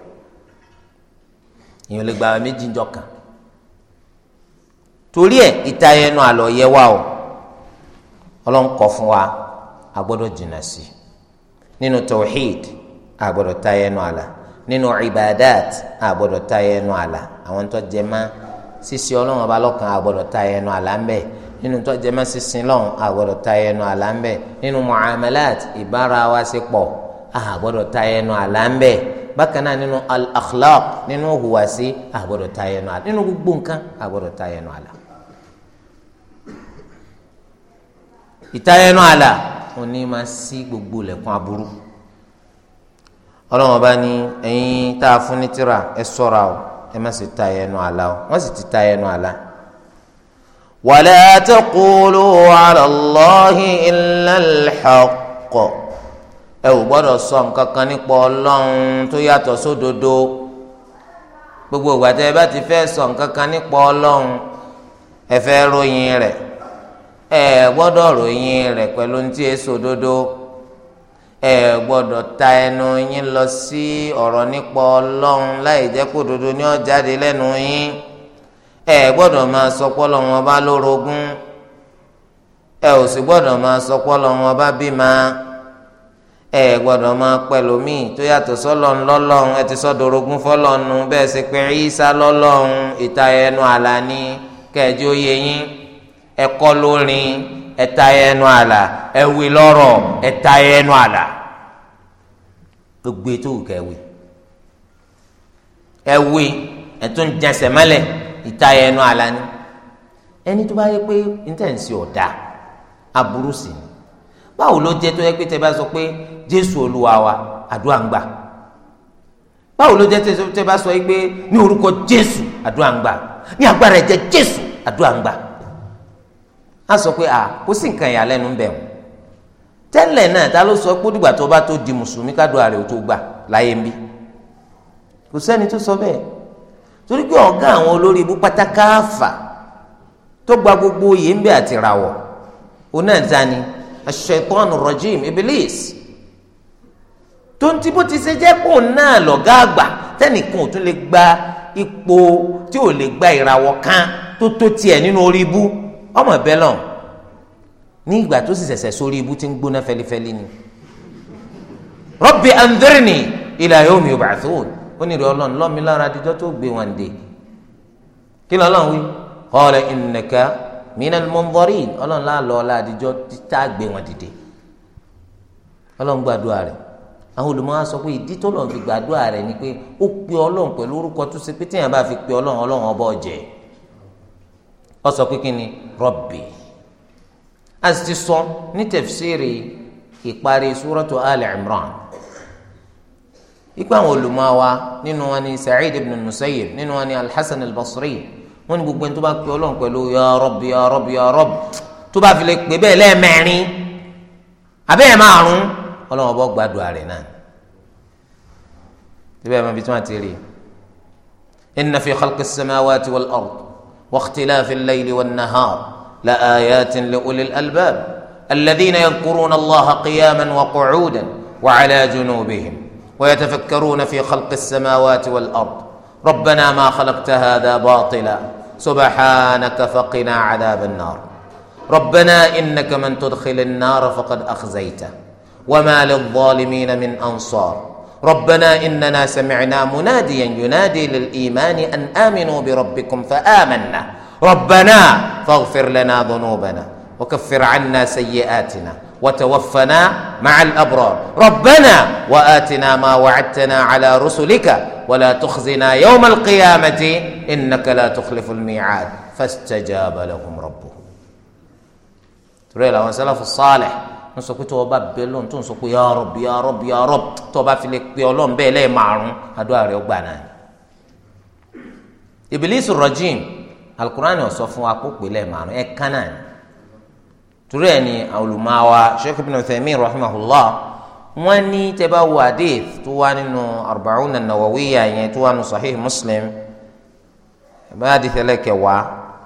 èèyàn lè gba àwọn méjì ńjọ kan torí ẹ ìta ẹnu àlọ yẹ wa o Ọlọ́run kọ́ fún wa a gbọ́dọ̀ jìnnà sí nínú tawhid a gbọ́dọ̀ ta ẹnu àlà nínú ibadat a gbọ́dọ̀ ta ẹnu àlà àwọn tó jẹ mọ́ sísìn Ọlọ́run ọba lọ́kàn a gbọ́dọ̀ ta ẹnu àlà ń bẹ nínú tó jẹ mọ́ sísìn lọ́run a gbọ́dọ̀ ta ẹnu àlà ń bẹ nínú muamalat ìbára wa ṣe pọ̀ a gbọ́dọ̀ ta ẹnu àlà ń bẹ bákan náà nínú al-akhlaq nínú ìhùwàsí àgbọ̀dọ̀ ta ẹnu àlà nínú gbogbo nǹkan àgbọ̀dọ̀ ta ẹnu àlà. ìtayẹnu àlà òní máa ṣí gbogbo ilẹ̀kùn aburú ọlọ́run ọba ní ẹ̀yin tá a fún ní tírà ẹ sọ́ra o ẹ má sì ta ẹnu àlà o wọ́n sì ti ta ẹnu àlà. wala taqulu ala Allahi illa al ẹ ò gbọ́dọ̀ sọ nǹkan kan nípa Ọlọ́run tó yàtọ̀ sódodo gbogbo ìgbà tẹ́ ẹ bá ti fẹ́ sọ nǹkan kan nípa Ọlọ́run ẹ fẹ́ ròyìn rẹ̀ ẹ gbọ́dọ̀ ròyìn rẹ̀ pẹ̀lú ntí èso dodo ẹ gbọdọ ta ẹnu yín lọ sí ọrọ nípa Ọlọ́run láì jẹ́ kó dodo ní ó jáde lẹ́nu yín ẹ gbọ́dọ̀ máa sọ pọlọ wọn bá lórogún ẹ ò sì gbọ́dọ̀ máa sọ pọlọ wọn bá bímọ. ẹ gbọdọ máa pẹ́ mi tó yàtọ̀ sọ́lọ́n lọ́lọ́run ẹ ti sọ́dọ̀ orogún fọ́lọ́nu bẹ́ẹ̀ ṣe pé ìsá ìta ẹnu àlà ni kẹ̀ẹ́dí ó yín ẹ ẹnu ẹ wí ẹnu gbogbo ètò ni ẹni tó bá yẹ pé báwo ló jẹ́ tó yẹ pé tẹ́ bá sọ pé jésù olúwa wa àdúrà ń gbà báwo ló jẹ́ tẹ́ bá sọ pé ní orúkọ jésù àdúrà ń gbà ní agbára ẹ̀jẹ̀ jésù àdúrà ń gbà á sọ pé à kò sí nǹkan ìyàlẹ́nu bẹ̀ wọ́n tẹ́lẹ̀ náà ta ló sọ pé dìgbà tó bá tó di mùsùlùmí kádùá rẹ̀ ò tó gbà láyé ń bí kò sẹ́ni tó sọ bẹ́ẹ̀ torí pé ọ̀gá àwọn olórí ibú pátákáfà tó gba gbogbo oyè ń bẹ àtìràwọ̀ onáà ta aṣ-ṣaytanu rajim ibilis tó ń ti bó ti ṣe jẹ́ pò náà lọ̀gá àgbà tẹ́nìkan ò tún lè gba ipò tí ò lè gba ìràwọ̀ kan tó tó tiẹ̀ nínú orí ibú ọmọ ẹ̀bẹ́ lọ ní ìgbà tó sì ṣẹ̀ṣẹ̀ sórí ibú tí ń gbóná fẹlifẹli ni rabbi andhirni ila yawmi yub'athun ó ní ìrẹ̀ ọlọ́run lọ́mi lára adijọ́ tó gbé wọn dé kí lọ́lọ́run wí qala innaka minal munzirin ọlọ́run láà lọ ọlá àdìjọ tá a gbé wọn dìde ọlọ́run gbàdúrà rẹ̀ àwọn olùmọ̀ọ́ sọ pé ìdí tó lọ́n fi gbàdúrà rẹ̀ ni pé ó pe ọlọ́run pẹ̀lú orúkọ tó ṣe pé téèyàn bá fi pe ọlọ́run ọlọ́run ọba ọ̀jẹ̀ ọ sọ pé kí ni Rabbi a sì ní tẹ̀fsíìrì ìparí suratu Ali Imran ipa àwọn olùmọ̀ọ́ wa nínú wọn ni Sa'id ibn Musayyib nínú wọn ni Al-Hasan wọ́n ní gbogbo ẹni tó bá pe ọlọ́run pẹ̀lú ya rọ́bì ya rọ́bì ya rọ́bì tó bá fi lè pè bẹ́ẹ̀ lẹ́ẹ̀mẹ́rin àbẹ́ ẹ̀ rẹ náà tí bẹẹ ọlọ́run tún àti gbàdúrà rẹ̀ náà ti bee máa fi tún àti rí i inna fi khalqi samawati wal ard wa ikhtilafi al-layli wan nahar la ayatin li ulil albab الذين يذكرون الله قياما وقعودا وعلى جنوبهم ويتفكرون في خلق السماوات والارض ربنا ما خلقت هذا باطلا سبحانك فقنا عذاب النار ربنا انك من تدخل النار فقد اخزيته وما للظالمين من انصار ربنا اننا سمعنا مناديا ينادي للايمان ان امنوا بربكم فامنا ربنا فاغفر لنا ذنوبنا وكفر عنا سيئاتنا وتوفنا مع الأبرار ربنا وآتنا ما وعدتنا على رسلك ولا تخزنا يوم القيامة إنك لا تخلف الميعاد فاستجاب لهم ربهم ترى لو سلف الصالح nsọkú tó o bá bẹ lọ́n tó nsọkú ya rọb ya rọb ya rọb tó o bá fi lè pe ọlọ́n bẹ́ẹ̀ lẹ́ẹ̀ márùn adúlá rẹ̀ gbà náà Ibilisu rajim Al-Qur'ani ó sọ fún wa kó pè lẹ́ẹ̀ márùn ẹ̀ kánà ni torí ẹ̀ ni olùmọ̀wá sheikh ibn Uthaymin rahimahullah wọ́n ní tẹ́bá wo hadith tó wá nínú arba'un an-nawawiyya yẹn tó wá nínú sahih muslim bá hadith ẹlẹ́kẹ̀wàá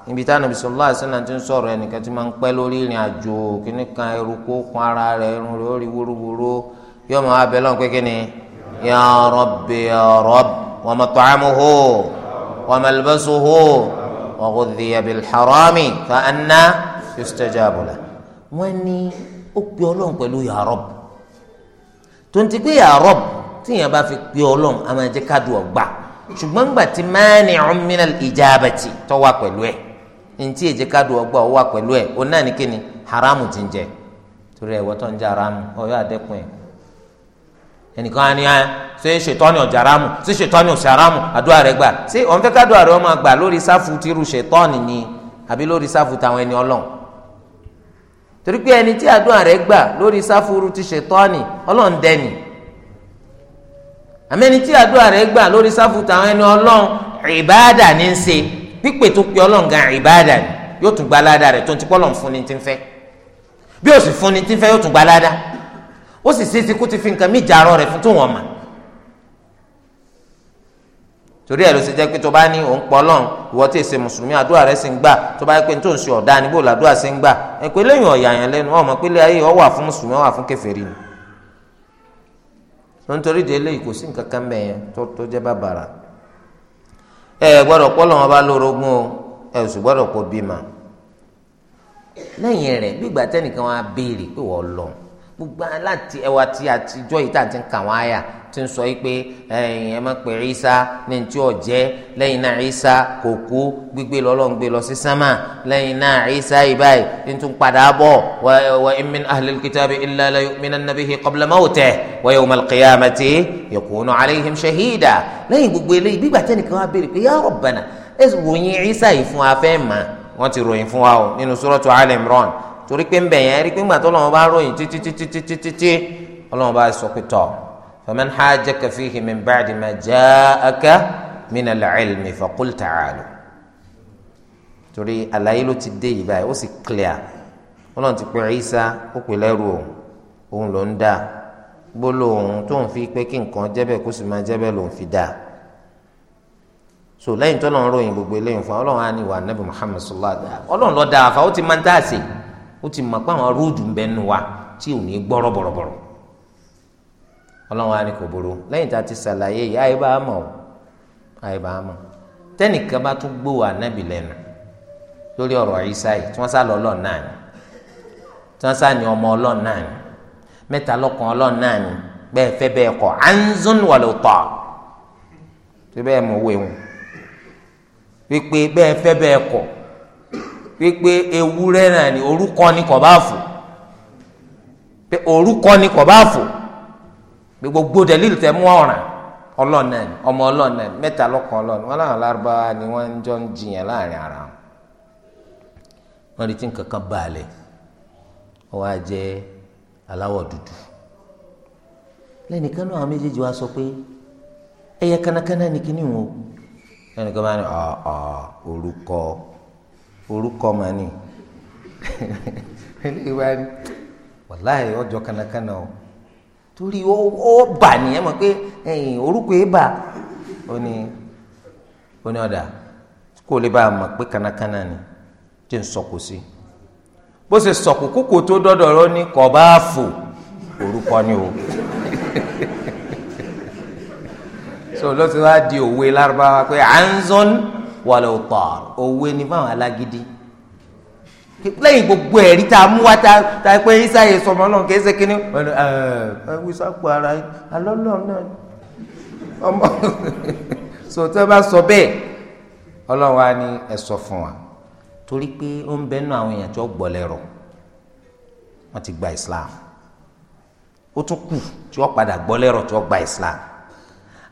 níbi táwọn nabi sallallahu alaihi wasallam ti ń sọ̀rọ̀ ẹnìkan tí máa ń pẹ́ lórí ìrìn àjò kíní kan eruku kún ara rẹ̀ irun rẹ̀ ó rí wúruwúru yóò máa wá bẹ́ẹ̀ lọ́n kíni ya rabbi ya rabbi wa mat'amuhu wa malbasuhu wa ghudhiya bil harami fa anna yustajabu lah wọ́n ní ó pe ọlọ́run pẹ̀lú ya Rabb tó ń ti pé ya Rabb tíyẹn bá fi pe ọlọ́run a máa jẹ́ kádùn ọgbà ṣùgbọ́n gbà tí mani'un minal ijabati tó wà pẹ̀lú ẹ̀ ntí èjì kádùn ọgbà ó wà pẹ̀lú ẹ̀ ó náà ní kíni haramu ti ń jẹ torí ẹ̀wọ́ tó ń jẹ haramu ọ̀yọ́ àdẹ́kùn ẹ̀ ẹnìkan á ní ẹ ah, ṣé ṣètọ́ni ọ̀jà haramu ṣé ṣètọ́ni ọ̀ṣà haramu àdúrà rẹ̀ gbà ṣé òun fẹ́ kádùn ọmọ àgbà lórí sáfù tìrú ṣètọ́ni ni àbí lórí sáfù tàwọn ẹni ọlọ́run torí pé ẹni tí àdúrà rẹ̀ gbà lórí sáfúrú ti ṣètọ́ni ọlọ́run dẹ́ni àmẹ́ni tí àdúrà rẹ̀ gbà lórí sáfúrú tàwọn ẹni ọlọ́run ìbáàdà ní í ṣe pípé tó pe ọlọ́run gan ìbáàdà ni yóò tún gba aládàá rẹ̀ tó ń ti pọ́ lọ́n fúnni tí ń fẹ́ bí ó sì fúnni tí ń fẹ́ yóò tún gba aládàá ó sì ṣe é ti kú ti fi nǹkan mí ìjà arọ rẹ̀ fún tó wọ́n mọ̀ torí ẹ ló ṣe jẹ́ pé tó bá ní òun pọ lọrun ìwọ tí èsè mùsùlùmí àdúrà rẹ sì ń gbà tó bá yẹ pé tó ń ṣe ọ̀dà níbo làdúrà sì ń gbà ẹ pé lẹ́yìn ọ̀yà yẹn lẹ́nu ọmọ pé ayé ọ wà fún mùsùlùmí ọ wà fún kèfèrí ni. tó ń torí de eléyìí kò sí nǹkan kan bẹ́ẹ̀ yẹn tó jẹ́ bàbàrà. ẹ gbọ́dọ̀ pọ́ lọ́wọ́ bá lórogún o ẹ sì gbọ́dọ̀ pọ́ bímọ. lẹ́yìn rẹ̀ bí ìgbà tẹ́nìkan wá béèrè pé wọ́n lọ gbogbo aláti ẹwà tí àtijọ́ yìí tà ti ń kà wọ́n áyà tí ń sọ yìí pé ẹ̀yin ẹ má pè Ìsá ní ntí ọjẹ lẹ́yìn náà Ìsá kò kú gbígbé lọlọrun gbé lọ sí sámà lẹ́yìn náà Ìsá ìbáyìí ní tún padà bọ̀ wa in min ahlil kitabi illa la yu'minanna bihi qabla mawtihi wa yawmal qiyamati yakunu alayhim shahida lẹ́yìn gbogbo eléyìí bí gbàtẹ nìkan wá béèrè pé ya Rabbana ẹ wòye Ìsá yìí fún afẹ mà wọn ti ròyìn fún wa o nínú suratu Al-Imran torí pé ń bẹ̀yẹn rí pé ńgbà tó lọ́wọ́ bá ròyìn títí títí títí títí ọlọ́wọ́ bá sọ pé tọ́ فمن حاجك فيه من بعد ما جاءك من العلم فقل تعالوا تري الليل àlàyé ló ti dé yìí báyìí ó sì clear Ọlọ́run ti pè Ìsá ó pè lẹ́rú òun òun ló ń dá gbólóhùn tó ń fi pé kí nǹkan jẹ́bẹ̀ kó sì máa jẹ́bẹ̀ ló ń fi dá so lẹ́yìn tó ròyìn gbogbo eléyìí fún Ọlọ́run á ní ìwà Ànábì sallallahu alaihi wa sallam Ọlọ́run ló dá àfa ó ti máa ń dá àsè ó ti mọ̀ pé àwọn rúùdù ń bẹ nu wa tí ò ní gbọ́rọ̀ bọ̀rọ̀bọ̀rọ̀ ọlọ́run á ní kò burú lẹ́yìn tá a ti ṣàlàyé yìí ayé bá a mọ̀ o ayé bá a mọ̀ tẹ́nìkan bá tún gbówó ànábì lẹ́nu lórí ọ̀rọ̀ Ìsá yìí tí wọ́n sá lọ ọlọ́run náà ni tí wọ́n sá ní ọmọ ọlọ́run náà ni mẹ́ta lọ́kàn ọlọ́run náà ni bẹ́ẹ̀ fẹ́ bẹ́ẹ̀ kọ́ anzun wàlúùtọ̀ tí bẹ́ẹ̀ mọ̀ wé wọn wípé bẹ́ẹ̀ fẹ́ bẹ́ẹ̀ kọ́ wípé ewúrẹ́ náà ni orúkọ ni kò bá fò orúkọ ni kò bá fò pé gbogbo dẹ̀lílì tẹ mú ọ̀ràn ọlọ́ọ̀nà ni ọmọ ọlọ́ọ̀nà ni mẹ́ta lọ́kàn ọlọ́ọ̀nà wọn láwọn lárúbáwá ni wọ́n ń jọ ń jiyàn láàrin ara wọn wọ́n retí nǹkan kan balẹ̀ ó wá jẹ́ aláwọ̀ dúdú lẹ́nìkan náà àwọn méjèèjì wá sọ pé ẹyẹ kánákáná ni kíní wọn lẹ́nìkan máa ní ọ̀ọ́ orúkọ orúkọ máa ní eléyìí wá ní wàláhì ọjọ́ kánákáná o torí ó ó bà ní ẹ mọ̀ pé ẹ̀yìn orúkọ ẹ̀ bà ó ní ó ní ọ̀dà kó lè bá a mọ̀ pé kánákáná ni tí ń sọkò sí bó ṣe sọkò kókò tó dọ́dọ̀ rọ ní kọ̀ bá fò orúkọ ni o so lọ́sọ̀rọ̀ á di òwe lárúbáwá pé à ń zọ́n wàlẹ̀ òtọ̀ òwe ni fáwọn alágídí lẹ́yìn gbogbo ẹ̀rí tá a mú wá tá a pé ìsáyè sọmọ ọlọ́run kì í ṣe kínní ẹ ẹ wíṣàpọ̀ ara yín alọ́lọ́ náà ọmọ sọtẹ́ bá sọ bẹ́ẹ̀ ọlọ́run wa ni ẹ sọ fún wa torí pé ó ń bẹ́nu àwọn èèyàn tó gbọ́lẹ́rọ̀ wọ́n ti gba Islam ó tún kù tí wọ́n padà gbọ́lẹ́rọ̀ tí wọ́n gba Islam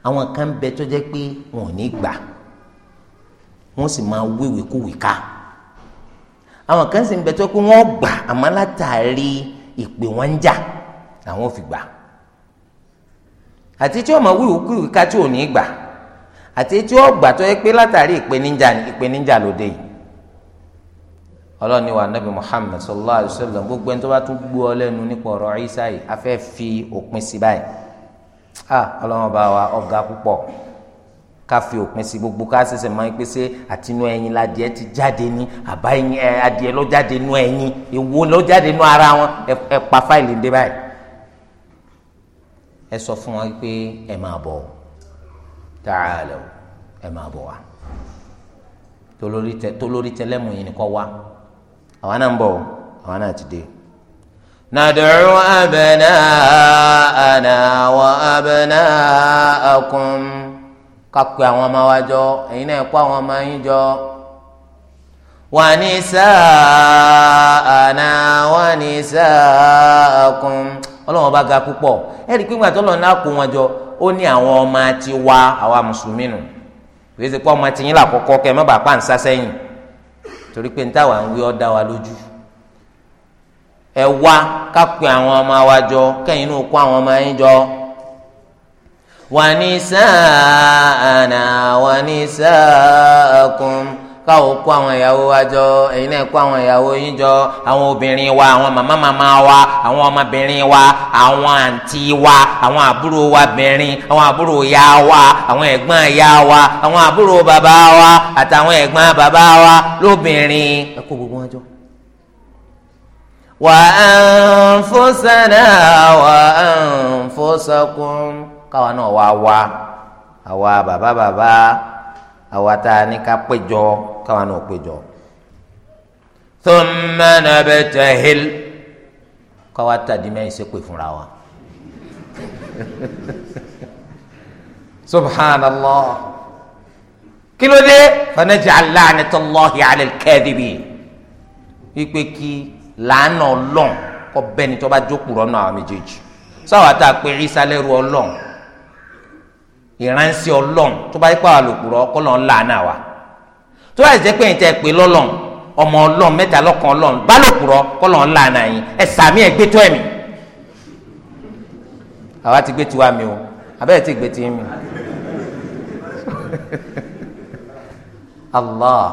àwọn kan bẹ tó jẹ́ pé wọn ò ní gbà wọ́n sì máa wéwèé kó wèé ká àwọn kan sì ń bẹ tó pé wọ́n gbà àmọ́ látàrí ìpè wọn ń jà àwọn ò fi gbà àti tí ó mọ wíwúkúwì ká tí ò ní gbà àti tí ó gbà tó yẹ pé látàrí ìpèníjà ìpèníjà lòdì yìí ọlọ́ni wa nabi muhammed sallallahu alayhi wa sallam gbogbo ẹni tó bá tún gbọ́ ọ lẹ́nu nípa ọ̀rọ̀ Ìsá yìí fi òpin sí báyìí ah ọlọ́run bá wa ọ̀gá púpọ̀ ká fi òpin sí gbogbo ká ṣẹ̀ṣẹ̀ máa ń pèsè àtinú ẹyin ladìẹ ti jáde ní àbá ẹyin ẹ adìẹ lọ jáde nú ẹyin èwo lọ jáde nú ara wọn ẹ pa fáìlì dé báyìí ẹ sọ fún wọn pé ẹ máa bọ̀ tààlà ẹ máa bọ̀ wá tolórí tẹlẹmù yìí ni kọ wá àwa náà ń bọ̀ àwa náà ti dé. ندعو أبناءنا وأبناءكم kakpe àwọn ọmọ wa jọ ẹ̀yin náà kó àwọn ọmọ yín jọ wà ní sáànà wà ní sáàkùn ọlọ́wọ́n bá ga púpọ̀ ẹ̀rí pé gbàtọ́ lọ́nà àpò wọn jọ ó ní àwọn ọmọ ti wá àwa mùsùlùmí nù kò pé ọmọ ti yín làkọ́kọ́ kẹ́ ẹ bàa pa nsá sẹ́yìn torí pé ntáwa ń wí ọ́ dá wa lójú ẹ wá kakpe àwọn ọmọ wa jọ kẹ́yìn náà kó àwọn ọmọ yín jọ. ونساءنا ونساءكم káwọn kó àwọn ìyàwó wa jọ ẹ̀yin náà kó àwọn ìyàwó yín jọ àwọn obìnrin wa àwọn màmá màmá wa àwọn ọmọbìnrin wa àwọn àǹtí wa àwọn àbúrò wa bìnrin àwọn àbúrò ya wa àwọn ẹ̀gbọ́n ya wa àwọn àbúrò bàbá wa àtàwọn ẹ̀gbọ́n bàbá wa lóbìnrin. ẹ kó gbogbo wọn jọ. á anfusana wa anfusakum. káwa náà wá wá àwa bàbá bàbá àwa tá a ní ká péjọ káwa náà péjọ. thumma nabtahil káwa tàdí mẹ́yìn ṣépè fúnra wa. subhanallah kí ló dé fanaj'al la'natallahi 'ala al-kadhibin wípé kí làánà ọlọ́n kọ́ bẹ́ni tó bá jókòó rọ́nà àwọn méjèèjì sáwọn àtàpé ìsàlẹ̀ ru ọlọ́n. ìránṣẹ́ ọlọ́run tó bá yẹ kó àlòkùrọ̀ kọ́lọ̀ ńlá náà wà tó bá yẹ jẹ́ pé ìjẹ́ pé lọ́lọ́run ọmọ ọlọ́run mẹ́ta lọ́kan ọlọ́run yín gbé tó ẹ̀mí. ti gbé tiwa mi o abẹ́rẹ́ ti gbé ti mi. Allah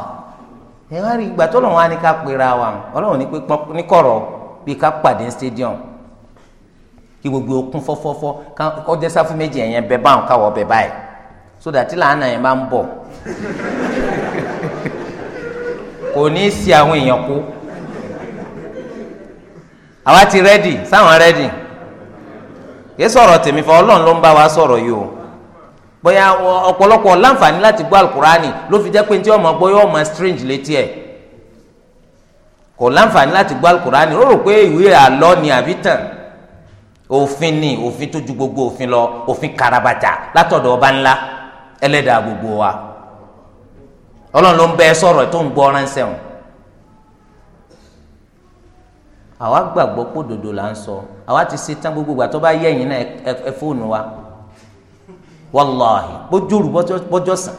ẹ wá rí ìgbà tó lọ́wọ́ á ní ká pera wa kí gbogbo okun fọfọfọ kọjá sáfù méjì ẹ̀yẹn bẹ báwọn káwọ bẹ báyìí sódà tí làánà yẹn bá ń bọ̀ kò ní í sí àwọn ti rẹ́dì sáwọn rẹ́dì kì sọ̀rọ̀ tèmi fún ọlọ́run ló ń bá wa sọ̀rọ̀ yìí o bóyá ọ̀pọ̀lọpọ̀ láǹfààní láti gbọ́ alukurani ló fi jẹ́ pé tí ọmọ gbọ́ mọ strange létí ẹ̀ kò láǹfààní láti gbọ́ ó rò pé ìwé àlọ́ ni àbí tàn òfin ni òfin tó ju gbogbo òfin lọ òfin karabata látọ̀dọ̀ ọba ńlá ẹlẹ́dàá gbogbo wa ọlọ́run ló ń bẹ sọ̀rọ̀ tó ń gbọ́ ránṣẹ́ wọn. àwa gbàgbọ́ pé òdodo là ń sọ àwa ti ṣe tán gbogbo ìgbà tó bá yẹ ẹ̀yin náà ẹ fóònù wa wàláhì bójú rù bọ́jọ́ sàn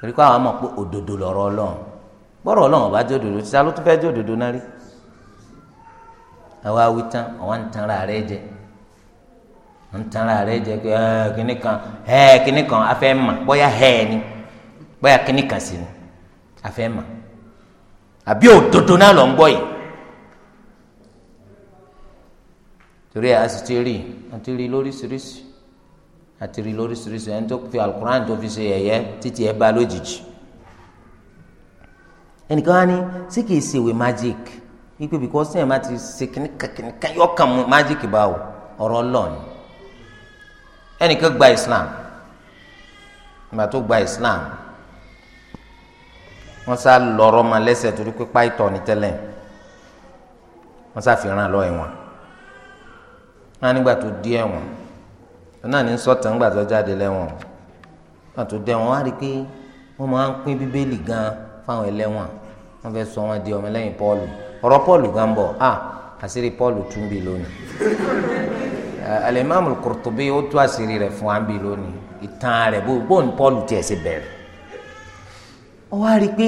torí pé àwọn mọ̀ pé òdodo lọ̀rọ̀ ọlọ́run bọ́rọ̀ ọlọ́run ọba jẹ́ òdodo títa ló tún fẹ́ jẹ́ òdodo náà rí àwa wí tán àwọn ń tanra rẹ jẹ ń tanra rẹ jẹ pé ẹ kíní kan ẹ kíní kan afẹ́ mà bóyá ẹ ni bóyá kíní kan sì ni afẹ́ mà àbí òdodo náà lọ ń gbọ́ yìí torí ẹ àti ti rí àti rí lóríṣiríṣi àti rí lóríṣiríṣi ẹni tó fi alukuran tó fi ṣe yẹ̀yẹ́ títí ẹ bá lójijì ẹnìkan wá ní sí kìí ṣèwé magic wípé bìkọ́ sẹ́yìn máa ti ṣe kìnìkan kìnìkan yọkàn mu májíkì báwo ọ̀rọ̀ lọ́ọ̀ni ẹnìkan gba Islam ma tó gba Islam wọ́n sá lọ́rọ́ ma lẹ́sẹ̀ torí pé páìtọ́ ni tẹ́lẹ̀ wọ́n sá fi ràn lọ ẹ̀wọ̀n wọ́n tó di ẹ̀wọ̀n wọ́n náà ní sọ́tàn ńgbà tó jáde lẹ́wọ̀n nígbà tó di ẹ̀wọ̀n wọ́n á rí i pé wọ́n máa ń pín bíbélì gan fáwọn ẹlẹ́wọ̀n wọ́n fẹ́ sọ wọn di ọmọ lẹ́yìn ọ̀rọ̀ Pọ́ọ̀lù gan bọ̀ a àṣírí Pọ́ọ̀lù tún bí lónìí alimami Qurtubi ó tú àṣírí rẹ̀ fún wa bí lónìí ìtàn rẹ̀ bó ní Pọ́ọ̀lù tiẹ̀ ṣe bẹ̀rẹ̀ ó wá rí i pé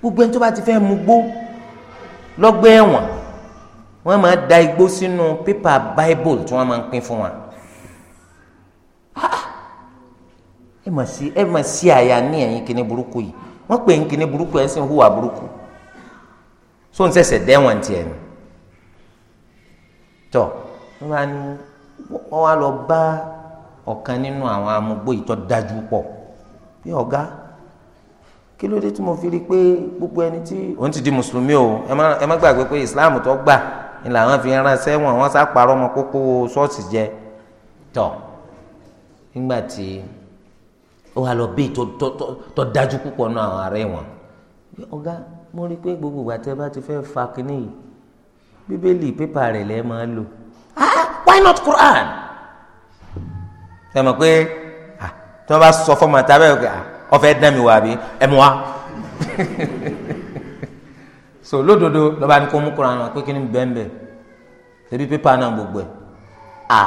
gbogbo ẹni tó bá ti fẹ́ mu gbó lọ́gbẹ́ ẹ̀wọ̀n wọ́n máa da igbó sínú pépà bible tí wọ́n máa ń pín fún wa ẹ mà sí àyà ní ẹ̀yìn kíní burúkú yìí wọ́n pè ń kíní burúkú ẹ̀ sì ń hùwà burúkú so ń sẹ̀sẹ̀ dẹ́wọ̀n tiẹ̀ ni tọ́ wọ́n bá ní wọ́n wá lọ bá ọ̀kan nínú àwọn amúgbó ìtọ́ dájú pọ̀ bí ọ̀gá kí ló dé tí mo fi rí i pé gbogbo ẹni tí òun ti di mùsùlùmí o ẹ má gbàgbé pé Islam tó gbà ni làwọn fi ń ránṣẹ́ wọn wọ́n sá parọ́ ọmọ kókó ṣọ́ọ̀ṣì jẹ tọ́ nígbà tí ó wà lọ bí tó dájú púpọ̀ nínú àwọn ará ẹ̀wọ̀n ọ̀gá mo rí i pé gbogbo ìgbà tí ẹ bá ti fẹ́ fa kínní yìí bíbélì pépà rẹ̀ lẹ́ máa lò ah why not Quran ẹ mọ̀ pé tí wọ́n bá sọ fọ́ọ̀mù àtàbẹ̀ ọ̀fẹ́ dán mi wà bí ẹ mú wa so lódodo lọ́ba ní kó mú Quran wá pé kí ni bẹ́ẹ̀nbẹ́ẹ̀ ṣebí pépà náà gbogbo ẹ̀ à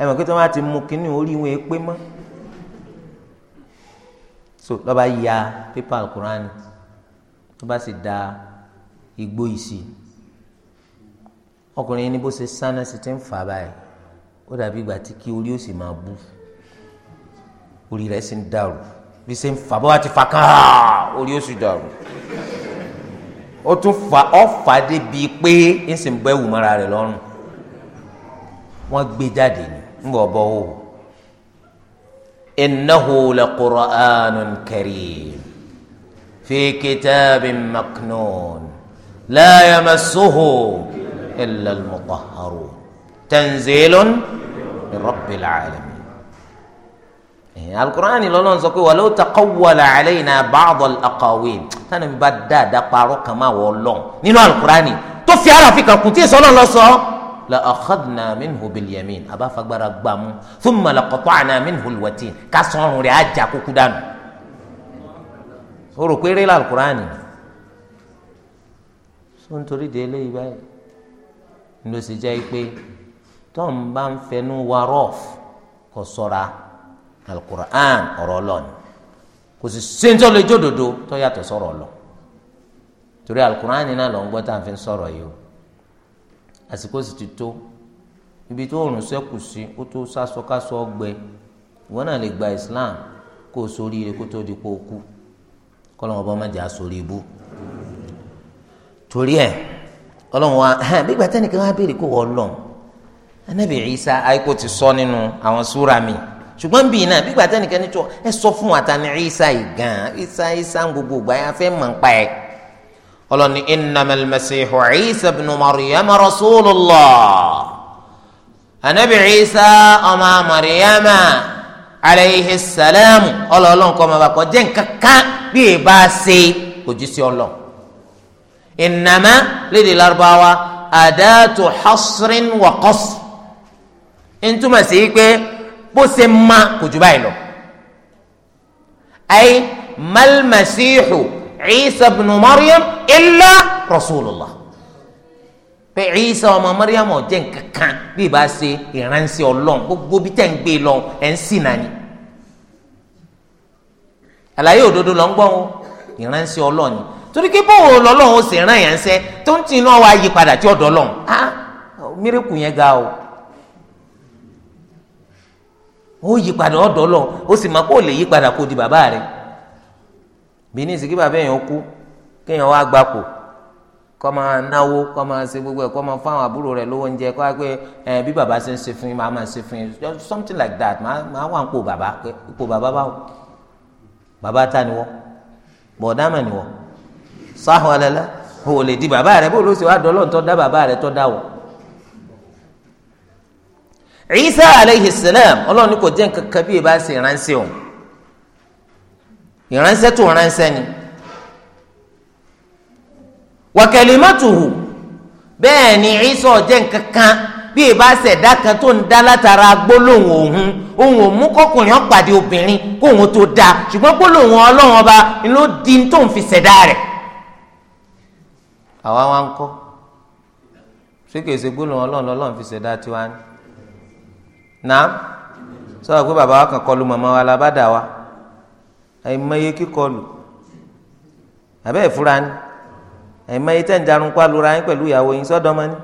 ẹ mọ̀ pé tí wọ́n bá ti mú kínní orí wọn pé mọ́ so lọ́ba ya pépà Quran tó bá sì da igbó ìsì ọkùnrin yìí ní bó ṣe sáná sí ti ń fà báyìí ó dàbí ìgbà tí kí orí ó sì máa bú orí rẹ̀ sì ń dàrú bí ṣe ń fà bó wá ti fà ká orí ó sì dàrú ó tún fà ọ́ fà débi pé ń sì ń bọ́ ẹ̀wù mọ́ra rẹ̀ lọ́rùn wọ́n gbé e jáde ní ń bọ̀ bọ́ wò innahu la qur'anun karim fi kitabin maknun la yamassuhu illa al-mutahharun tanzilun min rabbil alamin. alukur'an ni lọ́lọ́run sọ pé walau taqawwala alayna ba'd al-aqawil tani bá dáadáa parọ́ kan máa wọ̀ lọ́n nínú alukur'an tó fi àràfin kan kùn tí èso náà lọ sọ la akhadna minhu bil yamin abafagbara gbamu thumma laqata'na minhu al-watin kásán ọrùn rẹ̀ á jà kúkú dànù o rò pé rélà alukurani so nítorí de eléyìí báyìí ló sì jẹ́ pé tọ́m bá ń fẹnu wa rọ́ọ̀f kò sọ̀ra alukur'an ọ̀rọ̀ lọ́ni kò sì séńtọ́ lè jódodo tó yàtọ̀ sọ̀rọ̀ lọ torí alukur'an náà lọ ń gbọ́ tá à ń sọ̀rọ̀ yìí o àsìkò sì ti tó ibi tó òrùn sẹ́kù sí ó tó sásọkásọ ọgbẹ ìwọ náà lè gba Islam kó o sóríire kó tó di pé o kú kọlọ́wọ́n bọ́ má jà sórí ibú torí ẹ̀ ọlọ́wọ́n wa gbígbà tẹ́nìkan wá béèrè kó wọ́n lọ anabi isa ayiko ti sọ nínú àwọn súra mi ṣùgbọ́n bíi náà gbígbà tẹ́nìkan ní tó ẹ sọ fún wa ta ni isa yìí gan isa isa gbogbo gbà yà fẹ́ mọ̀ nípa ẹ̀ ọlọ́ni innamal masihu isa ibn maryam rasulullah anabi isa ọmọ maryam alayhi salam ọlọ́ọ̀lọ́ nǹkan ọmọ bàkọ́ jẹ́ nǹkan kan bí ẹ bá ṣe òjíṣẹ́ ọlọ ìnàmá lédè lárúbáwá àdáàtò hasrin wa qasr ntúmọ̀ sí pé bó ṣe má kò jù báyìí lọ ayé malmasiihu Isa ibn Maryam illa rasulullah pé Isa ọmọ Maryam ó jẹ́ bí ẹ bá ṣe ìránṣẹ́ Ọlọ́run gbogbo bí tẹ̀ ń gbé lọ ẹ̀ ń sìn náà ni. àlàyé òdodo lọ ń gbọ́ wọn ìránṣẹ́ ọlọ́ọ̀ni torí pé bóun lọ́lọ́run ó sì rán yẹn ṣẹ́ tó ń tì náà wá yí padà tí ọ̀dọ́ lọ́hùn á yẹn ga o ó yí padà ọ̀dọ́ lọ ó sì máa kó lè yí padà kó di bàbá rẹ̀ bí ní bàbá èèyàn kú wá kọ́ máa náwó gbogbo ẹ̀ kọ́ máa àbúrò rẹ̀ lówó oúnjẹ kọ́ pé ẹ bí bàbá ṣe ń ṣe fún yín máa something like that máa wà ń pò bàbá pò bàbá bàbá ta ni wọ bọ̀dámà ni wọ sáhùn alẹ́lá o ò lè di bàbá rẹ bó ló sì wá dọ́lọ́ tó dá bàbá rẹ tó dá wọ. Isa aleyhi salam ọlọ́run ní kò jẹ́ nǹkan kan bí ìbá ṣe ìránṣẹ́ òun ìránṣẹ́ tó ránṣẹ́ ni wa kalimatuhu bẹ́ẹ̀ ni Isa jẹ́ nǹkan kan. bí ìbá ṣẹ̀dá kan tó ń dá látara gbólóhùn òun òun ò mú kọkùnrin ọ̀pàdé obìnrin kóhun tó dáa ṣùgbọ́n gbólóhùn ọlọ́run ọba ni ló di tó ń fi ṣẹ̀dá rẹ̀. àwa wa ń kọ́ ṣé kìí ṣe gbólóhùn ọlọ́run lọ́lọ́run fi ṣẹ̀dá tiwa ni. pé bàbá wa kàn màmá wa wa àìmọye àbẹ́ ìfura ni tẹ̀ ń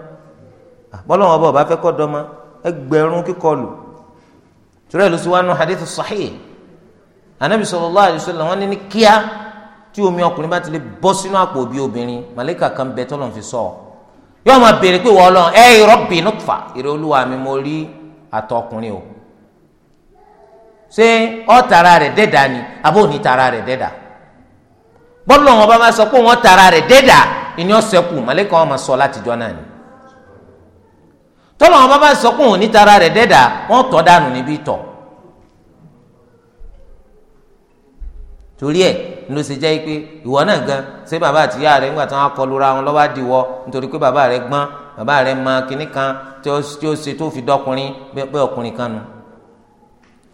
Ah, bọ́lọ́wọ́n bá ọba fẹ́ kọ́ dọ́mọ ẹgbẹ̀rún kíkọlù tùrẹ́ ló sì wá nù hadith sahih anabi sallallahu alaihi wasallam wọn ní ní kíá tí omi ọkùnrin bá ti lè bọ́ sínú àpò òbí obìnrin màlíkà kan bẹ tọ́lọ̀ fi sọ yóò máa béèrè pé wọ́n lọ ẹ rabbi nutfa ìrẹ́ olúwa mi mo rí àtọkùnrin o ṣé ọ́ tara rẹ̀ dẹ́dà ni àbó ní tara rẹ̀ dẹ́dà bọ́lọ̀ bá máa sọ pé wọ́n tara rẹ̀ dẹ́dà ìní ọ̀sẹ̀kù màlíkà wọn máa sọ látijọ́ náà ni tọ́lọ̀ wọn bá bá sọ pé òun ní tara rẹ̀ dẹ́dà wọ́n tọ́ dànù níbi tọ̀ torí ẹ̀ ló ṣe jẹ́ pé ìwọ náà gan ṣé bàbá àti ìyá rẹ̀ ńgbà tí wọ́n kọlu ra wọn lọ́wọ́ àdìwọ́ nítorí pé bàbá rẹ̀ gbọ́n bàbá rẹ̀ mọ kinní kan tí ó ṣe tó fi dọ́kùnrin pé ọkùnrin kan nu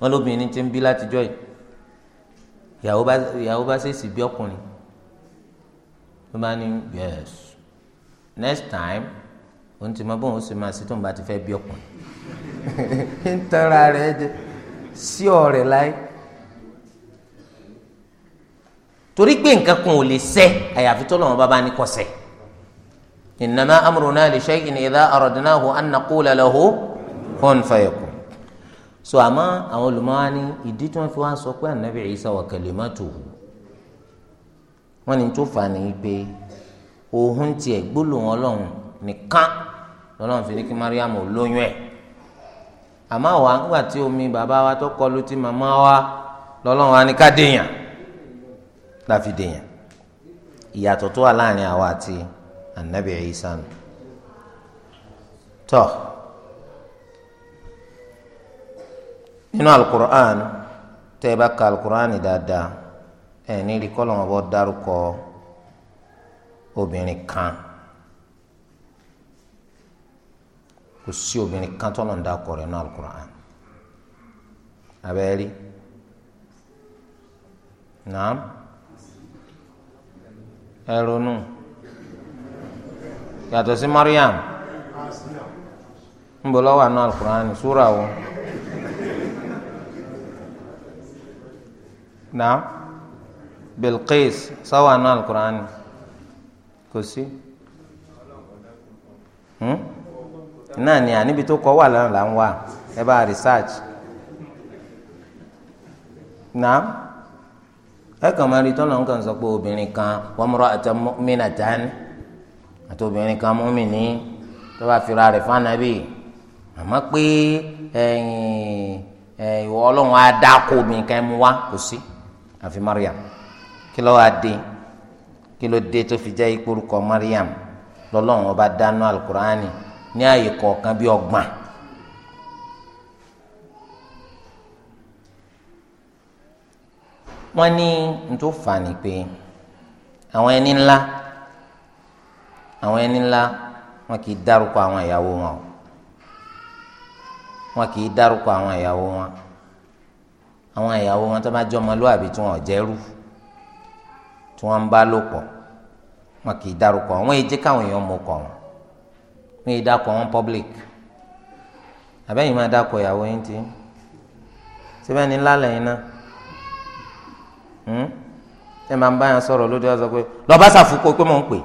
wọn lóbìnrin ti ń bí látijọ́ yìí ìyàwó bá ṣèṣì bí ọkùnrin ló bá ní yes next time òun ti mọ bóun ó sì máa sí tóun bá ti fẹ́ bí ọkùnrin ń tanra rẹ̀ jẹ sí ọ̀rẹ́ láyé torí pé nǹkan kan ò lè ṣẹ àyàfi tó lọ́wọ́ bàbá ní kò ṣẹ innama amruna li shay'in idha aradnahu an naqula lahu kun fayakun so àmọ́ àwọn olùmọ̀ọ́ ni ìdí tí wọ́n fi wá sọ pé ànábì Ìsá wa kalimatuhu wọ́n ní tó fà ní pé òun tiẹ̀ gbólóhùn ọlọ́run nìkan lọ́lọ́run fi ní kí mariam ò lóyún ẹ̀ àmọ́ wà nígbà tí omi bàbá wa tó kọlu ti màmá wa lọ́lọ́run wa ní ká dèèyàn láfi dèèyàn ìyàtọ̀ tó wà láàrin àwa àti anabi Isa nù tọ́ nínú alukur'an tẹ́ ẹ bá ka alukur'an dáadáa ẹ̀ ní rí kọ́lọ́mọbọ́ dárúkọ obìnrin kan. kò sí obìnrin kan tọ́lọ̀ ń dákọ̀ rẹ̀ náà alukur'an abẹ́rẹ́ rí naam ẹ ronú yàtọ̀ sí Mariam ń bọ̀ lọ́wọ́ àná alukur'an súra o naam Bilqis sáwọ́ àná alukur'an kò sí. Hmm? náà ni àníbi tó kọ wà lánàá là ń wà ẹ bá research na ẹ kàn máa rí tọ́lọ̀ ń kàn sọ pé obìnrin kan wọ́n mọ̀rọ̀ àti mínàtán àti obìnrin kan mùmínì tó bá fira rẹ̀ fànàbì àmọ́ pé ìwọ ọlọ́run á dáko mi ká ẹ wá kò sí àfi Mariam kí ló wá dé kí ló dé tó fi jẹ́ ikú orúkọ Mariam lọ́lọ́run ọba dáná alukur'ani. ní ààyè kọ̀ọ̀kan bíi ọgbọ̀n. wọ́n ní nítorí fà ní pé àwọn ẹni ńlá àwọn ẹni ńlá wọn kì í dárúkọ àwọn ìyàwó wọn o wọn kì í dárúkọ àwọn ìyàwó wọn àwọn ìyàwó wọn tó bá jọ ọmọlúwàbí tí wọn ò jẹrú tí wọn ń bá lò pọ wọn kì í dárúkọ wọn èjì kọ wọn ní ìdàkọ̀ wọn public àbẹ́yìn máa dàkọ̀ ìyàwó yín ti síbẹ̀ ní lálẹ́ yín náà ẹ hmm? máa ń bá yẹn sọ̀rọ̀ lóde ọ̀sọ̀ pé lọ́ba ṣàfùkọ́ pé mò ń pè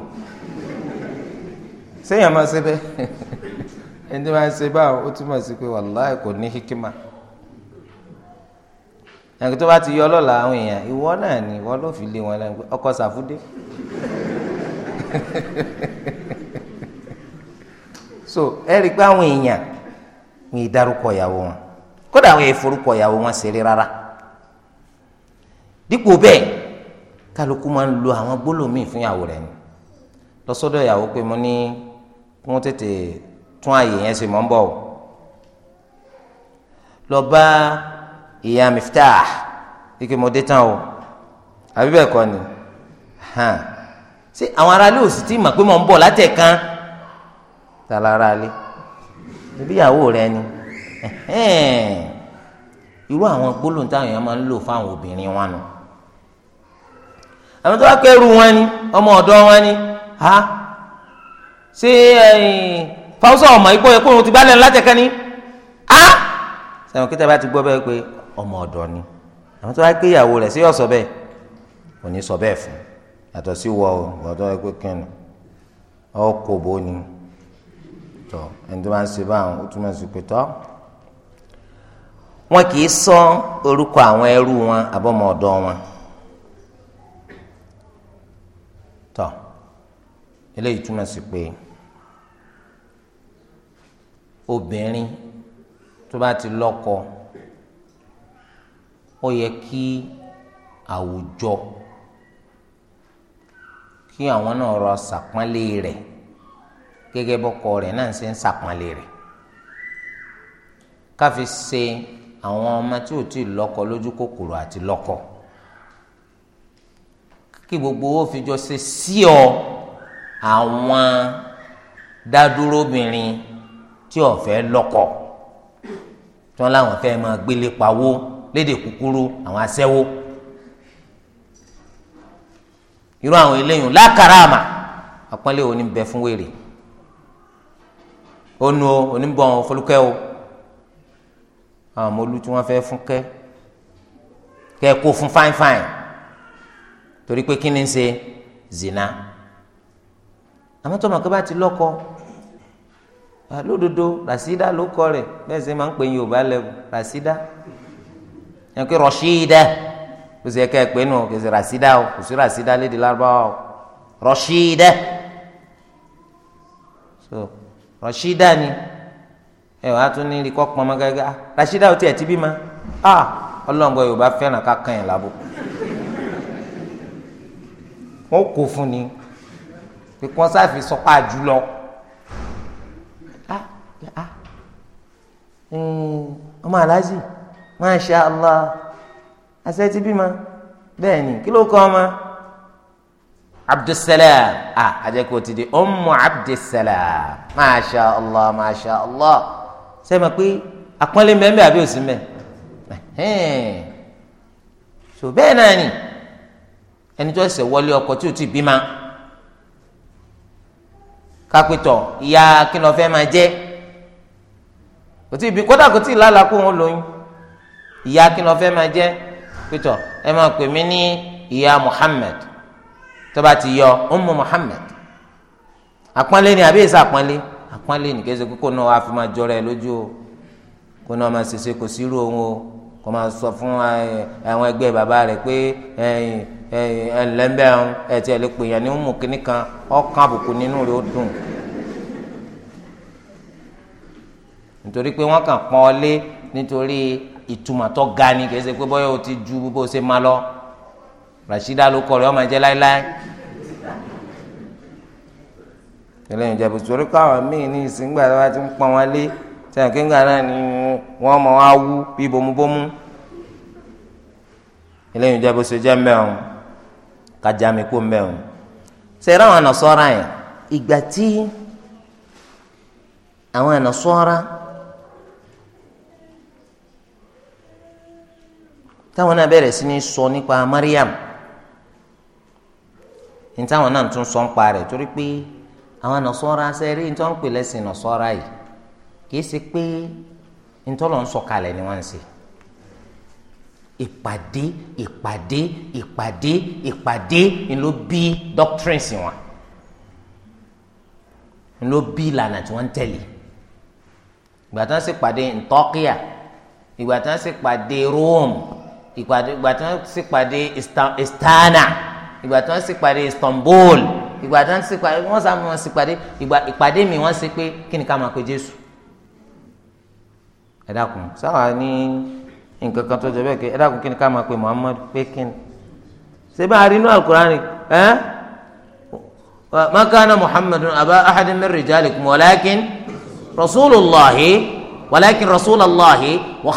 séèyàn máa ṣe bẹ́ẹ̀ ẹni máa ṣe báwo ó túmọ̀ sí pé wàláì kò ní hikima ẹnì tó bá ti yọ lọ́la àwọn èèyàn ìwọ náà ni ìwọ ló fi lé wọn lẹ́nu pé ọkọ ṣàfùdé. so ẹ rí i pé àwọn èèyàn ń dárúkọ ìyàwó wọn kódà àwọn ìforúkọ ìyàwó wọn ṣeré rárá dípò bẹ́ẹ̀ kálukú máa ń lo àwọn gbólómìn fún ìyàwó rẹ̀ ni lọ́sọ́dọ̀ ìyàwó pé mo ní kí wọ́n tètè tún àyè yẹn ṣe mọ́ ń bọ̀ o lọ bá ìyá Miftah ike mo dé tán o àbí bẹ́ẹ̀ kọ́ ni ṣé àwọn aráalé ò sì tí ì pé mo ń bọ̀ látẹ̀kan tàlára lé ibi ìyàwó rẹ ni irú àwọn gbólóhùn táwọn èèyàn máa ń lò fáwọn obìnrin wọn nù àwọn tó wá kẹrù wọn ni ọmọ ọ̀dọ̀ wọn ni ha ṣé fáwọsọ ọmọ igbó yẹ kóun ti bá lẹ́nu látẹkẹ ni a sẹwọn kí tẹbà ti gbọ́ bẹ́ẹ̀ pé ọmọ ọ̀dọ̀ ni àwọn tó wá gbé ìyàwó rẹ sí ọsọ bẹ́ẹ̀ kò ní sọ bẹ́ẹ̀ fún yàtọ̀ sí wọ ọ̀dọ̀ ẹgbẹ́ kẹrin ọkọ bo ni tọ ẹni tó máa ń ṣe báwọn ó túmọ̀ sí pé tọ. wọn kì í sọ orúkọ àwọn ẹrú wọn àbọ̀mọ̀ ọ̀dọ́ wọn tọ eléyìí túmọ̀ sí pé obìnrin tó bá ti lọ́kọ ó yẹ kí àwùjọ kí àwọn náà rọ ṣàpọ́nlé rẹ̀ gẹ́gẹ́ bọ́kọ rẹ̀ náà ṣe ń ṣàpọ́nlé rẹ̀ káfi ṣe àwọn ọmọ tí ò tí ì lọ́kọ lójú kòkòrò àti lọ́kọ kí gbogbo owó fi jọ ṣe sí ọ àwọn dádúró obìnrin tí ò fẹ́ lọ́kọ tí wọ́n láwọn fẹ́ máa gbélé pawó lédè kúkúrú àwọn aṣẹ́wó irú àwọn eléyìí lákàrà àmà àpọ́nlé òní bẹ fún wèrè onu o oníbọn Fọlúkẹ́ o àwọn ọmọlú tí wọ́n fẹ́ fún kẹ́ kẹ́ kó fún fáìfáì torí pé kí ni ń ṣe zina àmọ́ tó mọ̀ kí bá ti lọ́kọ lódodo rasida ló kọ rẹ̀ bẹ́ẹ̀ sẹ́ máa ń pè Yorùbá lẹ́wọ̀ rasida yẹn kí rọ̀ṣídà kò sí ẹ̀ka ẹ̀pẹ́ nù kò sí rasida o kò sí rasida lédè lárúbáwá o rọ̀ṣídà rashida ni ẹ wàá tún ní ikọ́ pọn ọmọ gẹ́gẹ́ ah, rashida ó tiẹ̀ ti bí ma ah ọlọ́ngbọ́n yorùbá fẹ́ràn ká kàn yín lábò wọ́n kò fún ni pé kí wọ́n sáfi sọ́pá jùlọ ah, ah. ọmọ aláàjì masha allah àṣẹ ti bí ma bẹ́ẹ̀ ni kí ló kọ́ ọmọ. abdulsalam ah, a àjẹkù ti di ọmọ abdulsalam masha allah masha allah ṣe ma pé àpọ́nlé mẹ́mẹ́ àbí òsì mẹ́ so bẹ́ẹ̀ náà ni ẹni tó wọlé ọkọ tí o ti kápẹ́tọ̀ ìyá fẹ́ jẹ́ kò tí ì bí kódà kò tí ì lálàá kó wọn lóyún ìyá tọba ti yọ ọmọ Muhammad àpọ́nlé ni àbí èsì àpọ́nlé àpọ́nlé ni kí ẹsẹ kókó náà wàá fi máa jọra ẹ lójú o kó náà máa ṣèṣe kò sí irú òun o kó máa sọ fún àwọn ẹgbẹ́ bàbá rẹ̀ pé ẹlẹ́mbẹ́ ẹ ti ẹ̀ lè pè yàn ní mú kínní kan ọkàn àbùkù nínú rẹ̀ ó dùn nítorí pé wọ́n kàn pọ́n ọ lé nítorí ìtumọ̀ tó ga ni kì pé bọ́yọ̀ o ti ju bó ṣe máa lọ. Rashida ló kọ rẹ ọmọ ẹjẹ láéláé eléyìí ìjẹ̀bù sórí káwọn míì ní ìsìngbà tí ti ń pọn wọn lé nke kínga náà ni wọ́n mọ̀ wá wú bí bomubomu eléyìí ìjẹ̀bù sórí jẹ́ mẹ́wọ̀n kájà kó mẹ́wọ̀n sẹ́yìn àwọn ànàsọ́ra yẹn ìgbà tí àwọn ànàsọ́ra táwọn náà bẹ̀rẹ̀ sí ní sọ nípa Mariam. ní táwọn náà tún sọ ń pa rẹ̀ torí pé àwọn nọ̀sọ́ra sẹ́rí ní tó ń pè lẹ́sìn nọ̀sọ́ra yìí kì ṣe pé ní tó lọ ń ni wọ́n ń ṣe ìpàdé ìpàdé ìpàdé ìpàdé ni ló bí doctrines wọn ni ló bí ìlànà tí wọ́n ń tẹ̀lé ìgbà tí wọ́n sì pàdé ntọ́kíà ìgbà tí wọ́n sì pàdé Rome ìgbà tí wọ́n sì pàdé Istana ìgbà tí wọ́n sì parí Istanbul ìgbà tí wọ́n sì parí wọ́n sábà wọ́n sì parí ìgbà ìpàdé mi wọ́n sì pé kí ni ká máa pe Jésù ẹ dákun sáwà ní nǹkan kan tó jẹ bẹ́ẹ̀ kí ẹ dákun kí ni ká máa pe Muhammad pé kí ni ṣé bá a rí inú Al-Qur'ani ẹ́ ma kana Muhammadun aba ahadin min rijalikum walakin rasulullahi walakin rasulullahi wa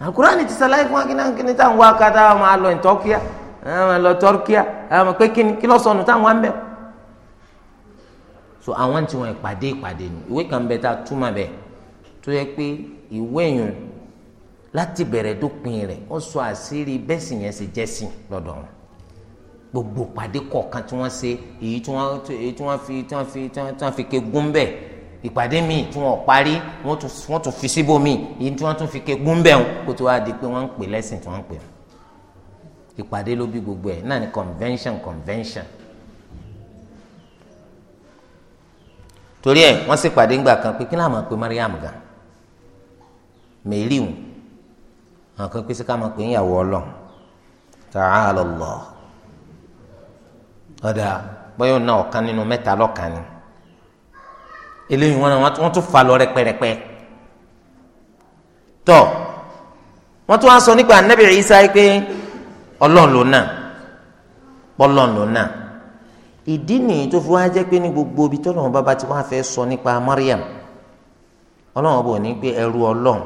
alukurani ah, ti sàlàyé fún wa kí náà kíni táwọn wá ká táwọn máa lọ ìtọ́kíá àwọn máa lọ tọ́kíá àwọn pé kíni kí lọ sọnù táwọn wá ń bẹ̀. so àwọn tí wọn ìpàdé ìpàdé nu ìwé kan bẹ tá a túmọ̀ bẹ tó yẹ pé ìwé yẹn láti bẹ̀rẹ̀ dópin rẹ̀ ó sọ àṣírí bẹ́sì yẹn ṣe jẹ́sìn lọ́dọ̀ wọn gbogbo pàdé kọ̀ọ̀kan tí wọ́n ṣe èyí tí wọ́n fi tí wọ́n fi tí wọ́n fi ké gún ìpàdé míì tí wọn ò parí wọn tún fi síbò míì èyí tí wọn tún fi ké gúnbẹ̀hún kó tó wá di pé wọn ń pè lẹ́sìn tí wọn ń pè ìpàdé ló bí gbogbo ẹ̀ náà ni convention convention torí ẹ̀ wọ́n sì pàdé ńgbà kan pé kí láwọn máa pe Mariam gan mẹ́rìnwó àwọn kan pé sí ká máa pe ìyàwó Ọlọ́run Ta'ala Allah ọ̀dà bọ́yọ̀ náà ọ̀kan nínú mẹ́ta lọ́kan ni eléyìí wọn náà wọn tún fa lọ rẹpẹrẹpẹ tọ wọn tún wá sọ nípa anabi isa pé Ọlọ́run ló náà pọlọ́run ló náà ìdí nìyí tó fi wá jẹ́ pé ní gbogbo ibi tí Ọlọ́run bàbá ti wá fẹ́ sọ nípa Mariam Ọlọ́run bò ní pé ẹrú Ọlọ́run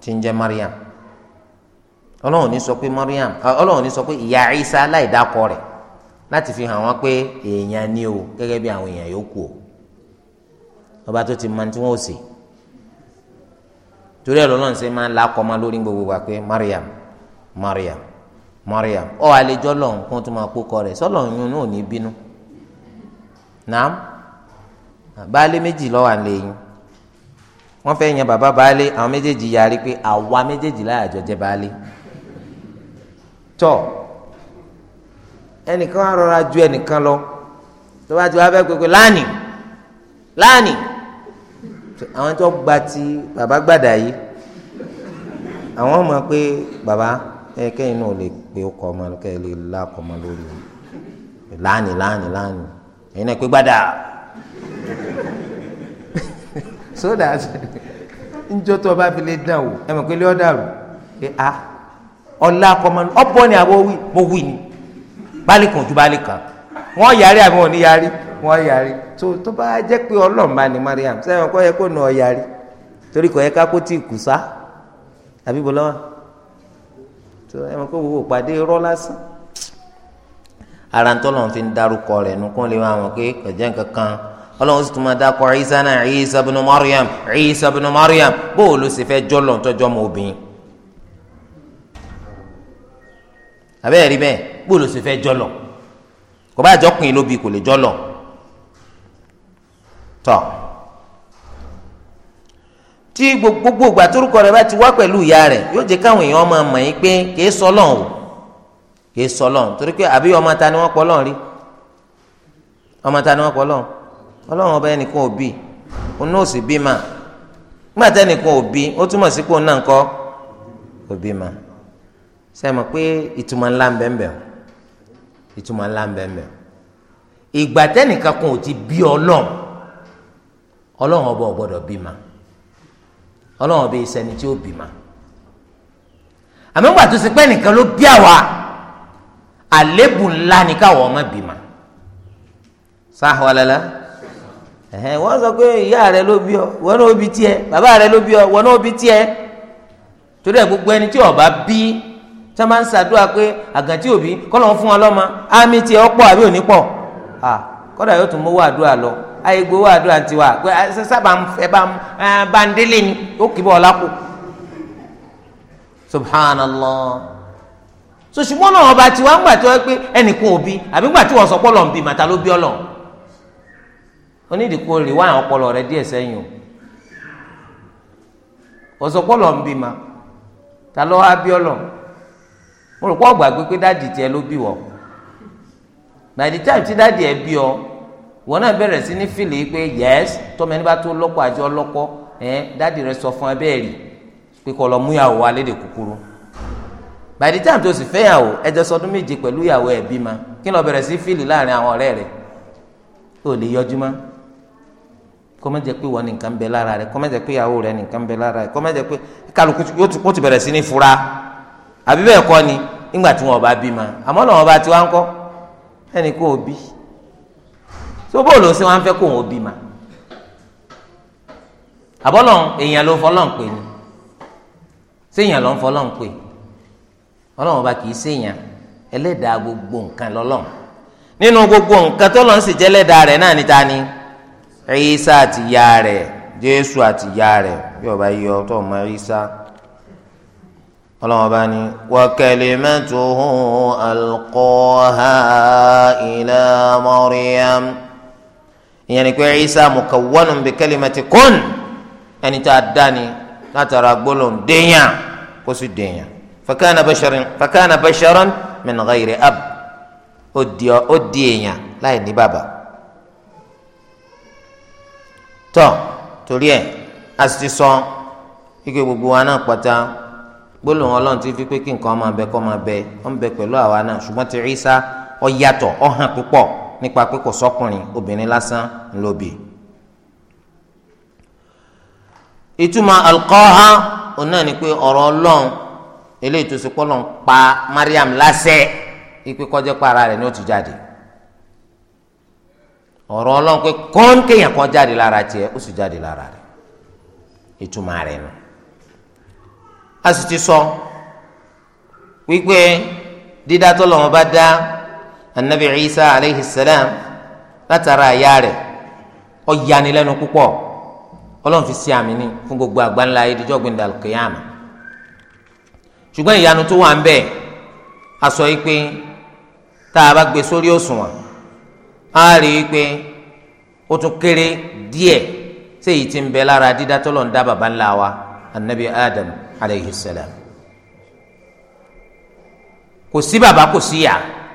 ti ń jẹ́ Mariam Ọlọ́run ní sọ pé Mariam Ọlọ́run ní sọ pé ìyá isa láì dákọ rẹ̀ láti fi hàn wọ́n pé èèyàn ni o gẹ́gẹ́ bí àwọn èèyàn yòókù o ọba tó ti mọ tí wọn ò sè torí ẹ lọ́nà ṣe máa ń lakọ́ máa lórí gbogbo wa pé Mariam Mariam Mariam ọ àlejò lọ́hùn kó tó máa kókọ rẹ̀ sọ́lọ̀ yún náà ní bínú nàám baálé méjì lọ́wọ́ àlè yín wọ́n fẹ́ yan bàbá baálé àwọn méjèèjì yarí pé àwa méjèèjì láyàjọ jẹ́ baálé tọ́ ẹnìkan á rọra ju ẹnìkan lọ tó bá ti wá fẹ́ pé lánìí lánìí àwọn tó gba ti bàbá gbàdá yìí àwọn mọ̀ pé bàbá kẹ́yìn náà lè pe ọkọ̀ ọmọ kẹ́yìn lè la ọkọ̀ ọmọ lórí láàánì láàánì láàánì ẹ̀yin náà pé gbàdá so that njọ́ tó o bá fi lè dàn o ẹ mọ̀ pé lé ọ́ dàrú pé a ah, ọ̀la ọkọ̀ ọ̀bọ ni àwọ̀ wí mo wí ni bálẹ̀ kan ju bálẹ̀ kan wọ́n yàrí àbí wọ́n ní yàrí wọ́n yàrí tó tó bá jẹ́ pé ọlọ́mọba ni Mariam sẹ́wọ̀n kọ́ yẹ kó nà ọ̀yà rí torí kọ́ yẹ ká kó tí ì kù sá àbí bọ́lá wa tó ẹ̀wọ̀n kó wò pàdé irọ́ lásán ara ń tọ́lọ̀ fi ń darúkọ rẹ̀ nù kún lè wá àwọn pé kọjá nǹkan kan ọlọ́run sì tún máa dákọ̀ Ìsá náà Ìsá bínú Mariam Ìsá bínú Mariam bóò ló sì fẹ́ jọ́lọ̀ tọ́jọ́ mọ obìnrin àbẹ́ẹ̀rí bẹ́ẹ̀ bóò ló sì fẹ́ jọ́lọ̀ kò bá jọ́kùnrin ló bí kò lè jọ́lọ̀ tọ tí gbogbo ìgbà bá ti wá pẹ̀lú ìyá rẹ yóò jẹ́ káwọn èèyàn máa mọ̀ yín pé kìí sọ lọ́n o kìí sọ lọ́n torí pé àbí ọmọ ta ni wọ́n pọ̀ lọ́n rí ọmọ ta ni wọ́n pọ̀ lọ́n ọlọ́run ọba ẹnìkan ò bí òun náà nígbà ẹnìkan ó túmọ̀ pé mà sẹ́mi pé ìtumọ̀ ńlá bẹ́ẹ̀ ọlọ́run ọba ọ̀gbọ́dọ̀ bímọ ọlọ́run ọba ìsẹ́ni tí ó bímọ àmọ́ ìgbà tó ṣe nìkan ló bí àwa àlébù ńlá ni ọmọ bímọ wọ́n sọ pé ìyá ló bí ọ wọ́n náà bí bàbá rẹ ló bí ọ wọ́n náà bí torí ẹ̀ gbogbo ẹni ọba bí tí máa ń ṣàdúrà pé àgàntí òbí kọ́ fún lọ́mọ àbí pọ̀ kọ́dà yóò tún ayé gbowó antiwa tiwa pé sábà ẹ bá ni ó kì í bọ̀ ọ́ lápò so ṣùgbọ́n náà ọba tiwa ń gbà tó pé ẹnìkan òbí àbí gbà tí wọ́n sọ pọ́lọ̀ ń bí màtá ló bí rè wá àwọn ọpọlọ rẹ díẹ̀ sẹ́yìn o wọ́n sọ pọ́lọ̀ ń bí ma ta ló wá bí ọlọ́ mo rò pọ́ gbàgbé pé dáàdì tiẹ̀ ló bí by the time dáàdì ẹ bí ọ wọn náà bẹ̀rẹ̀ sí ní fìlì pé yẹ́s tọ́mọ ẹni bá tó lọ́kọ àti ọlọ́kọ ẹ̀ dáàdì rẹ sọ fún ẹ bẹ́ẹ̀ rí pé kọ́ lọ múyàwó wa léde kúkúrú bàdí táwọn tó sì fẹ́yàwó ẹjọ́ sọdún méje pẹ̀lú ìyàwó ẹ̀ bímọ kí lọ bẹ̀rẹ̀ sí fìlì láàrin àwọn ọ̀rẹ́ rẹ ò lè yọjú mọ́ kọ́mẹ́jẹ pé wọ́n nìkan bẹ lára rẹ kọ́mẹ́jẹ pé ìyàwó rẹ nìkan bẹ lára rẹ kọ́mẹ́jẹ pé kálukú yóò ti bẹ̀rẹ̀ sí ní fura àbí bẹ́ẹ̀ kọ́ ni nígbà tí wọn ò bá bímọ àmọ́ náà wọn bá ti wá ń ẹnì kó bí so bóòlù sí wọn fẹ́ kó wọn bímọ àbọ̀lọ̀ èèyàn ló fọlọ́n pè ní séèyàn ló ń fọlọ́n pè ọlọ́run ọba kì í séèyàn ẹlẹ́dàá gbogbo nǹkan lọ́lọ́run nínú gbogbo nǹkan tó lọ́n sì jẹ́ ẹlẹ́dàá rẹ̀ náà níta ni Ìsá àti ìyá rẹ̀ Jésù àti ìyá rẹ̀ bí ọba yọ tó mọ Ìsá ọlọ́run ọba ni wa kalimatuhu alqaha ila Maryam ìyẹn ni pé Isa mukawwanun bi kalimati kun ẹni tá a dá ni látara gbólóhùn déyàn kó sì déyàn fakana basharan fakana basharan min ghayri ab ó di ó di èèyàn láì ní bàbá tọ torí ẹ a sì ti sọ ike gbogbo wa náà pátá gbólóhùn ọlọ́run ti fi pé kí nǹkan máa bẹ kọ́ máa bẹ ọ́n bẹ pẹ̀lú àwa náà ṣùgbọ́n ti Isa ó yàtọ̀ ó hàn púpọ̀ nípa pé kò sọkùnrin obìnrin lásán ló ìtumọ̀ alqaha òun náà ni pé ọ̀rọ̀ ọlọ́run eléyìí tó ṣe pọ́ lọ́n pa Mariam láṣẹ ipe kọjá para rẹ̀ ni ó ti jáde ọ̀rọ̀ ọlọ́run pé kọ́ń kéèyàn kan jáde lára tiẹ̀ ó sì jáde lára rẹ̀ ìtumọ̀ rẹ̀ nù. a sì ti sọ wípé dídá tó lọ́wọ́ bá dá anabi isa aleyhi salam látara àyà rẹ̀ ó yanilẹ́nu púpọ̀ ọlọ́run fi sí àmì ní fún gbogbo àgbáńlá ìdíjọ́ gbẹ̀ndà kìyàmù ṣùgbọ́n ìyanu tó wà ń bẹ̀ a sọ yìí pé tá a bá gbé sórí òṣùwọ̀n á rí i pé ó tún kéré díẹ̀ sí èyí tí ń bẹ lára dídá tó dá bàbá ńlá wa anabi adam aleyhi salam kò sí bàbá kò sí yàrá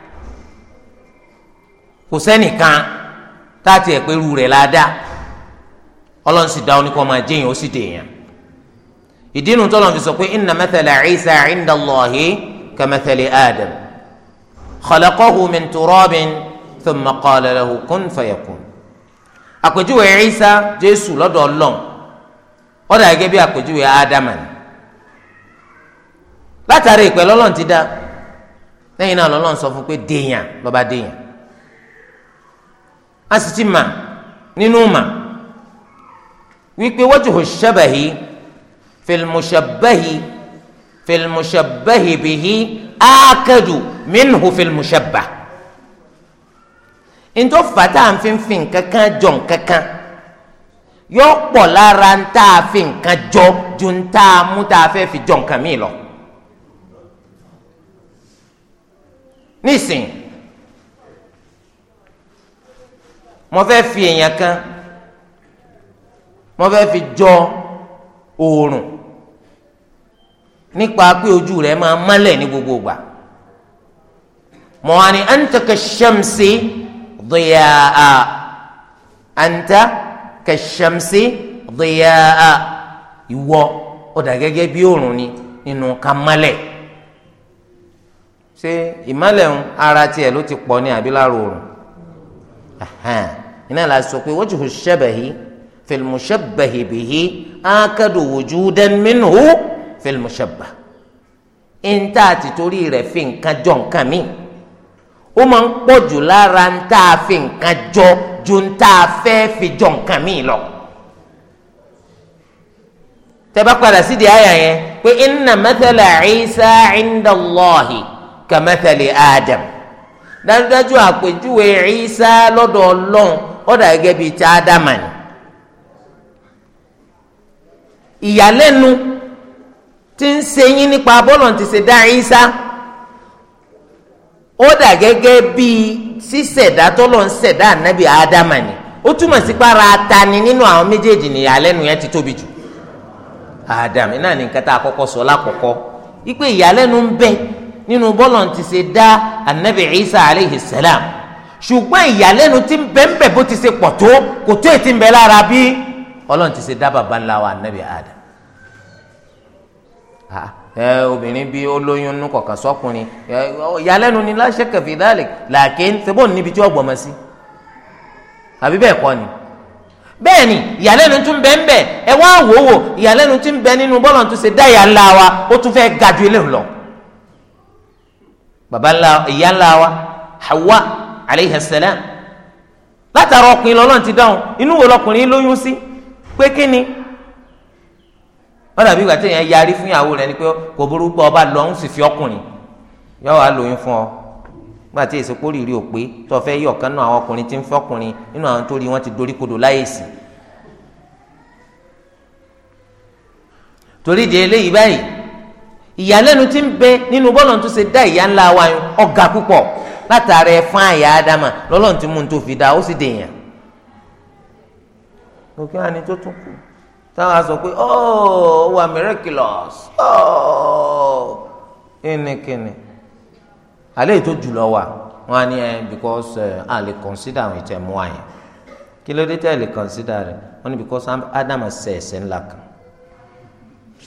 kò sẹ́nìkan tá a ti ẹ̀ pé irú rẹ̀ la dá ọlọ́run sì dá oníkọ́ máa jẹ́yìn ó sì dèèyàn ìdí inú tọ́lọ̀ fi sọ pé inna mathala Isa inda Allahi ka mathali Adam khalaqahu min turabin thumma qala lahu àpèjúwe Isa Jésù lọ́dọ̀ ọlọ́run ó gẹ́gẹ́ bí àpèjúwe Ádámà ni látàrí ìpẹ́ lọ́lọ́run ti dá lẹ́yìn náà lọ́lọ́run sọ fún pé dèèyàn lọ́ba dèèyàn a sì ti mà nínú mà wípé wajhu shabahi fil mushabbahi fil mushabbahi bihi akadu minhu fil mushabbah ntọ́ fata nfinfin kankan jọ nkankan yóò pọ̀ lára ntá fi nkan jọ ju ntá mú tá a fẹ́ fi jọ nkan mi lọ nísìnyí. mo fẹ́ fi èèyàn kan mo fẹ́ fi jọ oòrùn nípa pé ojú rẹ̀ máa mọ́lẹ̀ ní gbogbo ìgbà mo wá ní anta kashamsi diyaa anta kashamsi diyaa ìwọ ó dà gẹ́gẹ́ bí oòrùn ni nínú ká mọ́lẹ̀ ṣé ìmọ́lẹ̀ ń ara tiẹ̀ ló ti pọ̀ ní àbí lára iná la sọ pé wajhu shabahi fil mushabbahi bihi akadu wujudan minhu fil mushabbah ìntà àti torí rẹ̀ fi nǹkan jọ nǹkan mi ó máa pọ̀ jù lára ń fi nǹkan jọ ju ń tá a fẹ́ fi jọ nǹkan mi lọ tẹ́bá padà sídìí àyà yẹn pé inna mathala Isa inda allah ka mathali Adam. dájúdájú àpèjúwe Ìsá lọ́dọ̀ ọlọ́run oda gege gẹ́gẹ́ bíi ti ádámà ìyàlẹ́nu tí ń ṣe nípa ti ṣe dá Ìsá oda gege gẹ́gẹ́ bíi ṣíṣẹ̀dá tọ́lọ̀ ṣẹ̀dá ànábì ádámà ó túmọ̀ sí para tani nínú àwọn méjèèjì ni yẹn ti tóbi jù náà ní nǹkan tá a kọ́kọ́ sọ nínú bọ́lọ̀ ti ṣe dá anabi isa aleyhi salam ṣùgbọ́n ìyàlẹ́nu ti ń bẹ́ ń bẹ̀ bó ti ṣe pọ̀ tó kò tó ètí ń bẹ lára bí ọlọ́run ti ṣe dá bàbá ńlá wa anabi adam ẹ obìnrin bíi olóyún nù kọ̀ọ̀kan sọ́kùnrin ìyàlẹ́nu ni láṣẹ kẹfì dálẹ̀ làákè ń níbi tí wọ́n gbọ́mọ sí àbí bẹ́ẹ̀ kọ́ ni bẹ́ẹ̀ ni ìyàlẹ́nu tún bẹ ń bẹ ẹ wá wò wò ìyàlẹ́nu tún bẹ nínú bọ́ọ̀lù tó ṣe dá ìyá wa ó tún fẹ́ gajù ilé ńlọ. baba ńlá ìyá ńlá wa Hawa aleyhi salam látara ọkùnrin lọ́lọ́run ti dáhùn inú wo lọkùnrin lóyún sí pé kí ni wọ́n dàbí ìgbà téèyàn yarí fún ìyàwó rẹ̀ ni pé kò burú pé ọba lọ ń sì fi ọkùnrin yọ lóyún fún ọ nígbà tí èsì pólì rí òpé tó fẹ́ yí ọ̀kan náà àwọn ọkùnrin ti ń ìyàlẹ́nu ti ń bẹ nínú bọ́ọ̀lù tó ṣe dá ìyá ńlá wa yẹn ọ̀gá púpọ̀ látara ẹ̀ fún àyà ádámà lọ́lọ́run ti mú un tó fi dá ó sì dèèyàn. òkè àní tó tún kù táwọn sọ pé ó wà miraculous ó kínníkínní àlẹ́ ètò jùlọ wà wọ́n á ní ẹ eh, because eh, a lè consider àwọn ìtẹ̀mú àyàn kí ló dé tẹ́ ẹ lè consider rẹ̀ wọ́n ní because Ádámà ṣẹ̀ ẹ̀ṣẹ̀ ńlá kan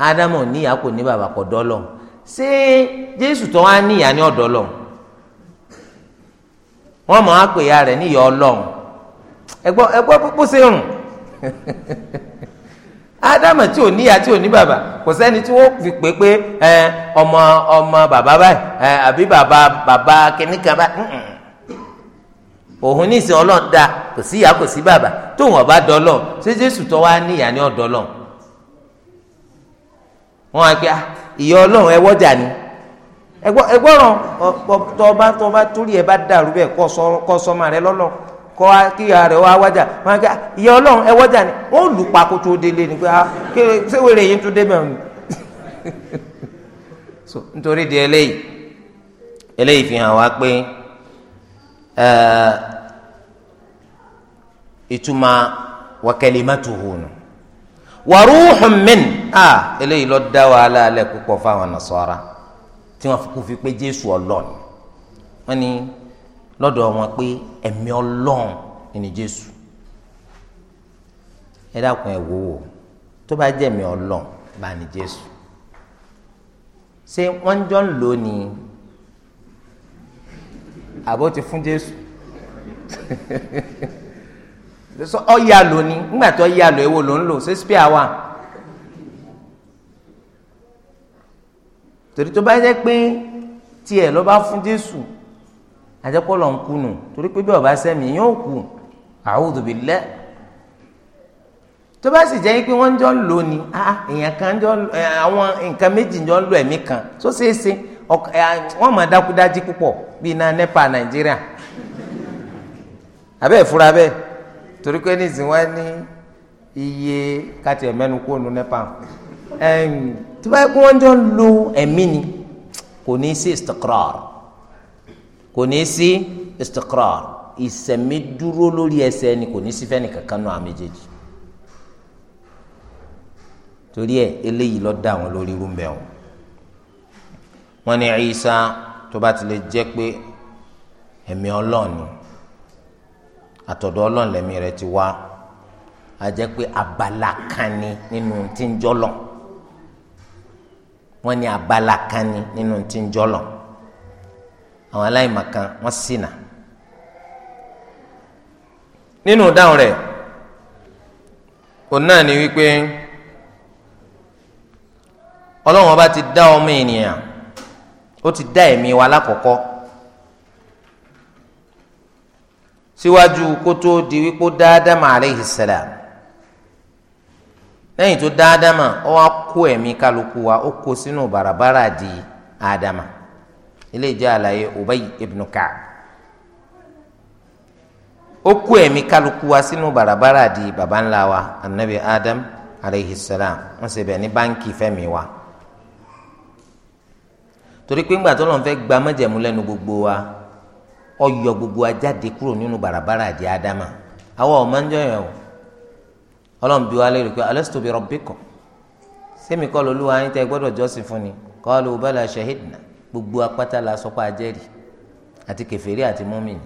ádámù níyà kò ní bàbá kò dọ́lọ̀ ṣé jésù tó wá níyà ní ọ̀dọ́ lọ wọ́n mọ̀ á pè ya rẹ̀ níyà ọlọ́run ẹgbọ́ ẹgbọ́ púpọ̀ ṣe rùn ádámù tí ò níyà tí ò ní baba kò sẹ́ni tí wọ́n fi pè pé ẹ ọmọ ọmọ bàbá báyìí ẹ àbí bàbá bàbá kìnnìkan báyìí òhun ní ìsìn ọlọ́run kò sí ìyá kò sí bàbá tóun ọba dọ́lọ́ ṣé jésù tó wá níyà ní ọ̀dọ́ wọn á gbé ah, ìyá ọlọ́run ẹwọ́jà ni ẹgbọ́ràn tọba tọba torí ẹ bá dàrú sọmọ rẹ lọ́lọ́ kọ́ kíyà rẹ wá wájà wọn á gbé ah, ìyá ọlọ́run ẹwọ́jà ni wọn ò lù pa tó délé ni pé yìí ah, tó nítorí di eléyìí eléyìí fi hàn wá pé nù. wàrúhùn min a eléyìí lọ dá wàhálà alẹ púpọ̀ fáwọn nasara tí wọn kò fi pé jésù Ọlọ́run wọn ni lọ́dọ̀ wọn pé ẹ̀mí Ọlọ́run ni jésù ẹ dákun ẹ wò ó tó bá jẹ́ ẹ̀mí Ọlọ́run bá ní jésù ṣé wọn jọ ń lò ní àbó ti fún jésù. ọ yà lò ní nígbà tó yà lò èwo ló ń lò ṣé spear wà. torí tó bá jẹ́ pé tiẹ̀ ló bá fún Jésù àjẹpọ̀ lọ́n kú nù torí pé bí ọba sẹ́mi yóò kú a'udhu billah tó bá sì jẹ́ pé wọ́n ń jọ ń lò ní ah, èèyàn kan jọ eh, àwọn nǹkan méjì jọ ń lo ẹ̀mí kan tó ṣeé ṣe eh, wọ́n máa dákúdájí púpọ̀ bíi iná NEPA Nàìjíríà abẹ́ ìfura bẹ́ẹ̀ torí pé nísìnyí wọ́n ní iye káti ẹ̀ mẹ́nu kó nu nípa tí wọ́n kí wọ́n jọ ń lo ẹ̀mí ni kò ní í sí istikrar kò ní í sí istikrar ìsẹ̀mí dúró lórí ẹsẹ̀ ni kò ní sí fẹ́ni kankan náà méjèèjì torí ẹ eléyìí lọ dá àwọn lórí rúmbẹ wọn wọ́n ní tó bá ti jẹ́ pé ẹ̀mí Ọlọ́run àtọ̀dọ̀ ọlọ́run lẹ́mí rẹ ti wá a jẹ́ pé abala kan ni nínú tí ń jọ́lọ̀ wọ́n ní abala kan ni nínú tí ń jọ́lọ̀ àwọn aláìmọ̀kan wọ́n ṣìnà nínú ìdáhùn rẹ̀ òun náà ni wípé ọlọ́run ọba ti dá ọmọ ènìyàn ó ti dá ẹ̀mí wa lákọ̀ọ́kọ́. síwájú kótó di wípé ó dá Ádámà aleyhi salam lẹ́yìn tó dá Ádámà ó wá kó ẹ̀mí kálukú wa ó kó sínú bàràbàrà di Ádámà ilé ìjẹ́ àlàyé Ubay ibn Ka'b ó kó ẹ̀mí kálukú wa sínú bàràbàrà di baba wa anabi Adam aleyhi salam wọ́n sì bẹ̀ ní báńkì fẹ́mi wa torí pé ńgbà tó lọ́n fẹ́ gba lẹ́nu gbogbo wa ọyọ gbogbo ajáde kúrò nínú bàràbàrà àdé ádámà àwọn ọmọ ń jọyọ o ọlọ́run bí wa lérò pé alastu bi rabbikum sẹ́mi kọ́ ló lúwa yín tẹ́ gbọ́dọ̀ jọ́sìn fún ni qalu bala shahidna gbogbo apáta la sọ́kọ́ ajẹ́rì àti kèfèrí àti mùmínì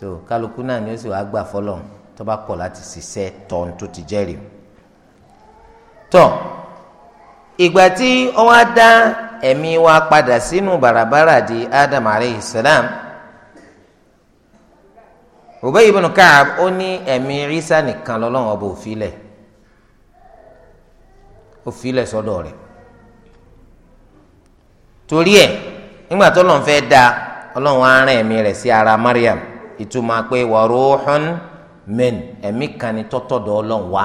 so kálukú náà ni ó sì wá gbà fọlọ́n tó bá kọ̀ láti ṣiṣẹ́ tọ́n tó ti jẹ́rìí tọ́ ìgbà tí ó wá ẹ̀mí wa padà sínú bàràbàrà di Adam aleyhi salam Ubay ibn Ka'ab ó ní ẹ̀mí Isa nìkan lọ́lọ́run ọba òfilẹ̀ òfilẹ̀ sọ́dọ̀ rẹ̀ torí ẹ̀ nígbà tó lọ́n fẹ́ da ọlọ́run á rán ẹ̀mí rẹ̀ sí ara Mariam ìtumọ̀ pé wa ruhun min ẹ̀mí kan ní tọ́tọ̀dọ̀ ọlọ́run wá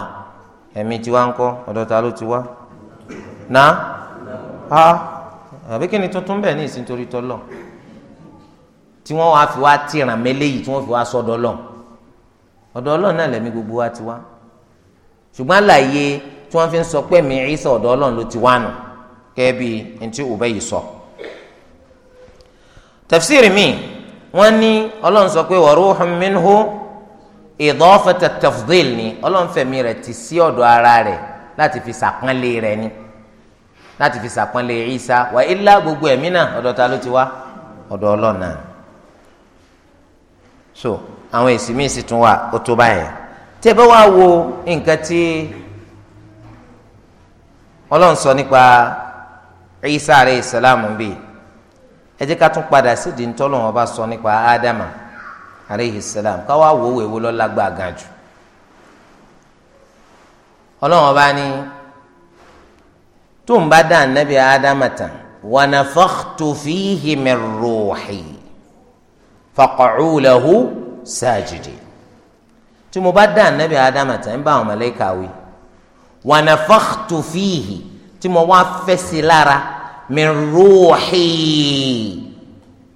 ẹ̀mí tiwa ńkọ́ ọ̀dọ̀ ló ti wá náà. àbí kí ni tuntun bẹ́ẹ̀ ní ìsìn torí tọ́lọ̀ tí wọ́n wáá fi wá tìràn mẹ́lẹ́yìí tí wọ́n fi wá sọ́dọ̀ ọlọ́run ọ̀dọ̀ ọlọ́run náà lẹ́mí gbogbo wa ti wá ṣùgbọ́n àlàyé tí wọ́n fi ń sọ pé mi ìsọ̀ ọ̀dọ̀ ọlọ́run ló ti wá nù kẹ́ bí n tí ò bẹ́yìí sọ. tafsiri mi wọ́n ní ọlọ́run sọ pé wa ruhun minhu idafata tafdil ni ọlọ́run fẹ̀mí rẹ̀ ti sí ọ̀dọ̀ ara rẹ̀ láti fi sàpọ́nlé rẹ̀ ni. láti fi sàpọ́nlé Ìsá wà ilá gbogbo ẹ̀mí náà ọ̀dọ̀ ta ló ti wá ọ̀dọ̀ Ọlọ́run náà so àwọn èsì míì sì tún wà ó tó báyẹn tí ẹ bá wá wo nǹkan tí Ọlọ́run sọ nípa Ìsá alayhi sàlámù bí ẹ jẹ́ ká tún padà sídìí ntọ́lọ́run ọba sọ nípa Ádámà alayhi sàlámù káwá wò ó wèwo lọ́la gbàgàjù Ọlọ́run ọba ní. tó ń bá dá anabi ádámà tán wa nafakhtu fihi min ruhi faqa'u lahu sajidin tí mo bá dá anabi ádámà tán ń bá àwọn màláíkà wí wa nafakhtu fihi tí mo wá fẹ́ lára min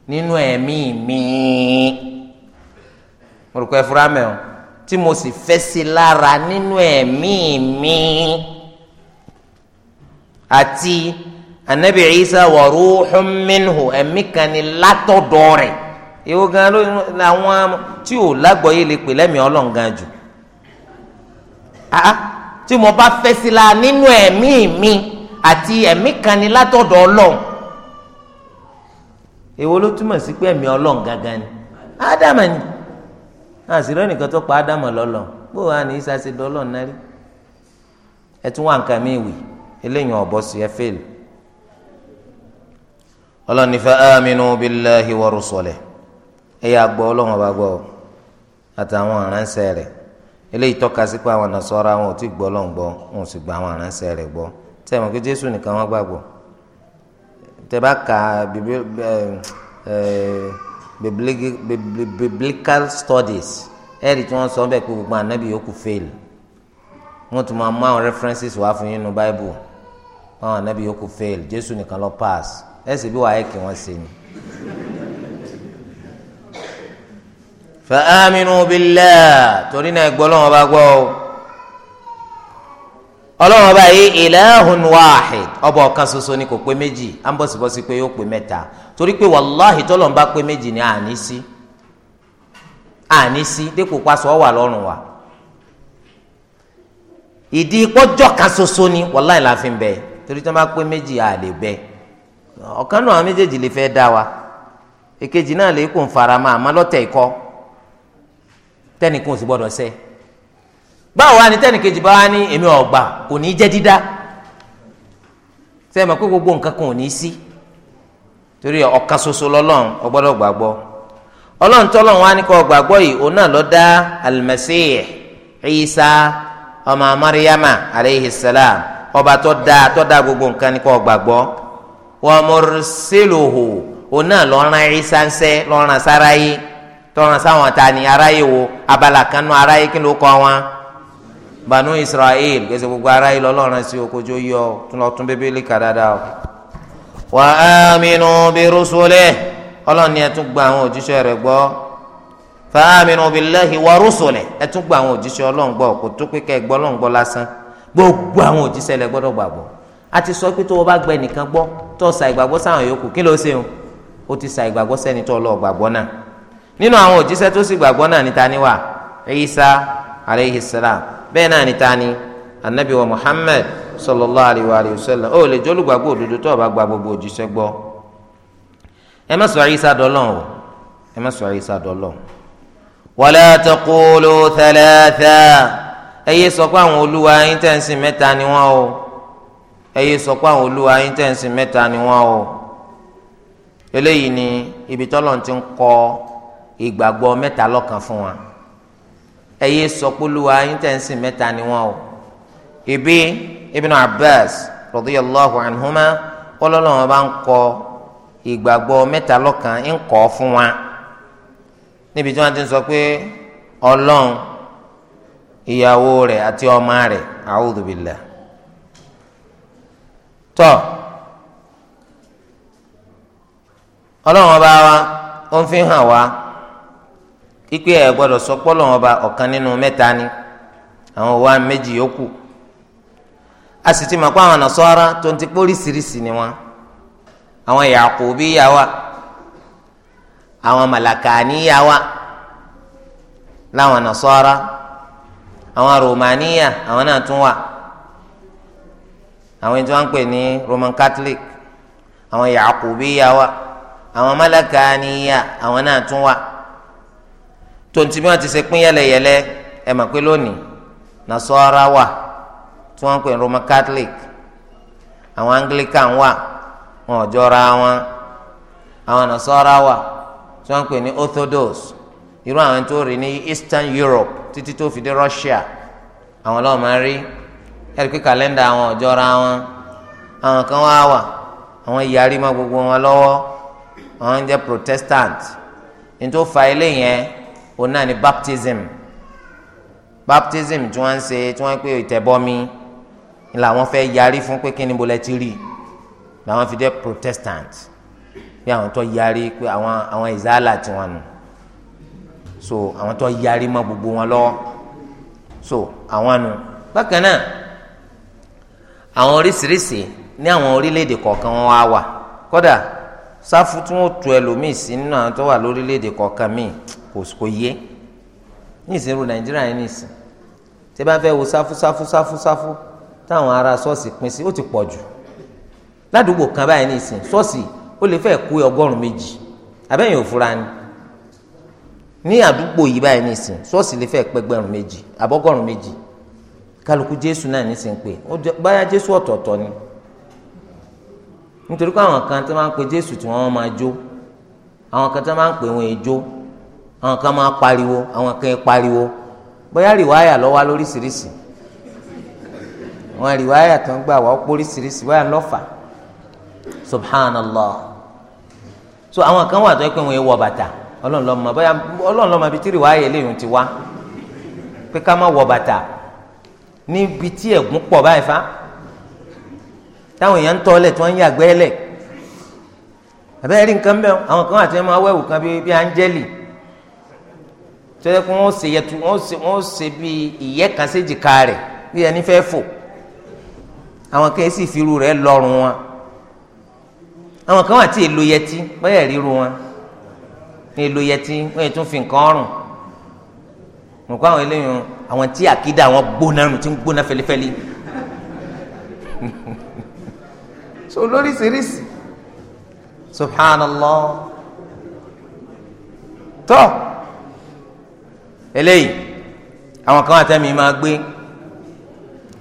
nínú ẹ̀mí mi mo rò pé fúra mẹ́wọ̀n tí mo sì fẹ́ lára nínú ẹ̀mí mi. mi àti anabi isa wa ruhun minhu ẹ̀mí kan ni látọ̀dọ̀ rẹ̀ èwo gan ló làwọn tí ò lágbọ̀ọ́yé lè pè lẹ́mìí ọlọ́run gan jù tí mo bá fẹ́ sí la nínú ẹ̀mí mi àti ẹ̀mí kan ni látọ̀dọ̀ ọlọ́run èwo ló túmọ̀ sí pé ẹ̀mí ọlọ́run gangan ni ádámà ni àṣírí ẹnìkan tó pa ádámà lọ́lọ́ bó wàá ní isa ṣe dọ́lọ́ náà ẹ tún wà nǹkan mi wì í eléyìí ọ̀bọ sí ẹ fẹ́ẹ̀lì ọlọ́run ní fa aminu billahi wa rusulihi ẹ yà gbọ́ ọlọ́run ọba gbọ́ àtàwọn aránṣẹ́ rẹ̀ eléyìí tọ́ka sí pé àwọn nasọ́ra wọn ò tí gbọ́ ọlọ́run gbọ́ wọn ò sì gba àwọn aránṣẹ́ rẹ̀ gbọ́ tẹ́ ẹ jésù nìkan wọ́n gbàgbọ́ tẹ́ ka biblical studies ẹ̀rì tí wọ́n sọ bẹ́ẹ̀ pé gbogbo ànábì yòókù wọ́n tún máa mú references wá fún yín nu bible báwọn anábì fail jésù nìkan lọ pass ẹ bí wàá ẹ̀kì wọn ṣe ni. fàámínú bílẹ̀ torí náà gbọ́ lọ́wọ́ bá gbọ́ o ọlọ́wọ́ bá yí ìlàhùn wáhid ọba ọ̀kan ni kò pé méjì á ń bọ̀sibọ́sí pé yóò pé mẹ́ta torí pé wàláhì ni àní sí àní sí wa. ìdí ìpọ́jọ́ kan ṣoṣo ni wàláì la fi torí tí wọ́n bá pé a lè bẹ ọ̀kan náà méjèèjì lè fẹ́ dá wa èkejì náà lè kó farama àmọ́ lọ́tẹ̀ ikọ́ tẹ́nìkan sì gbọ́dọ̀ sẹ́ báwo wá ni bá wá ní èmi ọ̀gbà kò ní jẹ́ dídá pé gbogbo nǹkan kan ò ní sí torí ọ̀kan lọ́lọ́run o gbàgbọ́ ọlọ́run tọ́lọ́run wá ní gbàgbọ́ yìí òun náà ọmọ mariama aleyhi salam ọba tó dáa tó dáa gbogbo nǹkan ni kò gbàgbọ́ wa mursiluhu òun náà lọ́ran ìsánsẹ́ lọ́ran sáráyé tọ́ran sáwọn ta ni aráyé wo abala kanú aráyé kí ló kọ́ wọn banu israel gbèsè gbogbo aráyé lọ́lọ́run sí okojú yọ tún lọ́ọ́ tún bíbélì kà o. wa aminu bi rusulihi ọlọ́ni ẹ̀ tún gba àwọn òjíṣẹ́ rẹ̀ gbọ́ fàáminu billahi wa rusulihi ẹ tún gba àwọn òjíṣẹ́ Ọlọ́run gbọ́ kò tó pé kẹ́ gbọ́ Ọlọ́run gbọ́ lásán gbogbo àwọn òjíṣẹ́ lẹ gbọ́dọ̀ gbàgbọ́ a ti sọ pé tó o bá gbẹ nìkan gbọ́ tó o sa ìgbàgbọ́ sáwọn yòókù kí ló ṣe o o ti sa ìgbàgbọ́ sẹ́ni tó o lọ gbàgbọ́ náà nínú àwọn òjíṣẹ́ tó sì gbàgbọ́ náà ni tani wà Isa alayhi salam bẹ́ẹ̀ náà ni anabi wa Muhammad sallallahu alayhi wa sallam o wala taqulu thalatha ẹ yé sọ pé àwọn olúwa yín tẹ̀ ń sìn mẹ́ta ni wọ́n o ẹ yé sọ pé àwọn olúwa yín tẹ̀ ń sìn mẹ́ta ni wọ́n o eléyìí ni ibi tọ́lọ̀ ti ń kọ ìgbàgbọ́ mẹ́ta lọ́kan fún wa ẹ yé sọ yín tẹ̀ ń sìn mẹ́ta ni wọ́n o ibi Ibn Abbas radiyallahu anhuma kọ́lọ́lọ́wọ́n bá ń kọ ìgbàgbọ́ mẹ́ta lọ́kan ń kọ́ fún wa. níbi tí wọ́n ti ń sọ pé ọlọ́run ìyàwó rẹ àti ọmọ rẹ̀ a'udhu billah tọ́ wa ó ń fi hàn wá pípé sọ ọba ọkan nínú mẹ́ta ni àwọn wa méjì a sì ti mọ̀ pé àwọn Nasara tó ń ti póríṣiríṣi ni wọn àwọn àwọn màlàkà níyà wa láwọn nasara àwọn romania àwọn náà tún wà àwọn tí wọn ń pè ní roman catholic àwọn yaakubiya wa àwọn màlàkà níyà àwọn náà tún wà tonti bí wọn ti ṣe pín yẹlẹyẹlẹ ẹ mọ̀ pé lónìí nasara wà tí wọn ń pè ní roman catholic àwọn anglican wà wọn ò jọra wọn àwọn nasara wà tí wọ́n pè ní orthodox irú àwọn tó rí ní eastern europe títí tó fi dé russia àwọn lọ́wọ́ máa rí ẹ̀rí pé kàlẹ́ndà àwọn ọ̀jọ́ra wọn àwọn kan wá wà àwọn yarí má gbogbo wọn lọ́wọ́ àwọn ń jẹ́ protestant ní tó fa ilé yẹn òun náà ni baptism baptism tí wọ́n ń ṣe tí wọ́n ń pè ìtẹ̀bọmi làwọn fẹ́ yarí fún pé kí ni bolẹ́ ti rí làwọn fi jẹ́ protestant pé àwọn tó yarí pé àwọn àwọn ìzálà tiwọn nù so àwọn tó yarí mọ́ gbogbo wọn lọ́wọ́ so àwọn nù bákan náà àwọn oríṣiríṣi ní àwọn orílẹ̀-èdè kọ̀ọ̀kan wọn wá wà kódà sáfù tí wọ́n tu ẹlòmíì sí nínú àwọn tó wà lórílẹ̀-èdè kọ̀ọ̀kan míì kò kò yé ní ìsinmi nàìjíríà yẹn nìsín tí bá fẹ́ wo sáfù sáfù sáfù sáfù táwọn ará ṣọ́ọ̀ṣì pín sí ó ti pọ̀ jù ládùúgbò kan báyìí nìsín ṣọ́ọ̀ṣì ó lè fẹ́ kú ọgọ́rùn méjì abẹ́yìn òfura ni ní àdúgbò yìí báyìí nìsín ṣọ́ọ̀ṣì lè fẹ́ pẹ́gbẹ̀rún méjì àbọ́gọ́rùn méjì kálukú jésù náà nìsín pé báyà jésù ọ̀tọ̀ọ̀tọ̀ ni nítorí pé àwọn kan tó máa ń pe jésù tí wọ́n máa jó àwọn kan tó máa ń pè wọ́n èjó àwọn kan máa pariwo àwọn kan pariwo bóyá rìwáyà lọ́wọ́ lóríṣiríṣi àwọn rìwáyà tó ń gbà wá ó póríṣiríṣi lọ́fà subhanallah so àwọn kan wà tó yẹ pé wọn yẹ wọ bàtà ọlọ́run bóyá ọlọ́run ló mọ̀ ibi tí ti wá pé ká má wọ bàtà fa táwọn èèyàn ń tí wọ́n ń yàgbẹ́ lẹ̀ àbẹ́rẹ́ nǹkan bẹ́ẹ̀ àwọn kan àti ẹ̀ma awẹ́wù kan bíi bíi áńjẹ́lì tó yẹ kó wọ́n ṣe yẹtu wọ́n ṣe kan séjìká rẹ̀ bí ẹni fẹ́ fò àwọn kan àwọn kan wà tí èlò yẹtí bẹ́ẹ̀ ríru wọn èlò yẹtí wọ́n yẹ tún fi nǹkan ọrùn mo kọ́ àwọn eléyìí àwọn tí àkídà àwọn gbóná nù tí ń gbóná fẹlifẹli so lóríṣiríṣi subhanallah tọ́ eléyìí àwọn kan àtẹ̀mí máa gbé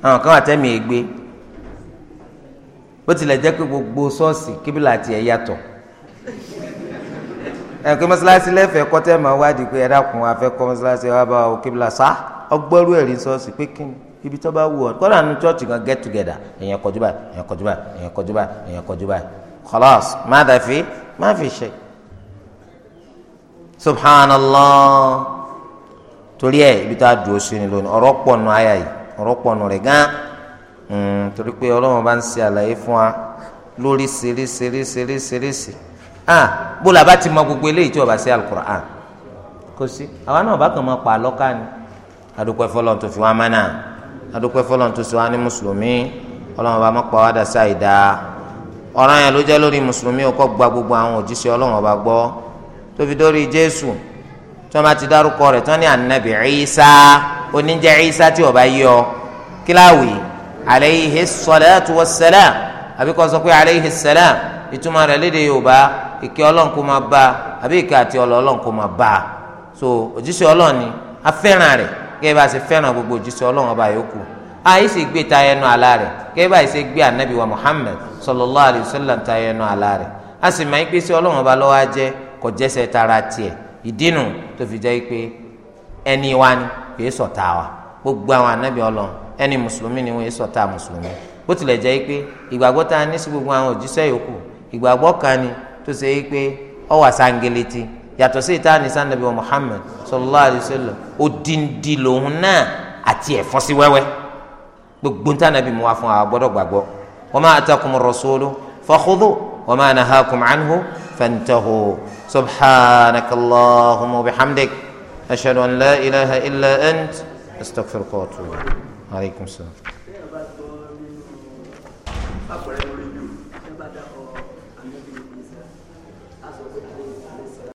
àwọn kan àtẹ̀mí ègbé bó tilẹ̀ jẹ́ pé gbogbo ṣọ́ọ̀ṣì kíbílà tiẹ̀ yàtọ̀ ẹ pé mọ́sálásí lẹ́fẹ̀ẹ́ kọ́tẹ́ máa wádìí pé ẹ̀dá kun afẹ́ kọ́ mọ́sálásí wa bá o kíbílà sá ọgbọ́rú ẹ̀rí ṣọ́ọ̀ṣì pé kí ni ibi tó bá wù ọ́ kọ́dà nu chọ́ọ̀chì gan get together èèyàn torí ẹ ibi tá a dùn sí ni lónìí ọ̀rọ̀ pọ̀ nù ayà yìí ọ̀rọ̀ pọ̀ nù rẹ̀ gan Hm, torí pé ọlọ́run bá ń ṣe àlàyé fún wa lórí ṣeréṣeréṣeréṣeréṣe ah bó la bá ti mọ gbogbo eléyìí tí o bá ṣe ah kò sí àwa náà bá kàn máa pa àlọ́ká ni adúpẹ́ fọlọ́n tó fi wá mánà adúpẹ́ fọlọ́n tó sọ wá ní mùsùlùmí ọlọ́run bá má pa wá dàsá ìdá ọ̀ràn yẹn ló jẹ́ lórí mùsùlùmí ó kọ́ gba gbogbo àwọn òjíṣẹ́ ọlọ́run ọba gbọ́ tó fi dórí jésù tí wọ́n bá ti dárúkọ rẹ̀ tí wọ́n ní ànábì Ìsá oníjẹ́ Ìsá tí ó bá yọ kíláwìí alayhi salatu wa salam àbí kò sọ pé alayhi salam ìtumọ̀ rẹ̀ léde yorùbá ìkẹ́ ọlọ́run máa bá àbí ìkẹ́ àti ọlọ́ máa bá so ojise ọlọ́run ni a rẹ̀ kẹ́ ẹ bá ṣe fẹ́ràn gbogbo ojise ọlọ́run ọba yòókù àyè ṣe gbé ta ẹnu àlá rẹ̀ kẹ́ ẹ bá ṣe gbé anabi wa muhammed àlá rẹ̀ a sì máa ń pèsè ọba lọ́wọ́ ajẹ́ kò tara tiẹ̀ ìdínú tó fi jẹ́ pé ẹni wa ni kì anabi ẹni mùsùlùmí ni wọ́n yẹ sọ̀tà mùsùlùmí bó tilẹ̀ jẹ́ pé ìgbàgbọ́ tá a ní sí gbogbo àwọn òjíṣẹ́ yòókù ìgbàgbọ́ kan ni tó ṣe é pé ọ wà sangeleti yàtọ̀ sí ìta ní sanabi wa Muhammad sallallahu alayhi wa sallam odindi lòun náà àti ẹ̀fọ́ sí wẹ́wẹ́ gbogbo ń tànàbí mu wá fún wa gbọ́dọ̀ gbàgbọ́ wa ma atakumur rasulu fakhudhu wa ma nahakum anhu fantahu subhanakallahumma bihamdik ashhadu an la ilaha illa ant astaghfiruka Allez comme ça.